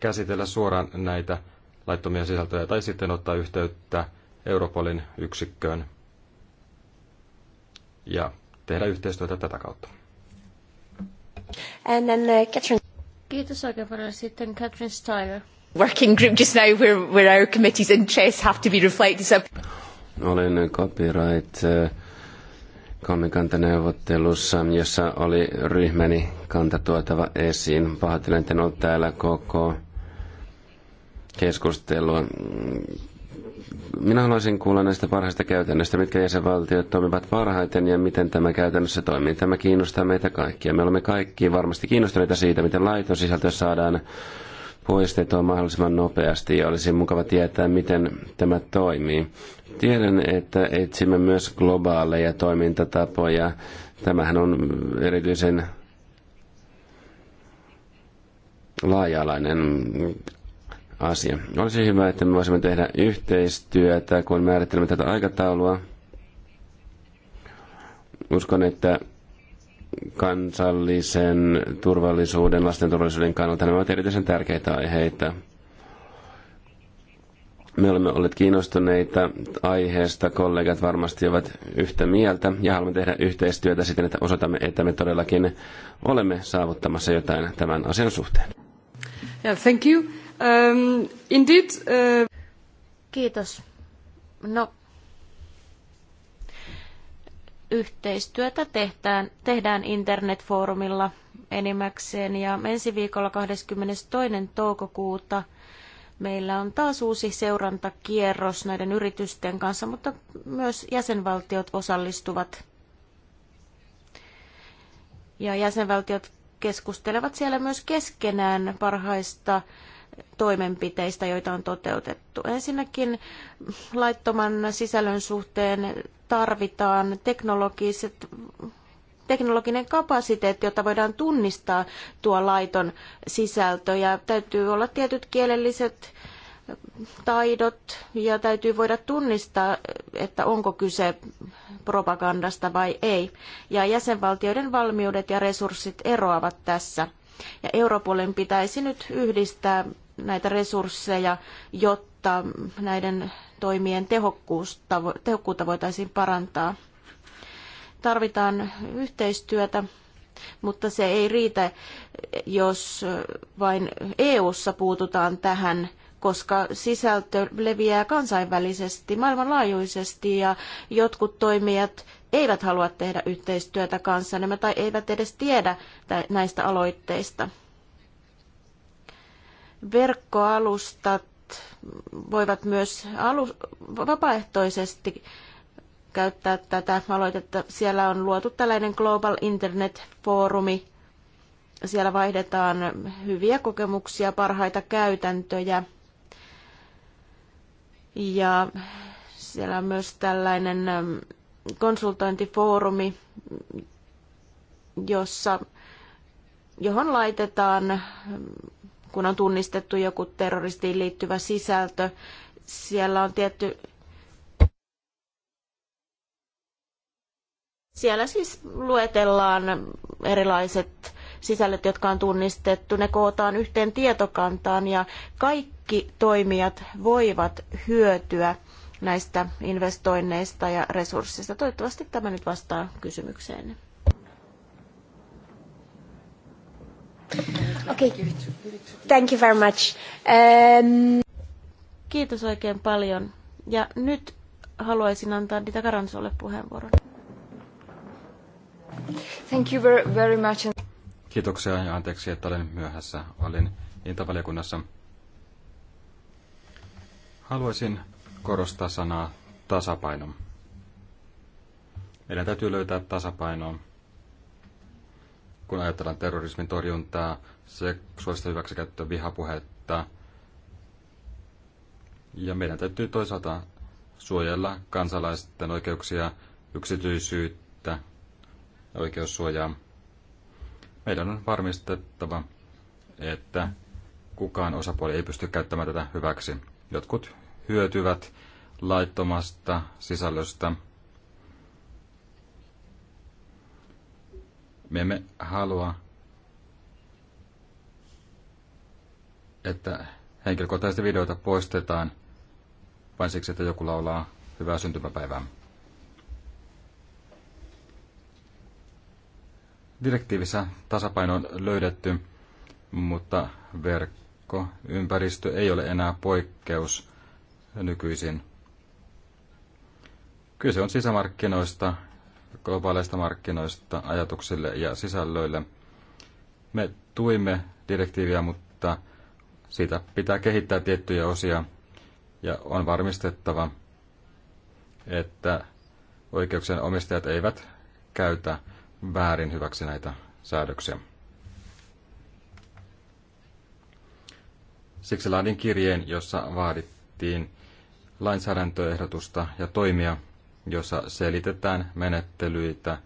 käsitellä suoraan näitä laittomia sisältöjä tai sitten ottaa yhteyttä Europolin yksikköön ja tehdä yhteistyötä tätä kautta. And then, uh, Catherine. Kiitos oikein paljon. Sitten Catherine Steyer. Working group just now where, where our committee's interests have to be reflected. So... Olen copyright eh, kolmikantaneuvottelussa, jossa oli ryhmäni kanta tuotava esiin. Pahoittelen, että en ollut täällä koko keskustelua. Minä haluaisin kuulla näistä parhaista käytännöistä, mitkä jäsenvaltiot toimivat parhaiten ja miten tämä käytännössä toimii. Tämä kiinnostaa meitä kaikkia. Me olemme kaikki varmasti kiinnostuneita siitä, miten laiton sisältö saadaan poistettua mahdollisimman nopeasti ja olisi mukava tietää, miten tämä toimii. Tiedän, että etsimme myös globaaleja toimintatapoja. Tämähän on erityisen laaja-alainen asia. Olisi hyvä, että me voisimme tehdä yhteistyötä, kun määrittelemme tätä aikataulua. Uskon, että kansallisen turvallisuuden, lasten turvallisuuden kannalta nämä ovat erityisen tärkeitä aiheita. Me olemme olleet kiinnostuneita aiheesta, kollegat varmasti ovat yhtä mieltä ja haluamme tehdä yhteistyötä siten, että osoitamme, että me todellakin olemme saavuttamassa jotain tämän asian suhteen. Yeah, thank you. Um, indeed, uh... Kiitos. No, yhteistyötä tehtään, tehdään internetfoorumilla enimmäkseen ja ensi viikolla 22. toukokuuta meillä on taas uusi seurantakierros näiden yritysten kanssa, mutta myös jäsenvaltiot osallistuvat. Ja jäsenvaltiot keskustelevat siellä myös keskenään parhaista toimenpiteistä, joita on toteutettu. Ensinnäkin laittoman sisällön suhteen tarvitaan teknologiset teknologinen kapasiteetti, jotta voidaan tunnistaa tuo laiton sisältö. Ja täytyy olla tietyt kielelliset taidot ja täytyy voida tunnistaa, että onko kyse propagandasta vai ei. Ja jäsenvaltioiden valmiudet ja resurssit eroavat tässä. Ja Europolin pitäisi nyt yhdistää näitä resursseja, jotta näiden toimien tehokkuutta voitaisiin parantaa. Tarvitaan yhteistyötä, mutta se ei riitä, jos vain EU-ssa puututaan tähän koska sisältö leviää kansainvälisesti, maailmanlaajuisesti ja jotkut toimijat eivät halua tehdä yhteistyötä kanssamme tai eivät edes tiedä näistä aloitteista. Verkkoalustat voivat myös alu- vapaaehtoisesti käyttää tätä aloitetta. Siellä on luotu tällainen Global Internet Forumi. Siellä vaihdetaan hyviä kokemuksia, parhaita käytäntöjä. Ja siellä on myös tällainen ähm, konsultointifoorumi, jossa, johon laitetaan kun on tunnistettu joku terroristiin liittyvä sisältö. Siellä on tietty siellä siis luetellaan erilaiset sisällöt, jotka on tunnistettu. Ne kootaan yhteen tietokantaan ja kaikki toimijat voivat hyötyä näistä investoinneista ja resursseista. Toivottavasti tämä nyt vastaa kysymykseen. Okay. Thank you very much. Um... Kiitos oikein paljon. Ja nyt haluaisin antaa Dita Karansolle puheenvuoron. Thank you very, very much. Kiitoksia ja anteeksi, että olen myöhässä. Olin intavaliokunnassa. Haluaisin korostaa sanaa tasapaino. Meidän täytyy löytää tasapaino kun ajatellaan terrorismin torjuntaa, seksuaalista hyväksikäyttöä, vihapuhetta. Ja meidän täytyy toisaalta suojella kansalaisten oikeuksia, yksityisyyttä ja oikeussuojaa. Meidän on varmistettava, että kukaan osapuoli ei pysty käyttämään tätä hyväksi. Jotkut hyötyvät laittomasta sisällöstä – Me emme halua, että henkilökohtaisesti videoita poistetaan vain siksi, että joku laulaa hyvää syntymäpäivää. Direktiivissä tasapaino on löydetty, mutta verkkoympäristö ei ole enää poikkeus nykyisin. Kyse on sisämarkkinoista globaaleista markkinoista ajatuksille ja sisällöille. Me tuimme direktiiviä, mutta siitä pitää kehittää tiettyjä osia ja on varmistettava, että oikeuksien omistajat eivät käytä väärin hyväksi näitä säädöksiä. Siksi laadin kirjeen, jossa vaadittiin lainsäädäntöehdotusta ja toimia, jossa selitetään menettelyitä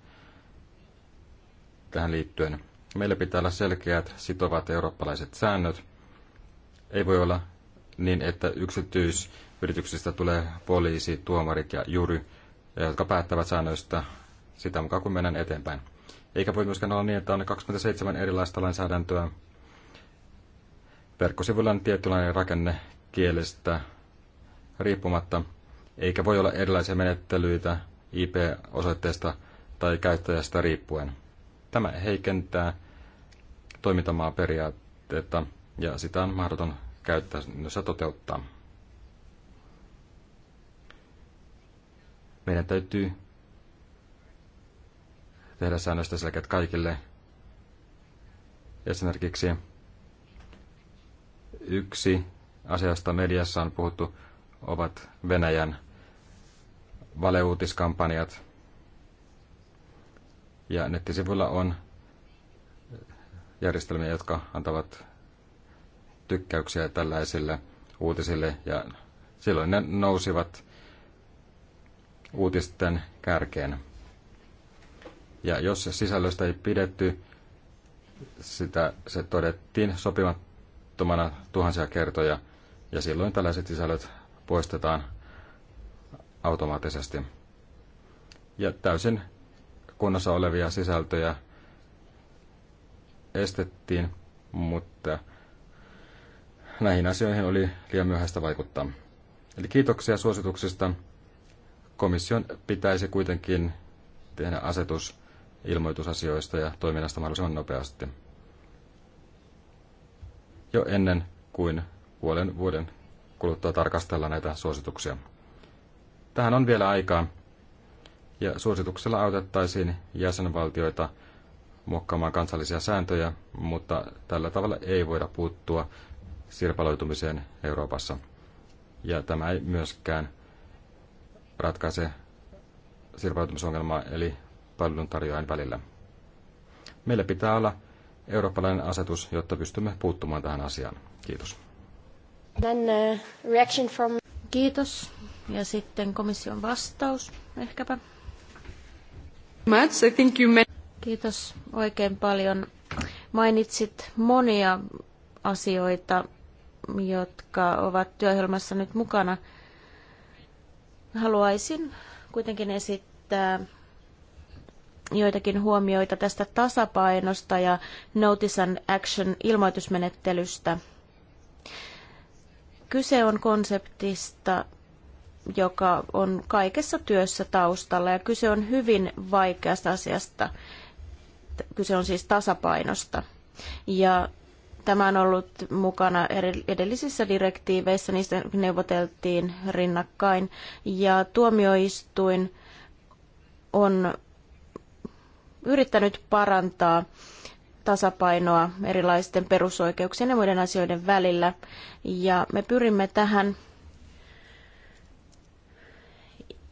tähän liittyen. Meillä pitää olla selkeät, sitovat eurooppalaiset säännöt. Ei voi olla niin, että yksityisyrityksistä tulee poliisi, tuomarit ja jury, jotka päättävät säännöistä sitä mukaan, kun mennään eteenpäin. Eikä voi myöskään olla niin, että on 27 erilaista lainsäädäntöä. Verkkosivuilla on tietynlainen rakenne kielestä riippumatta – eikä voi olla erilaisia menettelyitä IP-osoitteesta tai käyttäjästä riippuen. Tämä heikentää toimintamaa periaatteita ja sitä on mahdoton käytännössä toteuttaa. Meidän täytyy tehdä säännöstä selkeät kaikille. Esimerkiksi yksi asiasta mediassa on puhuttu ovat Venäjän valeuutiskampanjat. Ja nettisivuilla on järjestelmiä, jotka antavat tykkäyksiä tällaisille uutisille. Ja silloin ne nousivat uutisten kärkeen. Ja jos sisällöstä ei pidetty, sitä se todettiin sopimattomana tuhansia kertoja, ja silloin tällaiset sisällöt poistetaan automaattisesti. Ja täysin kunnossa olevia sisältöjä estettiin, mutta näihin asioihin oli liian myöhäistä vaikuttaa. Eli kiitoksia suosituksista. Komission pitäisi kuitenkin tehdä asetus ilmoitusasioista ja toiminnasta mahdollisimman nopeasti. Jo ennen kuin puolen vuoden kuluttua tarkastella näitä suosituksia. Tähän on vielä aikaa, ja suosituksella autettaisiin jäsenvaltioita muokkaamaan kansallisia sääntöjä, mutta tällä tavalla ei voida puuttua sirpaloitumiseen Euroopassa. Ja tämä ei myöskään ratkaise sirpaloitumisongelmaa eli palveluntarjoajan välillä. Meillä pitää olla eurooppalainen asetus, jotta pystymme puuttumaan tähän asiaan. Kiitos. Then, uh, reaction from... Kiitos. Ja sitten komission vastaus ehkäpä. I think you Kiitos oikein paljon. Mainitsit monia asioita, jotka ovat työohjelmassa nyt mukana. Haluaisin kuitenkin esittää joitakin huomioita tästä tasapainosta ja Notice and Action ilmoitusmenettelystä – Kyse on konseptista, joka on kaikessa työssä taustalla ja kyse on hyvin vaikeasta asiasta. Kyse on siis tasapainosta. Ja tämä on ollut mukana edellisissä direktiiveissä, niistä neuvoteltiin rinnakkain. Ja tuomioistuin on yrittänyt parantaa tasapainoa erilaisten perusoikeuksien ja muiden asioiden välillä. Ja me pyrimme tähän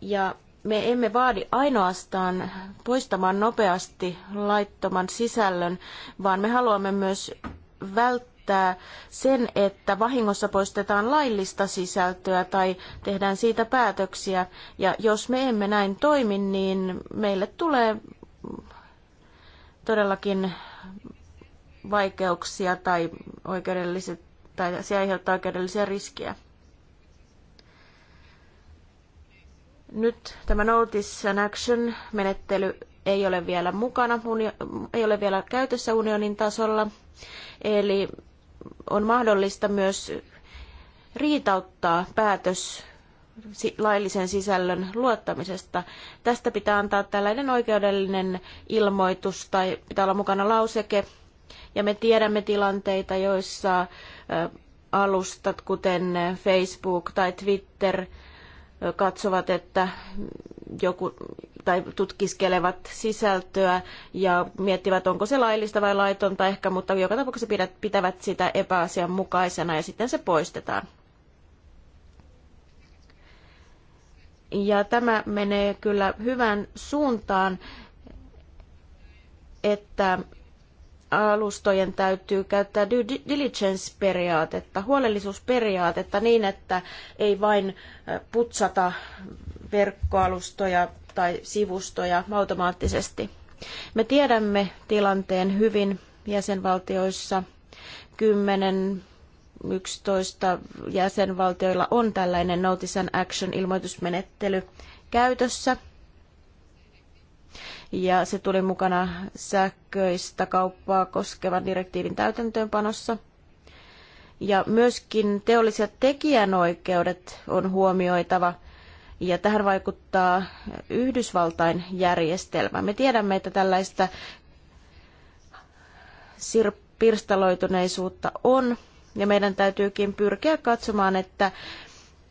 ja me emme vaadi ainoastaan poistamaan nopeasti laittoman sisällön, vaan me haluamme myös välttää sen, että vahingossa poistetaan laillista sisältöä tai tehdään siitä päätöksiä. Ja jos me emme näin toimi, niin meille tulee todellakin vaikeuksia tai, oikeudelliset, tai se aiheuttaa oikeudellisia riskiä. Nyt tämä Notice and Action-menettely ei ole vielä mukana, ei ole vielä käytössä unionin tasolla, eli on mahdollista myös riitauttaa päätös laillisen sisällön luottamisesta. Tästä pitää antaa tällainen oikeudellinen ilmoitus tai pitää olla mukana lauseke. Ja me tiedämme tilanteita, joissa alustat, kuten Facebook tai Twitter, katsovat, että joku, tai tutkiskelevat sisältöä ja miettivät, onko se laillista vai laitonta ehkä, mutta joka tapauksessa pitävät sitä epäasianmukaisena ja sitten se poistetaan. Ja tämä menee kyllä hyvän suuntaan, että alustojen täytyy käyttää due diligence-periaatetta, huolellisuusperiaatetta niin, että ei vain putsata verkkoalustoja tai sivustoja automaattisesti. Me tiedämme tilanteen hyvin jäsenvaltioissa. Kymmenen 11 jäsenvaltioilla on tällainen Notice and Action ilmoitusmenettely käytössä. Ja se tuli mukana sähköistä kauppaa koskevan direktiivin täytäntöönpanossa. Ja myöskin teolliset tekijänoikeudet on huomioitava, ja tähän vaikuttaa Yhdysvaltain järjestelmä. Me tiedämme, että tällaista pirstaloituneisuutta on, ja meidän täytyykin pyrkiä katsomaan, että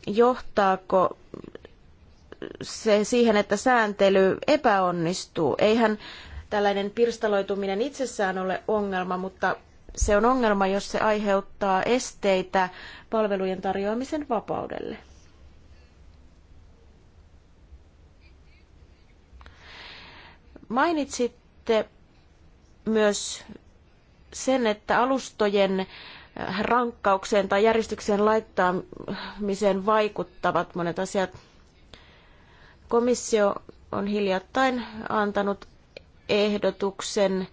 johtaako se siihen, että sääntely epäonnistuu. Eihän tällainen pirstaloituminen itsessään ole ongelma, mutta se on ongelma, jos se aiheuttaa esteitä palvelujen tarjoamisen vapaudelle. Mainitsitte myös sen, että alustojen rankkaukseen tai järjestykseen laittamiseen vaikuttavat monet asiat. Komissio on hiljattain antanut ehdotuksen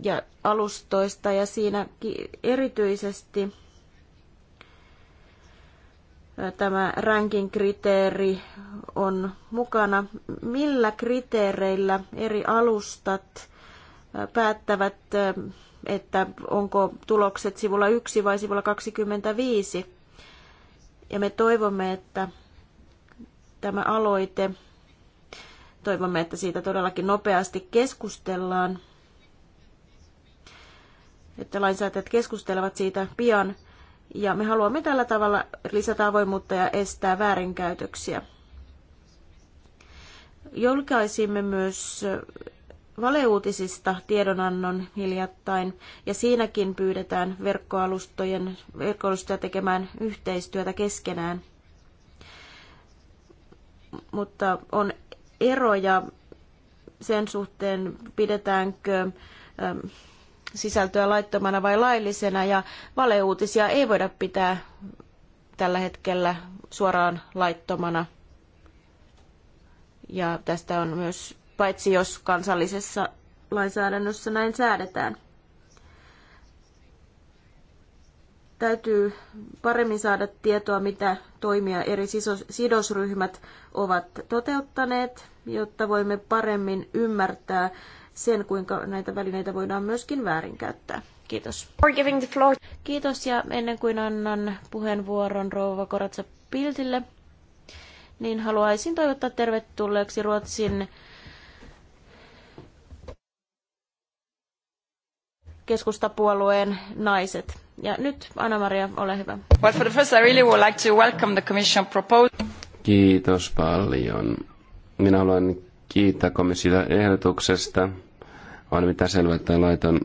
ja alustoista ja siinä erityisesti tämä rankin kriteeri on mukana. Millä kriteereillä eri alustat päättävät että onko tulokset sivulla 1 vai sivulla 25. Ja me toivomme, että tämä aloite, toivomme, että siitä todellakin nopeasti keskustellaan, että lainsäätäjät keskustelevat siitä pian. Ja me haluamme tällä tavalla lisätä avoimuutta ja estää väärinkäytöksiä. Julkaisimme myös valeuutisista tiedonannon hiljattain, ja siinäkin pyydetään verkkoalustojen, verkkoalustoja tekemään yhteistyötä keskenään. Mutta on eroja sen suhteen, pidetäänkö ähm, sisältöä laittomana vai laillisena, ja valeuutisia ei voida pitää tällä hetkellä suoraan laittomana. Ja tästä on myös paitsi jos kansallisessa lainsäädännössä näin säädetään. Täytyy paremmin saada tietoa, mitä toimia eri sidosryhmät ovat toteuttaneet, jotta voimme paremmin ymmärtää sen, kuinka näitä välineitä voidaan myöskin väärinkäyttää. Kiitos. Kiitos ja ennen kuin annan puheenvuoron rouva Koratsa Piltille, niin haluaisin toivottaa tervetulleeksi Ruotsin keskustapuolueen naiset. Ja nyt Anna-Maria, ole hyvä. Well, for the first, I really would like to welcome the commission proposal. Kiitos paljon. Minä haluan kiittää komissiota ehdotuksesta. On mitä selvää, että laiton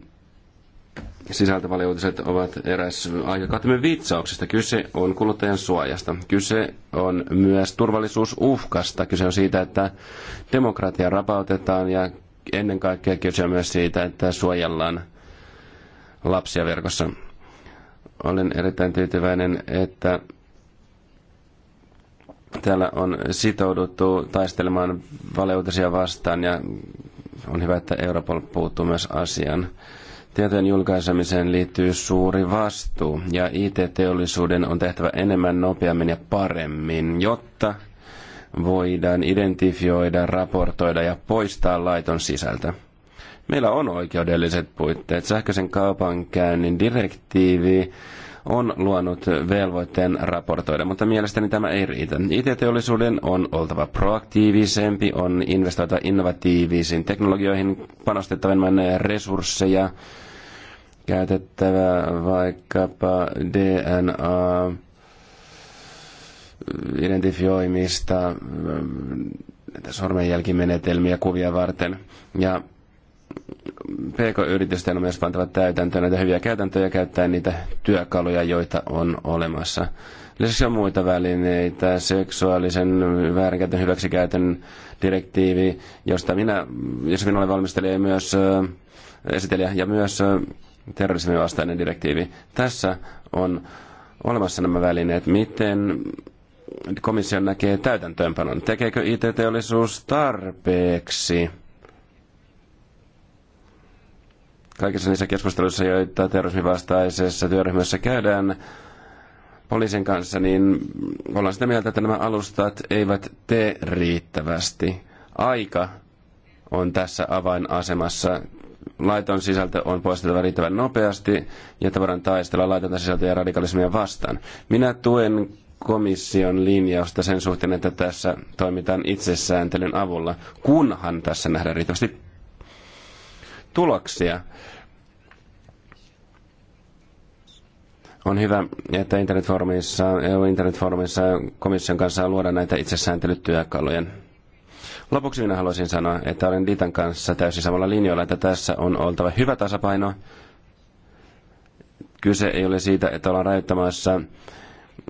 sisältövalioutiset ovat eräs aikakautemme vitsauksista. Kyse on kuluttajan suojasta. Kyse on myös turvallisuusuhkasta. Kyse on siitä, että demokratia rapautetaan ja ennen kaikkea kyse on myös siitä, että suojellaan lapsia verkossa. Olen erittäin tyytyväinen, että täällä on sitouduttu taistelemaan valeutisia vastaan ja on hyvä, että Europol puuttuu myös asiaan. Tietojen julkaisemiseen liittyy suuri vastuu ja IT-teollisuuden on tehtävä enemmän nopeammin ja paremmin, jotta voidaan identifioida, raportoida ja poistaa laiton sisältö. Meillä on oikeudelliset puitteet. Sähköisen kaupankäynnin direktiivi on luonut velvoitteen raportoida, mutta mielestäni tämä ei riitä. IT-teollisuuden on oltava proaktiivisempi, on investoitava innovatiivisiin teknologioihin, panostettava enemmän resursseja, käytettävä vaikkapa DNA, identifioimista, sormenjälkimenetelmiä kuvia varten. Ja PK-yritysten on myös pantava täytäntöön näitä hyviä käytäntöjä käyttää niitä työkaluja, joita on olemassa. Lisäksi on muita välineitä, seksuaalisen väärinkäytön hyväksikäytön direktiivi, josta minä, jos minä olen valmistelija ja myös äh, esittelijä ja myös äh, terrorismin vastainen direktiivi. Tässä on olemassa nämä välineet. Miten komissio näkee täytäntöönpanon? Tekeekö IT-teollisuus tarpeeksi? Kaikissa niissä keskusteluissa, joita terrorismivastaisessa työryhmässä käydään poliisin kanssa, niin ollaan sitä mieltä, että nämä alustat eivät tee riittävästi. Aika on tässä avainasemassa. Laiton sisältö on poistettava riittävän nopeasti, jotta voidaan taistella laitonta sisältöä ja radikalismia vastaan. Minä tuen komission linjausta sen suhteen, että tässä toimitaan itsesääntelyn avulla, kunhan tässä nähdään riittävästi tuloksia. On hyvä, että internetfoorumissa, EU-internetfoorumissa komission kanssa luoda näitä itsesääntelytyökalujen. Lopuksi minä haluaisin sanoa, että olen Ditan kanssa täysin samalla linjoilla, että tässä on oltava hyvä tasapaino. Kyse ei ole siitä, että ollaan rajoittamassa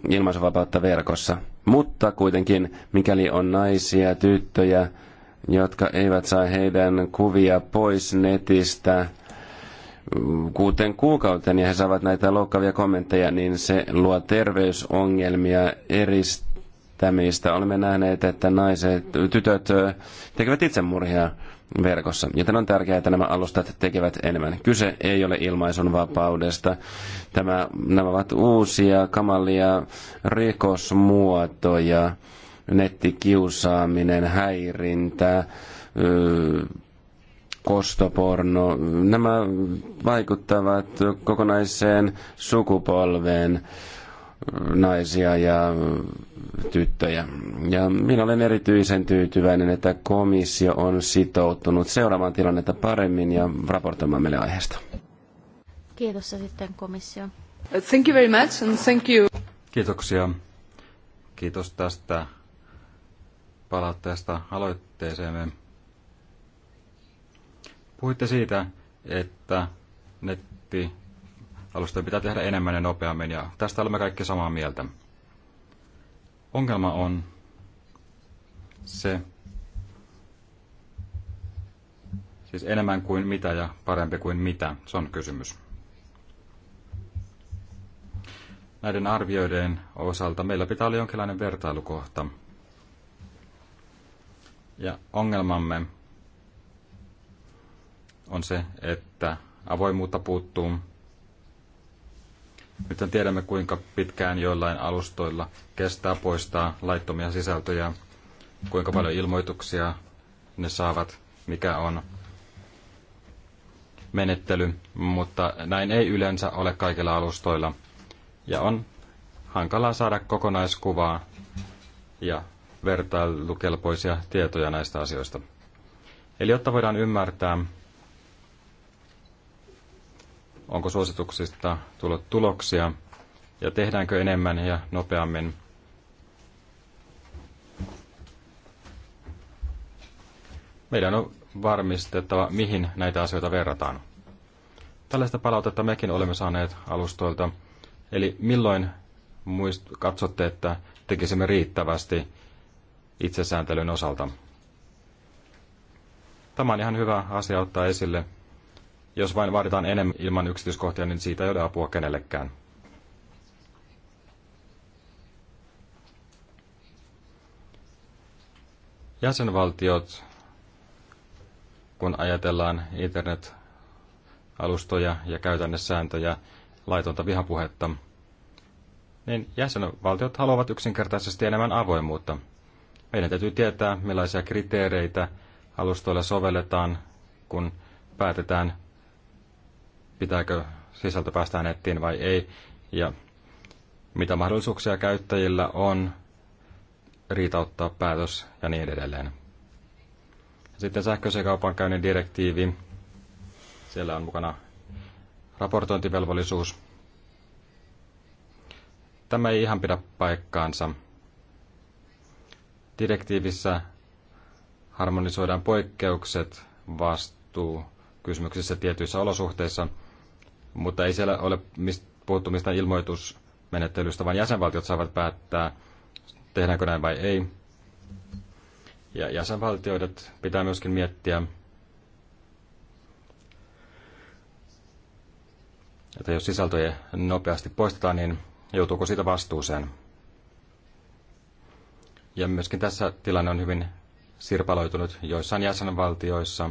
ilmaisuvapautta verkossa. Mutta kuitenkin, mikäli on naisia, tyttöjä, jotka eivät saa heidän kuvia pois netistä kuuteen kuukauteen ja he saavat näitä loukkaavia kommentteja, niin se luo terveysongelmia eristämistä. Olemme nähneet, että naiset, tytöt tekevät itsemurhia verkossa. Joten on tärkeää, että nämä alustat tekevät enemmän. Kyse ei ole ilmaisun vapaudesta. Tämä, nämä ovat uusia, kamalia rikosmuotoja nettikiusaaminen, häirintä, kostoporno, nämä vaikuttavat kokonaiseen sukupolveen naisia ja tyttöjä. Ja minä olen erityisen tyytyväinen, että komissio on sitoutunut seuraamaan tilannetta paremmin ja raportoimaan meille aiheesta. Kiitos sitten komissio. Thank you very much and thank you. Kiitoksia. Kiitos tästä palautteesta aloitteeseemme. Puhuitte siitä, että nettialustoja pitää tehdä enemmän ja nopeammin, ja tästä olemme kaikki samaa mieltä. Ongelma on se, siis enemmän kuin mitä ja parempi kuin mitä, se on kysymys. Näiden arvioiden osalta meillä pitää olla jonkinlainen vertailukohta – ja ongelmamme on se, että avoimuutta puuttuu. Nyt tiedämme, kuinka pitkään joillain alustoilla kestää poistaa laittomia sisältöjä, kuinka paljon ilmoituksia ne saavat, mikä on menettely, mutta näin ei yleensä ole kaikilla alustoilla. Ja on hankalaa saada kokonaiskuvaa ja vertailukelpoisia tietoja näistä asioista. Eli jotta voidaan ymmärtää, onko suosituksista tullut tuloksia ja tehdäänkö enemmän ja nopeammin. Meidän on varmistettava, mihin näitä asioita verrataan. Tällaista palautetta mekin olemme saaneet alustoilta. Eli milloin muist, katsotte, että tekisimme riittävästi itsesääntelyn osalta. Tämä on ihan hyvä asia ottaa esille. Jos vain vaaditaan enemmän ilman yksityiskohtia, niin siitä ei ole apua kenellekään. Jäsenvaltiot, kun ajatellaan internet-alustoja ja käytännössääntöjä, laitonta vihapuhetta, niin jäsenvaltiot haluavat yksinkertaisesti enemmän avoimuutta – meidän täytyy tietää, millaisia kriteereitä alustoilla sovelletaan, kun päätetään, pitääkö sisältö päästään nettiin vai ei, ja mitä mahdollisuuksia käyttäjillä on riitauttaa päätös ja niin edelleen. Sitten sähköisen kaupankäynnin direktiivi. Siellä on mukana raportointivelvollisuus. Tämä ei ihan pidä paikkaansa. Direktiivissä harmonisoidaan poikkeukset vastuu kysymyksissä tietyissä olosuhteissa, mutta ei siellä ole puhuttu mistään ilmoitusmenettelystä, vaan jäsenvaltiot saavat päättää, tehdäänkö näin vai ei. Ja jäsenvaltioidet pitää myöskin miettiä, että jos sisältöjä nopeasti poistetaan, niin joutuuko siitä vastuuseen. Ja myöskin tässä tilanne on hyvin sirpaloitunut joissain jäsenvaltioissa.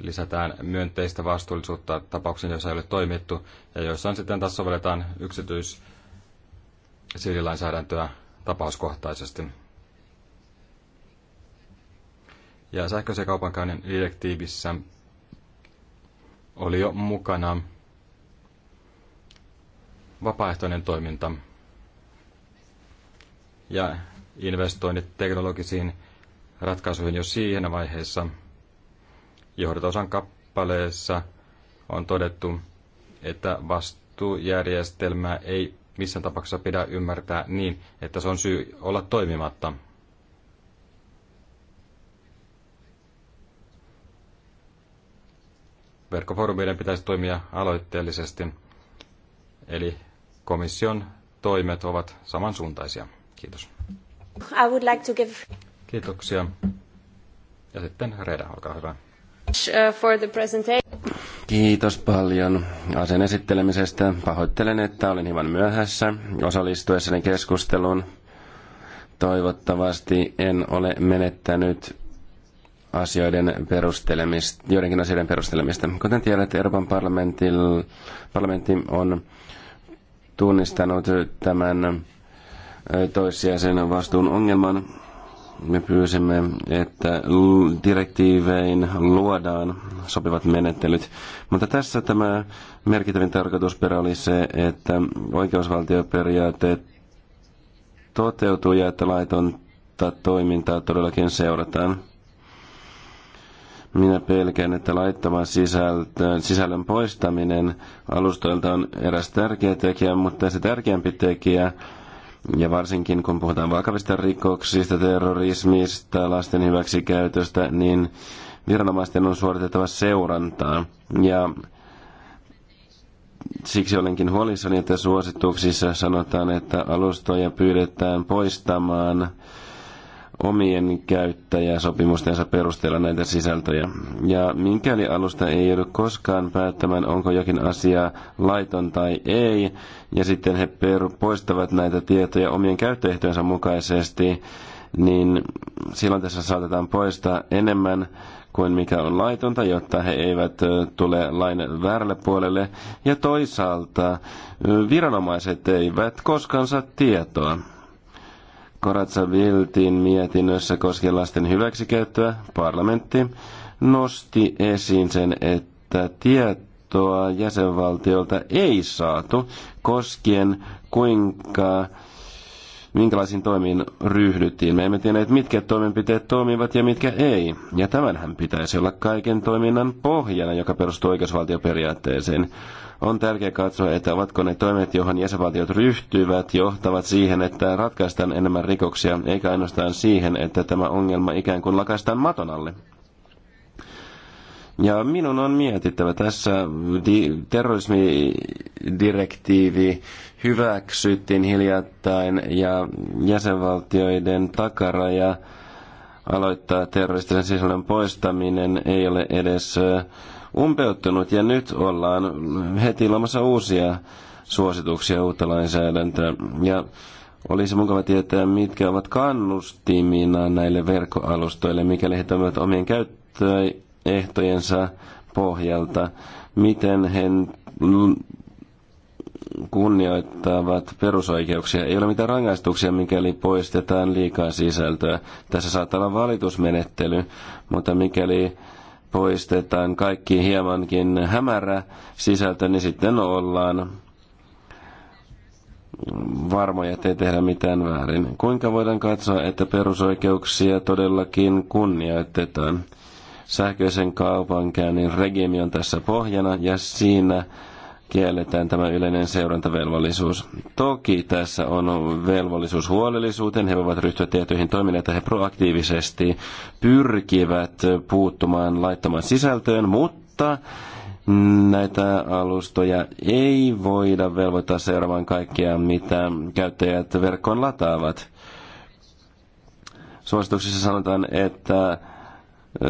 Lisätään myönteistä vastuullisuutta tapauksiin, joissa ei ole toimittu, ja joissain sitten taas sovelletaan yksityis- tapauskohtaisesti. Ja sähköisen kaupankäynnin direktiivissä oli jo mukana vapaaehtoinen toiminta – ja investoinnit teknologisiin ratkaisuihin jo siihen vaiheessa. Johdotosan kappaleessa on todettu, että vastuujärjestelmää ei missään tapauksessa pidä ymmärtää niin, että se on syy olla toimimatta. Verkkofoorumien pitäisi toimia aloitteellisesti, eli komission toimet ovat samansuuntaisia. Kiitos. I would like to give... Kiitoksia. Ja sitten Reda, olkaa hyvä. Uh, for the presentation. Kiitos paljon asian esittelemisestä. Pahoittelen, että olin hieman myöhässä osallistuessani keskusteluun. Toivottavasti en ole menettänyt asioiden perustelemista, joidenkin asioiden perustelemista. Kuten tiedät, Euroopan parlamentti on tunnistanut tämän toissijaisen vastuun ongelman. Me pyysimme, että direktiivein luodaan sopivat menettelyt. Mutta tässä tämä merkittävin tarkoitusperä oli se, että oikeusvaltioperiaate toteutuu ja että laitonta toimintaa todellakin seurataan. Minä pelkään, että laittoman sisällön poistaminen alustoilta on eräs tärkeä tekijä, mutta se tärkeämpi tekijä ja varsinkin kun puhutaan vakavista rikoksista, terrorismista, lasten hyväksikäytöstä, niin viranomaisten on suoritettava seurantaa. Ja siksi olenkin huolissani, että suosituksissa sanotaan, että alustoja pyydetään poistamaan omien käyttäjäsopimustensa perusteella näitä sisältöjä. Ja minkäli alusta ei joudu koskaan päättämään, onko jokin asia laiton tai ei, ja sitten he peru- poistavat näitä tietoja omien käyttöehtojensa mukaisesti, niin silloin tässä saatetaan poistaa enemmän kuin mikä on laitonta, jotta he eivät tule lain väärälle puolelle. Ja toisaalta viranomaiset eivät koskaan saa tietoa Koratsa Viltin mietinnössä koskien lasten hyväksikäyttöä parlamentti nosti esiin sen, että tietoa jäsenvaltiolta ei saatu koskien kuinka minkälaisiin toimiin ryhdyttiin. Me emme tienneet, mitkä toimenpiteet toimivat ja mitkä ei. Ja tämänhän pitäisi olla kaiken toiminnan pohjana, joka perustuu oikeusvaltioperiaatteeseen. On tärkeää katsoa, että ovatko ne toimet, johon jäsenvaltiot ryhtyvät, johtavat siihen, että ratkaistaan enemmän rikoksia, eikä ainoastaan siihen, että tämä ongelma ikään kuin lakaistaan maton alle. Ja minun on mietittävä tässä di- terrorismidirektiivi hyväksyttiin hiljattain ja jäsenvaltioiden takaraja aloittaa terroristisen sisällön poistaminen ei ole edes umpeuttunut ja nyt ollaan heti ilmassa uusia suosituksia uutta lainsäädäntöä. Ja olisi mukava tietää, mitkä ovat kannustimina näille verkkoalustoille, mikäli he toimivat omien käyttöehtojensa pohjalta. Miten he kunnioittavat perusoikeuksia. Ei ole mitään rangaistuksia, mikäli poistetaan liikaa sisältöä. Tässä saattaa olla valitusmenettely, mutta mikäli poistetaan kaikki hiemankin hämärä sisältö, niin sitten ollaan varmoja, ettei tehdä mitään väärin. Kuinka voidaan katsoa, että perusoikeuksia todellakin kunnioitetaan? Sähköisen kaupankäynnin regimi on tässä pohjana ja siinä kielletään tämä yleinen seurantavelvollisuus. Toki tässä on velvollisuus huolellisuuteen, he voivat ryhtyä tiettyihin toimiin, että he proaktiivisesti pyrkivät puuttumaan laittamaan sisältöön, mutta näitä alustoja ei voida velvoittaa seuraamaan kaikkea, mitä käyttäjät verkkoon lataavat. Suosituksissa sanotaan, että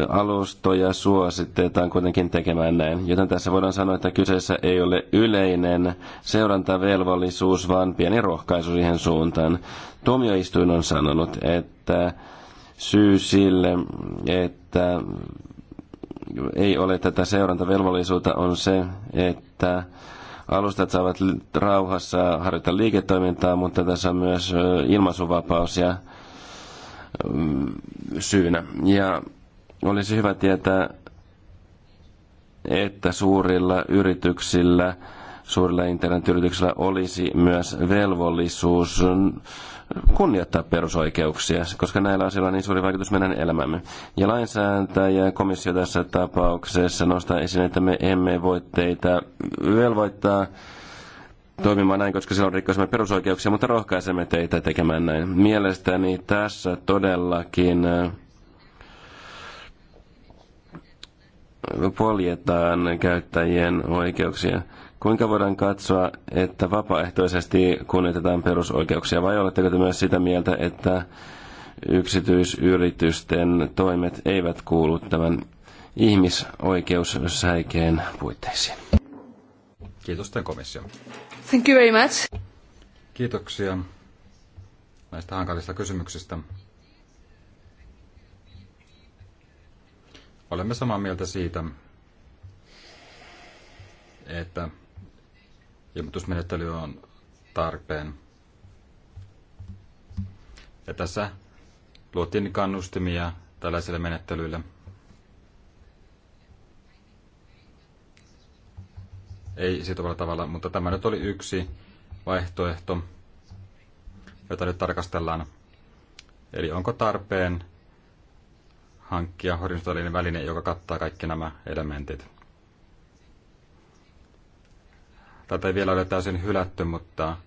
alustoja suositetaan kuitenkin tekemään näin. Joten tässä voidaan sanoa, että kyseessä ei ole yleinen seurantavelvollisuus, vaan pieni rohkaisu siihen suuntaan. Tuomioistuin on sanonut, että syy sille, että ei ole tätä seurantavelvollisuutta, on se, että alustat saavat rauhassa harjoittaa liiketoimintaa, mutta tässä on myös ilmaisuvapaus ja mm, syynä. Ja olisi hyvä tietää, että suurilla yrityksillä, suurilla internetyrityksillä olisi myös velvollisuus kunnioittaa perusoikeuksia, koska näillä asioilla on niin suuri vaikutus meidän elämämme. Ja lainsäätäjä komissio tässä tapauksessa nostaa esiin, että me emme voi teitä velvoittaa toimimaan näin, koska silloin rikkoisimme perusoikeuksia, mutta rohkaisemme teitä tekemään näin. Mielestäni tässä todellakin poljetaan käyttäjien oikeuksia. Kuinka voidaan katsoa, että vapaaehtoisesti kunnioitetaan perusoikeuksia, vai oletteko te myös sitä mieltä, että yksityisyritysten toimet eivät kuulu tämän ihmisoikeussäikeen puitteisiin? Kiitos tämän komission. Thank you very much. Kiitoksia näistä hankalista kysymyksistä. Olemme samaa mieltä siitä, että ilmoitusmenettely on tarpeen. Ja tässä luotiin kannustimia tällaisille menettelyille. Ei sitovalla tavalla, mutta tämä nyt oli yksi vaihtoehto, jota nyt tarkastellaan. Eli onko tarpeen hankkia horisontaalinen väline, joka kattaa kaikki nämä elementit. Tätä ei vielä ole täysin hylätty, mutta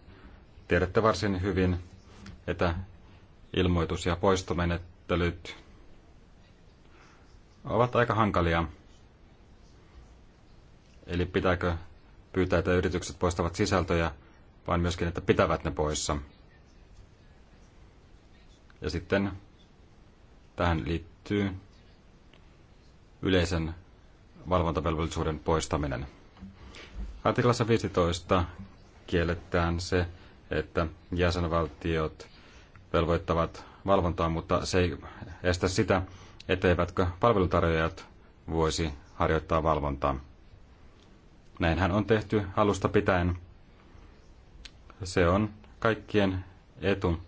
tiedätte varsin hyvin, että ilmoitus- ja poistomenettelyt ovat aika hankalia. Eli pitääkö pyytää, että yritykset poistavat sisältöjä, vaan myöskin, että pitävät ne poissa. Ja sitten tähän liittyy liittyy yleisen valvontavelvollisuuden poistaminen. Artiklassa 15 kielletään se, että jäsenvaltiot velvoittavat valvontaa, mutta se ei estä sitä, etteivätkö palvelutarjoajat voisi harjoittaa valvontaa. Näinhän on tehty alusta pitäen. Se on kaikkien etu,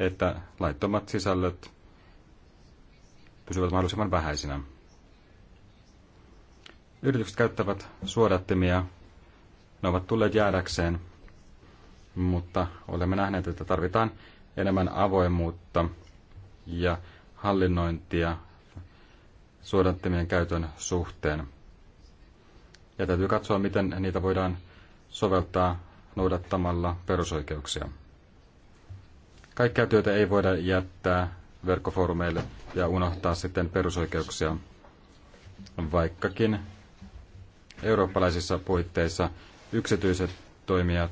että laittomat sisällöt pysyvät mahdollisimman vähäisinä. Yritykset käyttävät suodattimia. Ne ovat tulleet jäädäkseen, mutta olemme nähneet, että tarvitaan enemmän avoimuutta ja hallinnointia suodattimien käytön suhteen. Ja täytyy katsoa, miten niitä voidaan soveltaa noudattamalla perusoikeuksia. Kaikkea työtä ei voida jättää verkkofoorumeille ja unohtaa sitten perusoikeuksia, vaikkakin eurooppalaisissa puitteissa yksityiset toimijat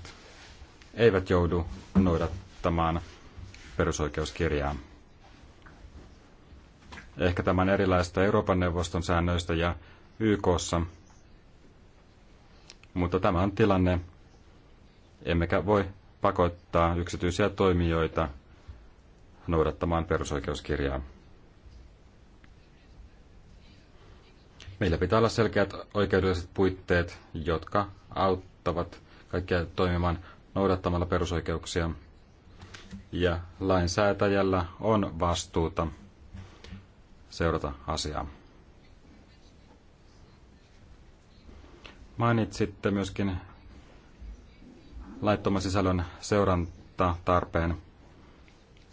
eivät joudu noudattamaan perusoikeuskirjaa. Ehkä tämän erilaista Euroopan neuvoston säännöistä ja YKssa, mutta tämä on tilanne, emmekä voi pakottaa yksityisiä toimijoita noudattamaan perusoikeuskirjaa. Meillä pitää olla selkeät oikeudelliset puitteet, jotka auttavat kaikkia toimimaan noudattamalla perusoikeuksia. Ja lainsäätäjällä on vastuuta seurata asiaa. Mainitsitte myöskin laittoman sisällön seurantatarpeen.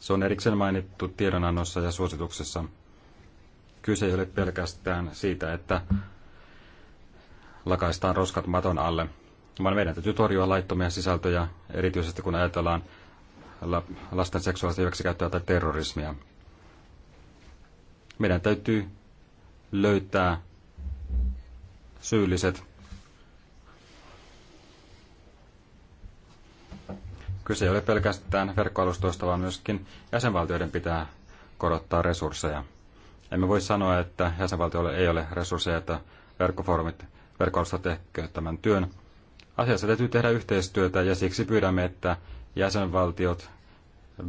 Se on erikseen mainittu tiedonannossa ja suosituksessa. Kyse ei ole pelkästään siitä, että lakaistaan roskat maton alle, vaan meidän täytyy torjua laittomia sisältöjä, erityisesti kun ajatellaan lasten seksuaalista hyväksikäyttöä tai terrorismia. Meidän täytyy löytää syylliset Kyse ei ole pelkästään verkkoalustoista, vaan myöskin jäsenvaltioiden pitää korottaa resursseja. Emme voi sanoa, että jäsenvaltioille ei ole resursseja, että verkkofoorumit, verkkoalustat tekevät tämän työn. Asiassa täytyy tehdä yhteistyötä ja siksi pyydämme, että jäsenvaltiot,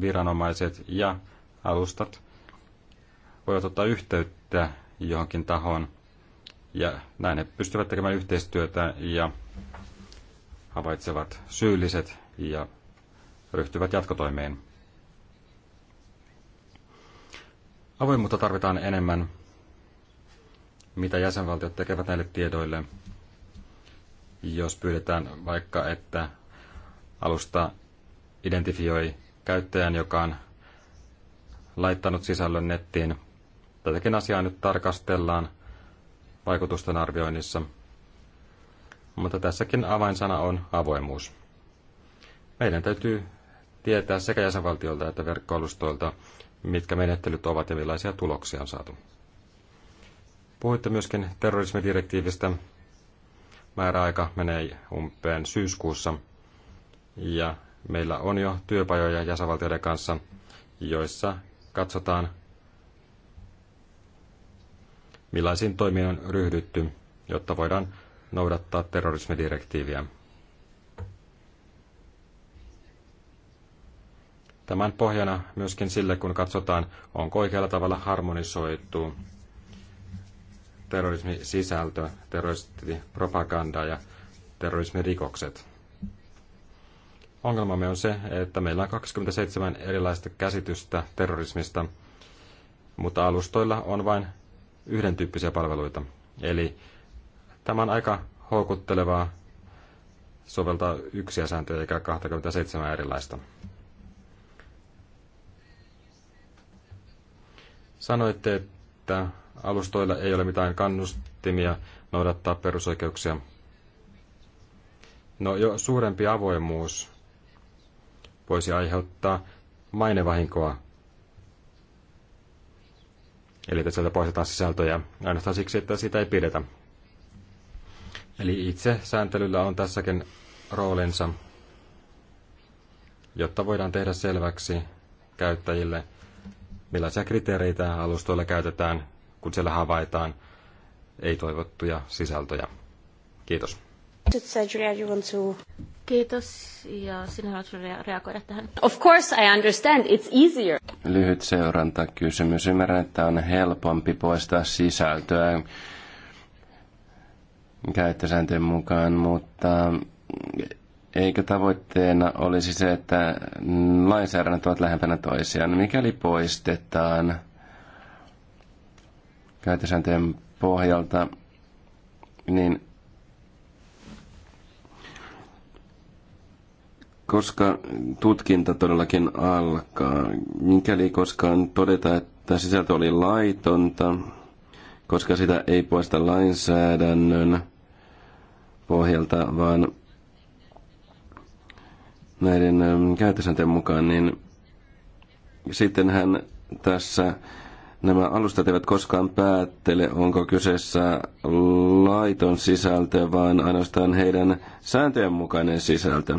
viranomaiset ja alustat voivat ottaa yhteyttä johonkin tahoon. Ja näin ne pystyvät tekemään yhteistyötä ja havaitsevat syylliset ja ryhtyvät jatkotoimeen. Avoimuutta tarvitaan enemmän, mitä jäsenvaltiot tekevät näille tiedoille, jos pyydetään vaikka, että alusta identifioi käyttäjän, joka on laittanut sisällön nettiin. Tätäkin asiaa nyt tarkastellaan vaikutusten arvioinnissa. Mutta tässäkin avainsana on avoimuus. Meidän täytyy tietää sekä jäsenvaltiolta että verkkoalustoilta, mitkä menettelyt ovat ja millaisia tuloksia on saatu. Puhuitte myöskin terrorismidirektiivistä. Määräaika menee umpeen syyskuussa ja meillä on jo työpajoja jäsenvaltioiden kanssa, joissa katsotaan, millaisiin toimiin on ryhdytty, jotta voidaan noudattaa terrorismidirektiiviä. Tämän pohjana myöskin sille, kun katsotaan, onko oikealla tavalla harmonisoitu terrorismisisältö, terroristipropaganda ja terrorismirikokset. Ongelmamme on se, että meillä on 27 erilaista käsitystä terrorismista, mutta alustoilla on vain yhden tyyppisiä palveluita. Eli tämä on aika houkuttelevaa soveltaa yksiä sääntöjä eikä 27 erilaista. Sanoitte, että alustoilla ei ole mitään kannustimia noudattaa perusoikeuksia. No jo suurempi avoimuus voisi aiheuttaa mainevahinkoa. Eli että sieltä poistetaan sisältöjä ainoastaan siksi, että sitä ei pidetä. Eli itse sääntelyllä on tässäkin roolinsa, jotta voidaan tehdä selväksi käyttäjille – millaisia kriteereitä alustoilla käytetään, kun siellä havaitaan ei-toivottuja sisältöjä. Kiitos. Kiitos, ja sinä haluat reagoida tähän. Of course I understand, it's easier. Lyhyt seurantakysymys. Ymmärrän, että on helpompi poistaa sisältöä käyttösääntöjen mukaan, mutta Eikö tavoitteena olisi se, että lainsäädännöt ovat lähempänä toisiaan? Mikäli poistetaan käytösääntöjen pohjalta, niin koska tutkinta todellakin alkaa, mikäli koskaan todeta, että sisältö oli laitonta, koska sitä ei poista lainsäädännön pohjalta, vaan näiden ähm, käytösääntöjen mukaan, niin sittenhän tässä nämä alustat eivät koskaan päättele, onko kyseessä laiton sisältö, vaan ainoastaan heidän sääntöjen mukainen sisältö.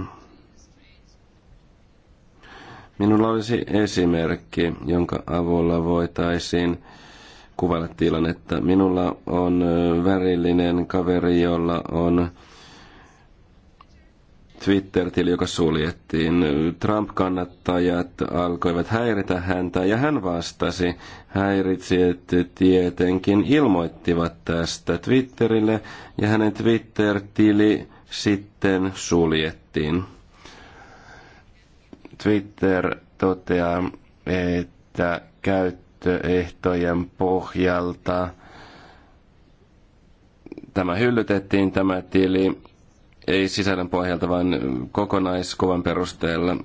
Minulla olisi esimerkki, jonka avulla voitaisiin kuvailla tilannetta. Minulla on äh, värillinen kaveri, jolla on Twitter-tili, joka suljettiin. Trump-kannattajat alkoivat häiritä häntä ja hän vastasi. Häiritsijät tietenkin ilmoittivat tästä Twitterille ja hänen Twitter-tili sitten suljettiin. Twitter toteaa, että käyttöehtojen pohjalta tämä hyllytettiin tämä tili ei sisällön pohjalta, vaan kokonaiskuvan perusteella.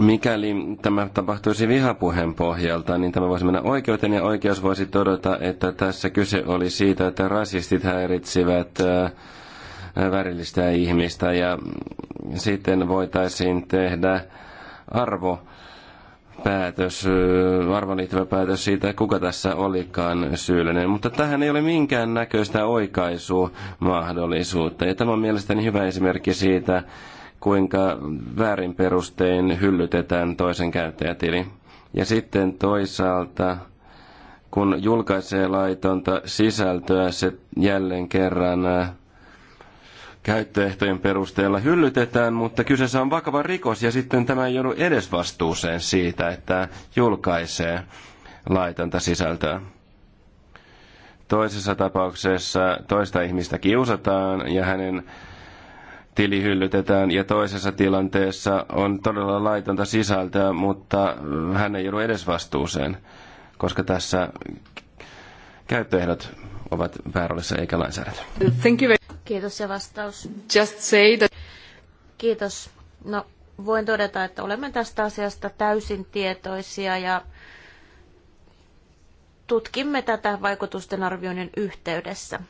Mikäli tämä tapahtuisi vihapuheen pohjalta, niin tämä voisi mennä oikeuteen ja oikeus voisi todeta, että tässä kyse oli siitä, että rasistit häiritsivät äh, värillistä ihmistä ja sitten voitaisiin tehdä arvo päätös, arvon päätös siitä, kuka tässä olikaan syyllinen. Mutta tähän ei ole minkään näköistä oikaisumahdollisuutta. Ja tämä on mielestäni hyvä esimerkki siitä, kuinka väärin perustein hyllytetään toisen käyttäjätili. Ja sitten toisaalta, kun julkaisee laitonta sisältöä, se jälleen kerran käyttöehtojen perusteella hyllytetään, mutta kyseessä on vakava rikos ja sitten tämä ei joudu edes vastuuseen siitä, että julkaisee laitonta sisältöä. Toisessa tapauksessa toista ihmistä kiusataan ja hänen tili hyllytetään ja toisessa tilanteessa on todella laitonta sisältöä, mutta hän ei joudu edes vastuuseen, koska tässä käyttöehdot ovat väärässä eikä lainsäädäntö. Thank you Kiitos ja vastaus. Just say that... Kiitos. No, voin todeta, että olemme tästä asiasta täysin tietoisia ja tutkimme tätä vaikutusten arvioinnin yhteydessä.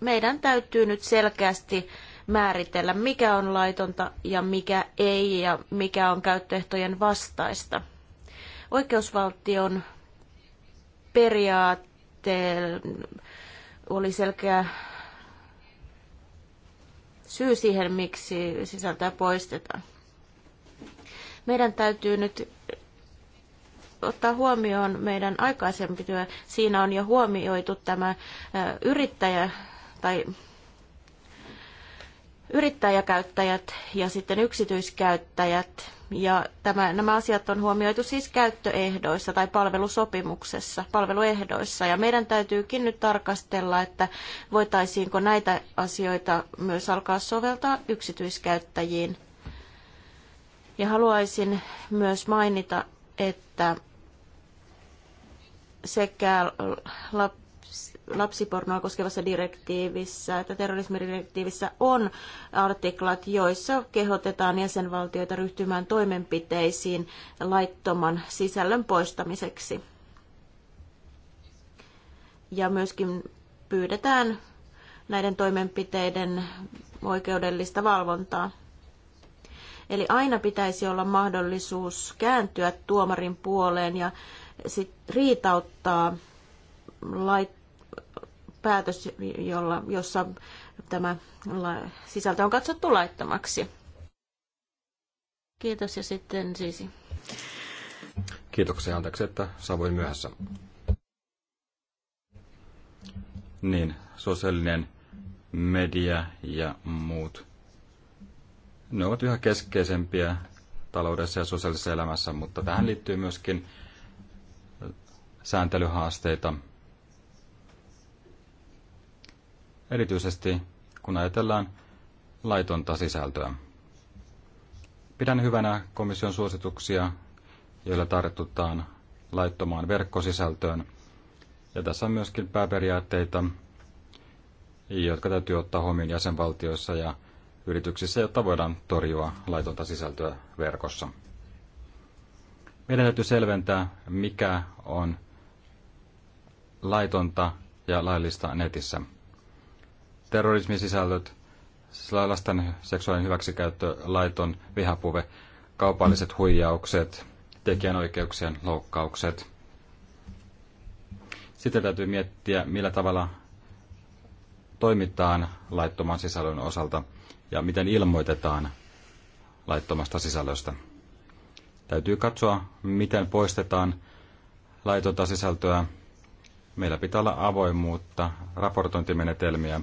Meidän täytyy nyt selkeästi määritellä, mikä on laitonta ja mikä ei ja mikä on käyttöehtojen vastaista. Oikeusvaltion periaatteen oli selkeä syy siihen, miksi sisältöä poistetaan. Meidän täytyy nyt ottaa huomioon meidän aikaisempi työ. Siinä on jo huomioitu tämä yrittäjä tai yrittäjäkäyttäjät ja sitten yksityiskäyttäjät. Ja tämä, nämä asiat on huomioitu siis käyttöehdoissa tai palvelusopimuksessa, palveluehdoissa. Ja meidän täytyykin nyt tarkastella, että voitaisiinko näitä asioita myös alkaa soveltaa yksityiskäyttäjiin. Ja haluaisin myös mainita, että sekä lapsipornoa koskevassa direktiivissä, että terrorismidirektiivissä on artiklat, joissa kehotetaan jäsenvaltioita ryhtymään toimenpiteisiin laittoman sisällön poistamiseksi. Ja myöskin pyydetään näiden toimenpiteiden oikeudellista valvontaa. Eli aina pitäisi olla mahdollisuus kääntyä tuomarin puoleen ja sit riitauttaa lait, päätös, jolla, jossa tämä sisältö on katsottu laittomaksi. Kiitos ja sitten siis. Kiitoksia, anteeksi, että saavuin myöhässä. Niin, sosiaalinen media ja muut. Ne ovat yhä keskeisempiä taloudessa ja sosiaalisessa elämässä, mutta tähän liittyy myöskin sääntelyhaasteita, erityisesti kun ajatellaan laitonta sisältöä. Pidän hyvänä komission suosituksia, joilla tartutaan laittomaan verkkosisältöön. Ja tässä on myöskin pääperiaatteita, jotka täytyy ottaa huomioon jäsenvaltioissa ja yrityksissä, jotta voidaan torjua laitonta sisältöä verkossa. Meidän täytyy selventää, mikä on laitonta ja laillista netissä sisällöt, lasten seksuaalinen hyväksikäyttö, laiton vihapuve, kaupalliset huijaukset, tekijänoikeuksien loukkaukset. Sitten täytyy miettiä, millä tavalla toimitaan laittoman sisällön osalta ja miten ilmoitetaan laittomasta sisällöstä. Täytyy katsoa, miten poistetaan laitonta sisältöä. Meillä pitää olla avoimuutta, raportointimenetelmiä,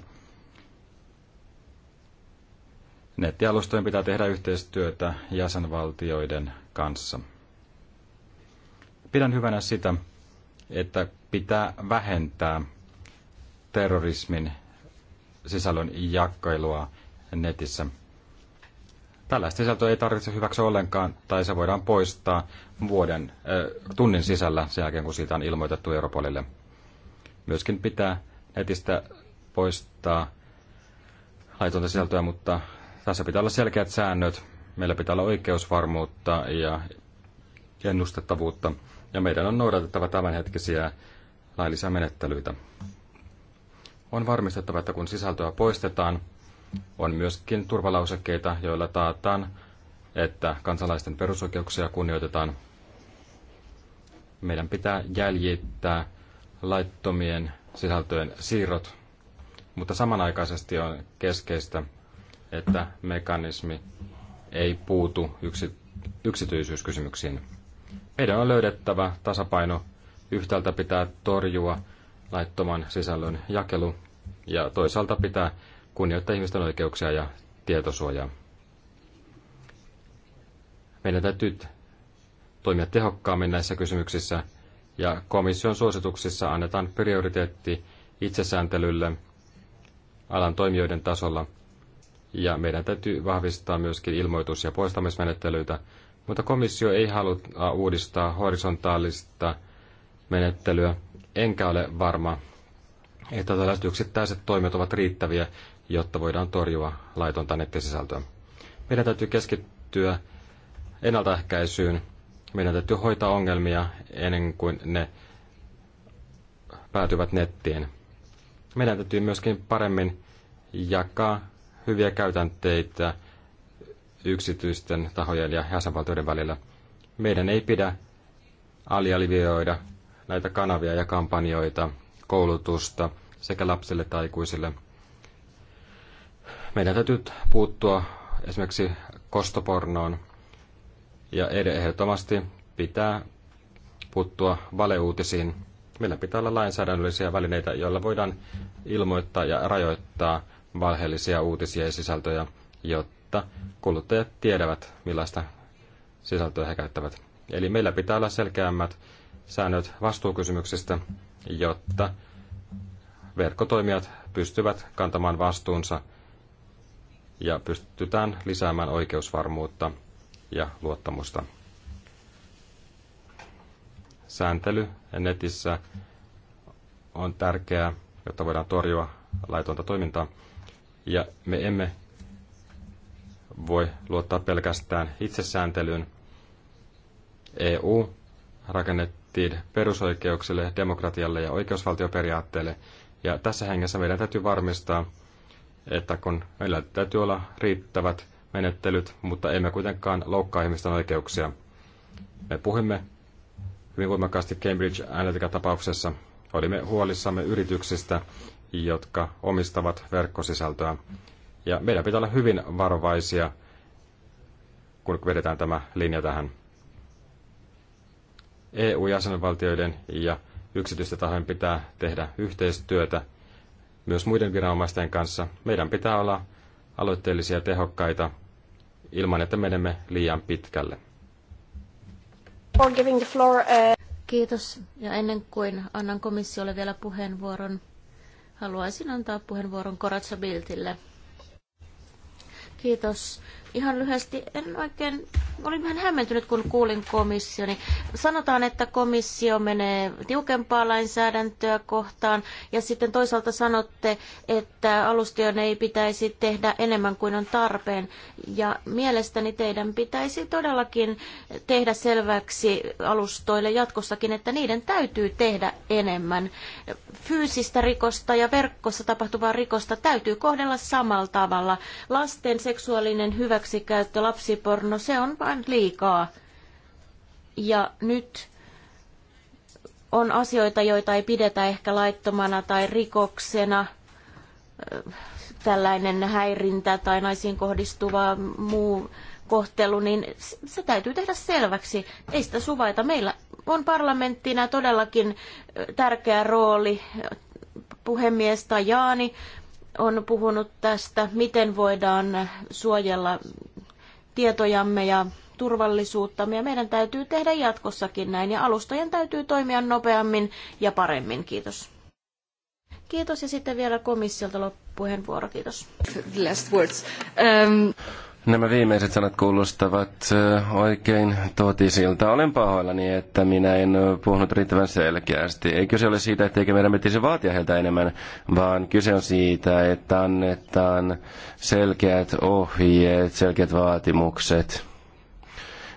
Nettialustojen pitää tehdä yhteistyötä jäsenvaltioiden kanssa. Pidän hyvänä sitä, että pitää vähentää terrorismin sisällön jakkailua netissä. Tällaista sisältöä ei tarvitse hyväksyä ollenkaan, tai se voidaan poistaa vuoden, äh, tunnin sisällä sen jälkeen, kun siitä on ilmoitettu Europolille. Myöskin pitää netistä poistaa laitonta sisältöä, mutta tässä pitää olla selkeät säännöt, meillä pitää olla oikeusvarmuutta ja ennustettavuutta, ja meidän on noudatettava tämänhetkisiä laillisia menettelyitä. On varmistettava, että kun sisältöä poistetaan, on myöskin turvalausekkeita, joilla taataan, että kansalaisten perusoikeuksia kunnioitetaan. Meidän pitää jäljittää laittomien sisältöjen siirrot, mutta samanaikaisesti on keskeistä, että mekanismi ei puutu yksi, yksityisyyskysymyksiin. Meidän on löydettävä tasapaino. Yhtäältä pitää torjua laittoman sisällön jakelu ja toisaalta pitää kunnioittaa ihmisten oikeuksia ja tietosuojaa. Meidän täytyy toimia tehokkaammin näissä kysymyksissä ja komission suosituksissa annetaan prioriteetti itsesääntelylle alan toimijoiden tasolla – ja meidän täytyy vahvistaa myöskin ilmoitus- ja poistamismenettelyitä, mutta komissio ei halua uudistaa horisontaalista menettelyä, enkä ole varma, että tällaiset yksittäiset toimet ovat riittäviä, jotta voidaan torjua laitonta nettisisältöä. Meidän täytyy keskittyä ennaltaehkäisyyn, meidän täytyy hoitaa ongelmia ennen kuin ne päätyvät nettiin. Meidän täytyy myöskin paremmin jakaa hyviä käytänteitä yksityisten tahojen ja jäsenvaltioiden välillä. Meidän ei pidä alialivioida näitä kanavia ja kampanjoita, koulutusta sekä lapsille tai aikuisille. Meidän täytyy puuttua esimerkiksi kostopornoon ja ehdottomasti pitää puuttua valeuutisiin. Meillä pitää olla lainsäädännöllisiä välineitä, joilla voidaan ilmoittaa ja rajoittaa valheellisia uutisia ja sisältöjä, jotta kuluttajat tiedävät, millaista sisältöä he käyttävät. Eli meillä pitää olla selkeämmät säännöt vastuukysymyksistä, jotta verkkotoimijat pystyvät kantamaan vastuunsa ja pystytään lisäämään oikeusvarmuutta ja luottamusta. Sääntely netissä on tärkeää, jotta voidaan torjua laitonta toimintaa. Ja me emme voi luottaa pelkästään itsesääntelyyn. EU rakennettiin perusoikeuksille, demokratialle ja oikeusvaltioperiaatteelle. Ja tässä hengessä meidän täytyy varmistaa, että kun meillä täytyy olla riittävät menettelyt, mutta emme kuitenkaan loukkaa ihmisten oikeuksia. Me puhumme hyvin voimakkaasti Cambridge Analytica-tapauksessa. Olimme huolissamme yrityksistä, jotka omistavat verkkosisältöä. Ja meidän pitää olla hyvin varovaisia, kun vedetään tämä linja tähän. EU-jäsenvaltioiden ja yksityisten tahojen pitää tehdä yhteistyötä myös muiden viranomaisten kanssa. Meidän pitää olla aloitteellisia ja tehokkaita ilman, että menemme liian pitkälle. Uh, Kiitos. Ja ennen kuin annan komissiolle vielä puheenvuoron, Haluaisin antaa puheenvuoron Koratsa Biltille. Kiitos. Ihan lyhyesti, en oikein, olin vähän hämmentynyt, kun kuulin komissioni. Sanotaan, että komissio menee tiukempaa lainsäädäntöä kohtaan, ja sitten toisaalta sanotte, että alustyön ei pitäisi tehdä enemmän kuin on tarpeen. Ja mielestäni teidän pitäisi todellakin tehdä selväksi alustoille jatkossakin, että niiden täytyy tehdä enemmän. Fyysistä rikosta ja verkkossa tapahtuvaa rikosta täytyy kohdella samalla tavalla. Lasten seksuaalinen hyväksikäyttö hyväksikäyttö, lapsiporno, se on vain liikaa. Ja nyt on asioita, joita ei pidetä ehkä laittomana tai rikoksena, tällainen häirintä tai naisiin kohdistuva muu kohtelu, niin se täytyy tehdä selväksi. Ei sitä suvaita. Meillä on parlamenttina todellakin tärkeä rooli puhemies Tajani on puhunut tästä, miten voidaan suojella tietojamme ja turvallisuuttamme ja meidän täytyy tehdä jatkossakin näin ja alustojen täytyy toimia nopeammin ja paremmin. Kiitos. Kiitos ja sitten vielä komissiolta loppupuheenvuoro. Kiitos. Last words. Um... Nämä viimeiset sanat kuulostavat äh, oikein totisilta. Olen pahoillani, että minä en puhunut riittävän selkeästi. Ei kyse ole siitä, etteikö meidän pitäisi vaatia heiltä enemmän, vaan kyse on siitä, että annetaan selkeät ohjeet, selkeät vaatimukset.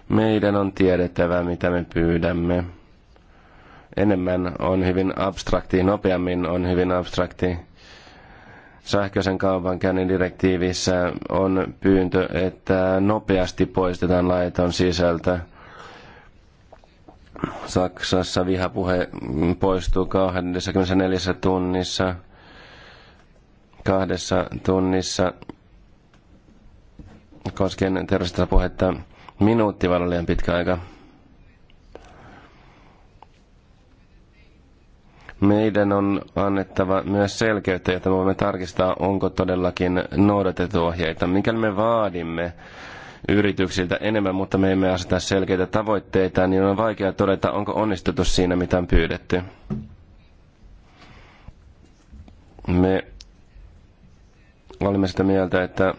Meidän on tiedettävä, mitä me pyydämme. Enemmän on hyvin abstrakti, nopeammin on hyvin abstrakti sähköisen kaupankäynnin direktiivissä on pyyntö, että nopeasti poistetaan laiton sisältö. Saksassa vihapuhe poistuu 24 tunnissa, kahdessa tunnissa koskien terroristista puhetta. Minuutti on liian pitkä aika. Meidän on annettava myös selkeyttä, jotta voimme tarkistaa, onko todellakin noudatettu ohjeita. Mikäli me vaadimme yrityksiltä enemmän, mutta me emme aseta selkeitä tavoitteita, niin on vaikea todeta, onko onnistuttu siinä, mitä on pyydetty. Me olimme sitä mieltä, että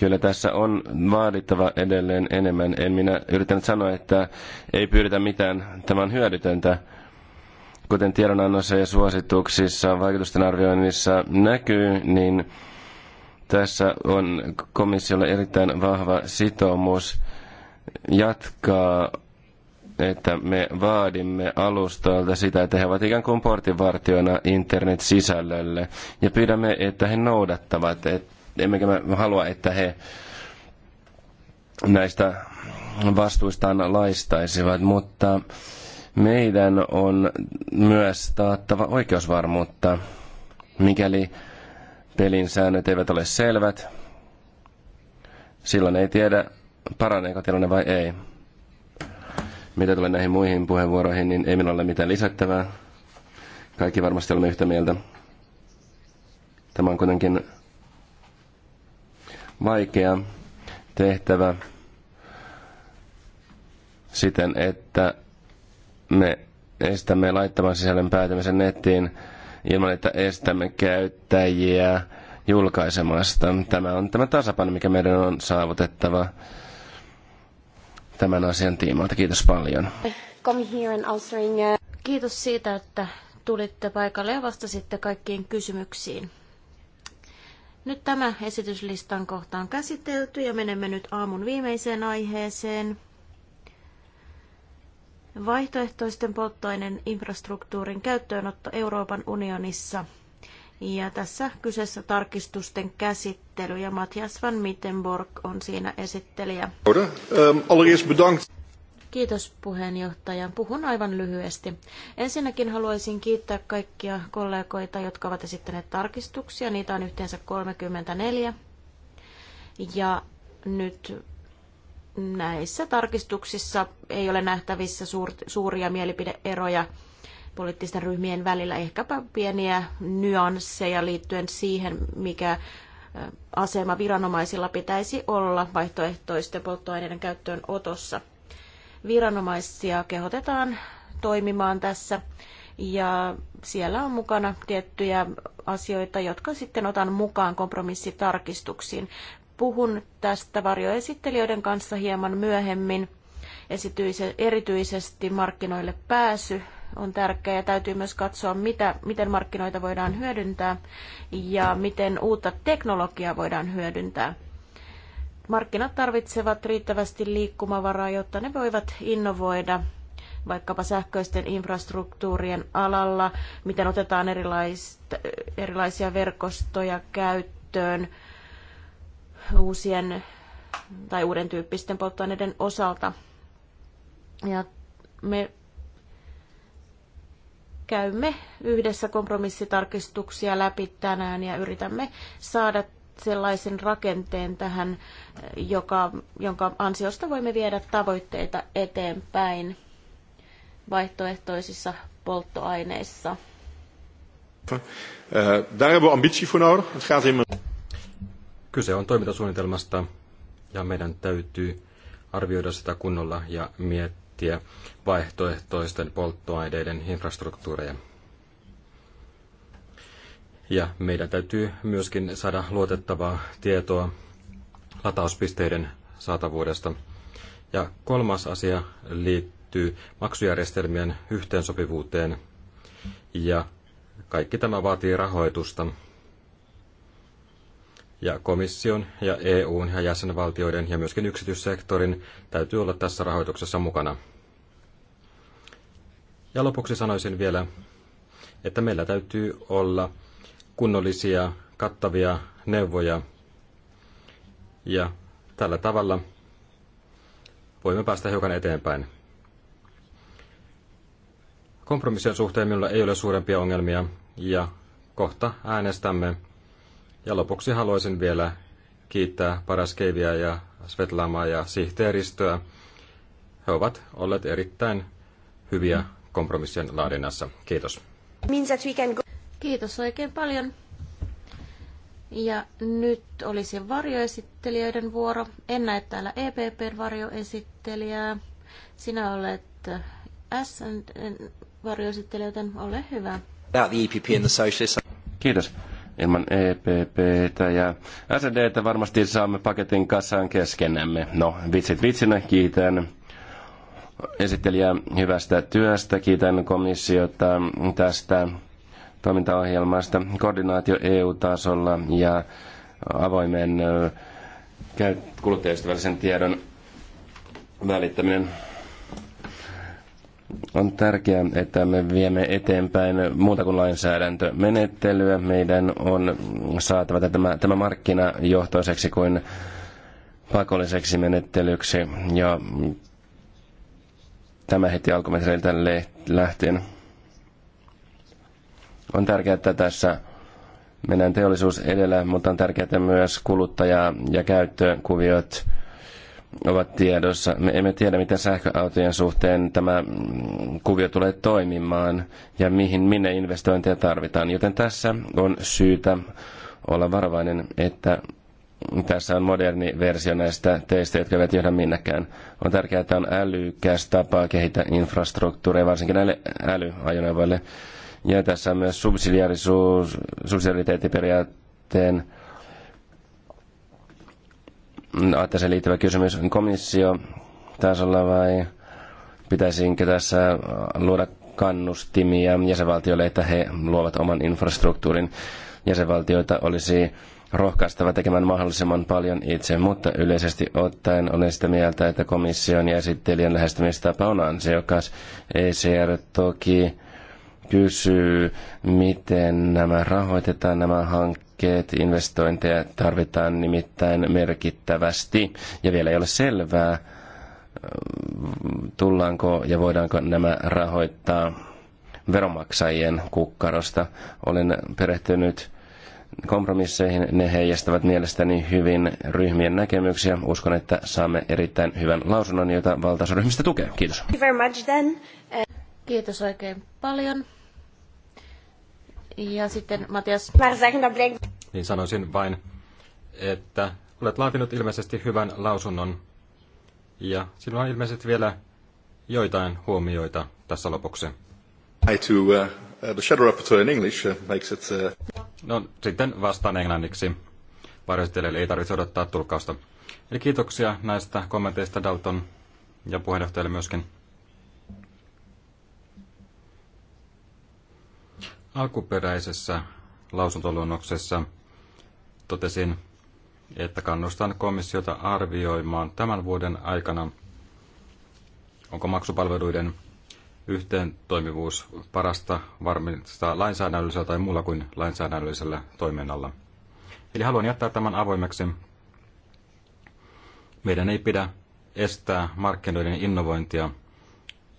Kyllä tässä on vaadittava edelleen enemmän. En minä yritän sanoa, että ei pyydetä mitään, tämä on hyödytöntä kuten tiedonannossa ja suosituksissa vaikutusten arvioinnissa näkyy, niin tässä on komissiolle erittäin vahva sitoumus jatkaa, että me vaadimme alustoilta sitä, että he ovat ikään kuin portinvartioina internet-sisällölle. Ja pyydämme, että he noudattavat, Että emmekä me halua, että he näistä vastuistaan laistaisivat, mutta meidän on myös taattava oikeusvarmuutta, mikäli pelin säännöt eivät ole selvät. Silloin ei tiedä, paraneeko tilanne vai ei. Mitä tulee näihin muihin puheenvuoroihin, niin ei minulla ole mitään lisättävää. Kaikki varmasti olemme yhtä mieltä. Tämä on kuitenkin vaikea tehtävä siten, että me estämme laittamaan sisällön päätymisen nettiin ilman, että estämme käyttäjiä julkaisemasta. Tämä on tämä tasapaino, mikä meidän on saavutettava tämän asian tiimoilta. Kiitos paljon. Kiitos siitä, että tulitte paikalle ja vastasitte kaikkiin kysymyksiin. Nyt tämä esityslistan kohta on käsitelty ja menemme nyt aamun viimeiseen aiheeseen vaihtoehtoisten polttoaineen infrastruktuurin käyttöönotto Euroopan unionissa. Ja tässä kyseessä tarkistusten käsittely ja Matthias van Mittenborg on siinä esittelijä. Ehm, Kiitos puheenjohtaja. Puhun aivan lyhyesti. Ensinnäkin haluaisin kiittää kaikkia kollegoita, jotka ovat esittäneet tarkistuksia. Niitä on yhteensä 34. Ja nyt näissä tarkistuksissa ei ole nähtävissä suuria mielipideeroja poliittisten ryhmien välillä, ehkäpä pieniä nyansseja liittyen siihen, mikä asema viranomaisilla pitäisi olla vaihtoehtoisten polttoaineiden käyttöön otossa. Viranomaisia kehotetaan toimimaan tässä ja siellä on mukana tiettyjä asioita, jotka sitten otan mukaan kompromissitarkistuksiin. Puhun tästä varjoesittelijöiden kanssa hieman myöhemmin. Esityise, erityisesti markkinoille pääsy on tärkeää ja täytyy myös katsoa, mitä, miten markkinoita voidaan hyödyntää ja miten uutta teknologiaa voidaan hyödyntää. Markkinat tarvitsevat riittävästi liikkumavaraa, jotta ne voivat innovoida vaikkapa sähköisten infrastruktuurien alalla, miten otetaan erilaista, erilaisia verkostoja käyttöön, uusien tai uuden tyyppisten polttoaineiden osalta. Ja me käymme yhdessä kompromissitarkistuksia läpi tänään ja yritämme saada sellaisen rakenteen tähän, joka, jonka ansiosta voimme viedä tavoitteita eteenpäin vaihtoehtoisissa polttoaineissa. Eh, daar hebben we ambitie voor nodig. Het gaat in Kyse on toimintasuunnitelmasta ja meidän täytyy arvioida sitä kunnolla ja miettiä vaihtoehtoisten polttoaineiden infrastruktuureja. Ja meidän täytyy myöskin saada luotettavaa tietoa latauspisteiden saatavuudesta. Ja kolmas asia liittyy maksujärjestelmien yhteensopivuuteen. Ja kaikki tämä vaatii rahoitusta, ja komission ja EUn ja jäsenvaltioiden ja myöskin yksityissektorin täytyy olla tässä rahoituksessa mukana. Ja lopuksi sanoisin vielä, että meillä täytyy olla kunnollisia, kattavia neuvoja. Ja tällä tavalla voimme päästä hiukan eteenpäin. Kompromissien suhteen minulla ei ole suurempia ongelmia ja kohta äänestämme ja lopuksi haluaisin vielä kiittää Paraskeivia ja Svetlamaa ja sihteeristöä. He ovat olleet erittäin hyviä kompromissien laadinnassa. Kiitos. Kiitos oikein paljon. Ja nyt olisi varjoesittelijöiden vuoro. En näe täällä EPPn varjoesittelijää. Sinä olet SN varjoesittelijöiden ole hyvä. E Kiitos ilman EPPtä ja SDtä varmasti saamme paketin kasaan keskenämme. No, vitsit vitsinä, kiitän esittelijää hyvästä työstä, kiitän komissiota tästä toimintaohjelmasta, koordinaatio EU-tasolla ja avoimen kuluttajaystävällisen tiedon välittäminen on tärkeää, että me viemme eteenpäin muuta kuin lainsäädäntömenettelyä. Meidän on saatava tämä, tämä markkina johtoiseksi kuin pakolliseksi menettelyksi ja tämä heti alkumetreiltä lähtien. On tärkeää, että tässä mennään teollisuus edellä, mutta on tärkeää myös kuluttaja- ja käyttökuviot ovat tiedossa. Me emme tiedä, miten sähköautojen suhteen tämä kuvio tulee toimimaan ja mihin minne investointeja tarvitaan. Joten tässä on syytä olla varovainen, että tässä on moderni versio näistä teistä, jotka eivät johda minnekään. On tärkeää, että on älykäs tapa kehittää infrastruktuuria, varsinkin näille älyajoneuvoille. Ja tässä on myös subsidiarisuus, subsidiariteettiperiaatteen aatteeseen mm, liittyvä kysymys komissio tasolla vai pitäisinkö tässä äh, luoda kannustimia jäsenvaltioille, että he luovat oman infrastruktuurin. Jäsenvaltioita olisi rohkaistava tekemään mahdollisimman paljon itse, mutta yleisesti ottaen olen sitä mieltä, että komission ja esittelijän lähestymistapa on ansiokas. ECR toki kysyy, miten nämä rahoitetaan nämä hankkeet hankkeet, investointeja tarvitaan nimittäin merkittävästi. Ja vielä ei ole selvää, tullaanko ja voidaanko nämä rahoittaa veronmaksajien kukkarosta. Olen perehtynyt kompromisseihin. Ne heijastavat mielestäni hyvin ryhmien näkemyksiä. Uskon, että saamme erittäin hyvän lausunnon, jota valtaosa ryhmistä tukee. Kiitos. Kiitos oikein paljon. Ja sitten Matias. Niin sanoisin vain, että olet laatinut ilmeisesti hyvän lausunnon ja sinulla on ilmeisesti vielä joitain huomioita tässä lopuksi. I to, uh, uh the shadow rapporteur in English uh, makes it... Uh... No sitten vastaan englanniksi. Varjostelijalle ei tarvitse odottaa tulkausta. Eli kiitoksia näistä kommenteista Dalton ja puheenjohtajalle myöskin. alkuperäisessä lausuntoluonnoksessa totesin, että kannustan komissiota arvioimaan tämän vuoden aikana, onko maksupalveluiden yhteen toimivuus parasta varmistaa lainsäädännöllisellä tai muulla kuin lainsäädännöllisellä toiminnalla. Eli haluan jättää tämän avoimeksi. Meidän ei pidä estää markkinoiden innovointia,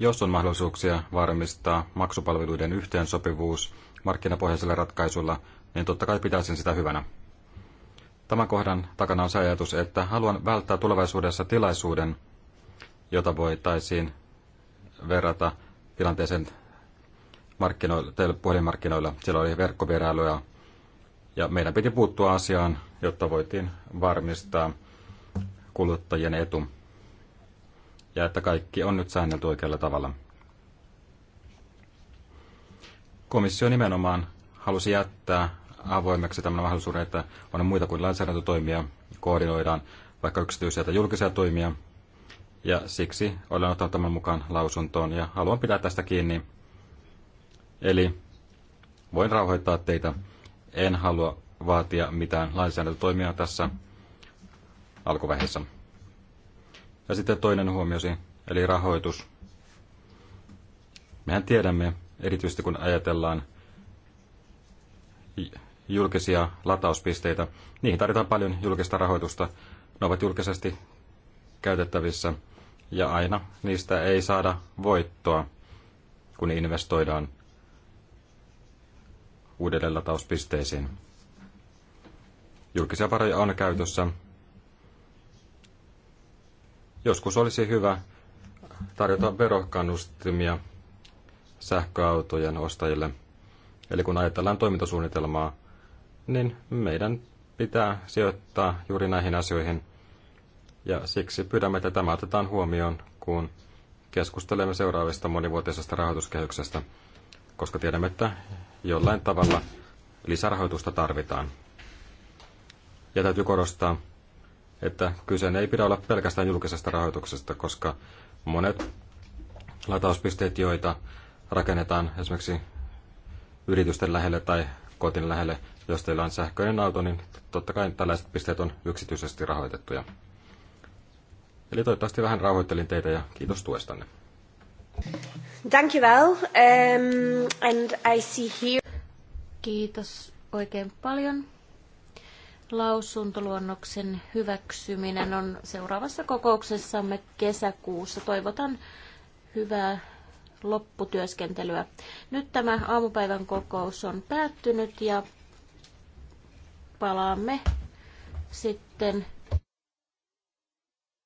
jos on mahdollisuuksia varmistaa maksupalveluiden yhteensopivuus markkinapohjaisilla ratkaisuilla, niin totta kai pitäisin sitä hyvänä. Tämän kohdan takana on se ajatus, että haluan välttää tulevaisuudessa tilaisuuden, jota voitaisiin verrata tilanteeseen puhelinmarkkinoilla. Siellä oli verkkovierailuja ja meidän piti puuttua asiaan, jotta voitiin varmistaa kuluttajien etu ja että kaikki on nyt säännelty oikealla tavalla komissio nimenomaan halusi jättää avoimeksi tämän mahdollisuuden, että on muita kuin lainsäädäntötoimia, koordinoidaan vaikka yksityisiä tai julkisia toimia. Ja siksi olen ottanut tämän mukaan lausuntoon ja haluan pitää tästä kiinni. Eli voin rauhoittaa teitä. En halua vaatia mitään lainsäädäntötoimia tässä alkuvaiheessa. Ja sitten toinen huomiosi, eli rahoitus. Mehän tiedämme, erityisesti kun ajatellaan julkisia latauspisteitä. Niihin tarvitaan paljon julkista rahoitusta. Ne ovat julkisesti käytettävissä ja aina niistä ei saada voittoa, kun investoidaan uudelleen latauspisteisiin. Julkisia varoja on käytössä. Joskus olisi hyvä tarjota verokannustimia sähköautojen ostajille. Eli kun ajatellaan toimintasuunnitelmaa, niin meidän pitää sijoittaa juuri näihin asioihin. Ja siksi pyydämme, että tämä otetaan huomioon, kun keskustelemme seuraavista monivuotisesta rahoituskehyksestä, koska tiedämme, että jollain tavalla lisärahoitusta tarvitaan. Ja täytyy korostaa, että kyse ei pidä olla pelkästään julkisesta rahoituksesta, koska monet latauspisteet, joita rakennetaan esimerkiksi yritysten lähelle tai kotin lähelle. Jos teillä on sähköinen auto, niin totta kai tällaiset pisteet on yksityisesti rahoitettuja. Eli toivottavasti vähän rauhoittelin teitä ja kiitos tuestanne. Thank you well. Um, and I see here... Kiitos oikein paljon. Lausuntoluonnoksen hyväksyminen on seuraavassa kokouksessamme kesäkuussa. Toivotan hyvää lopputyöskentelyä. Nyt tämä aamupäivän kokous on päättynyt ja palaamme sitten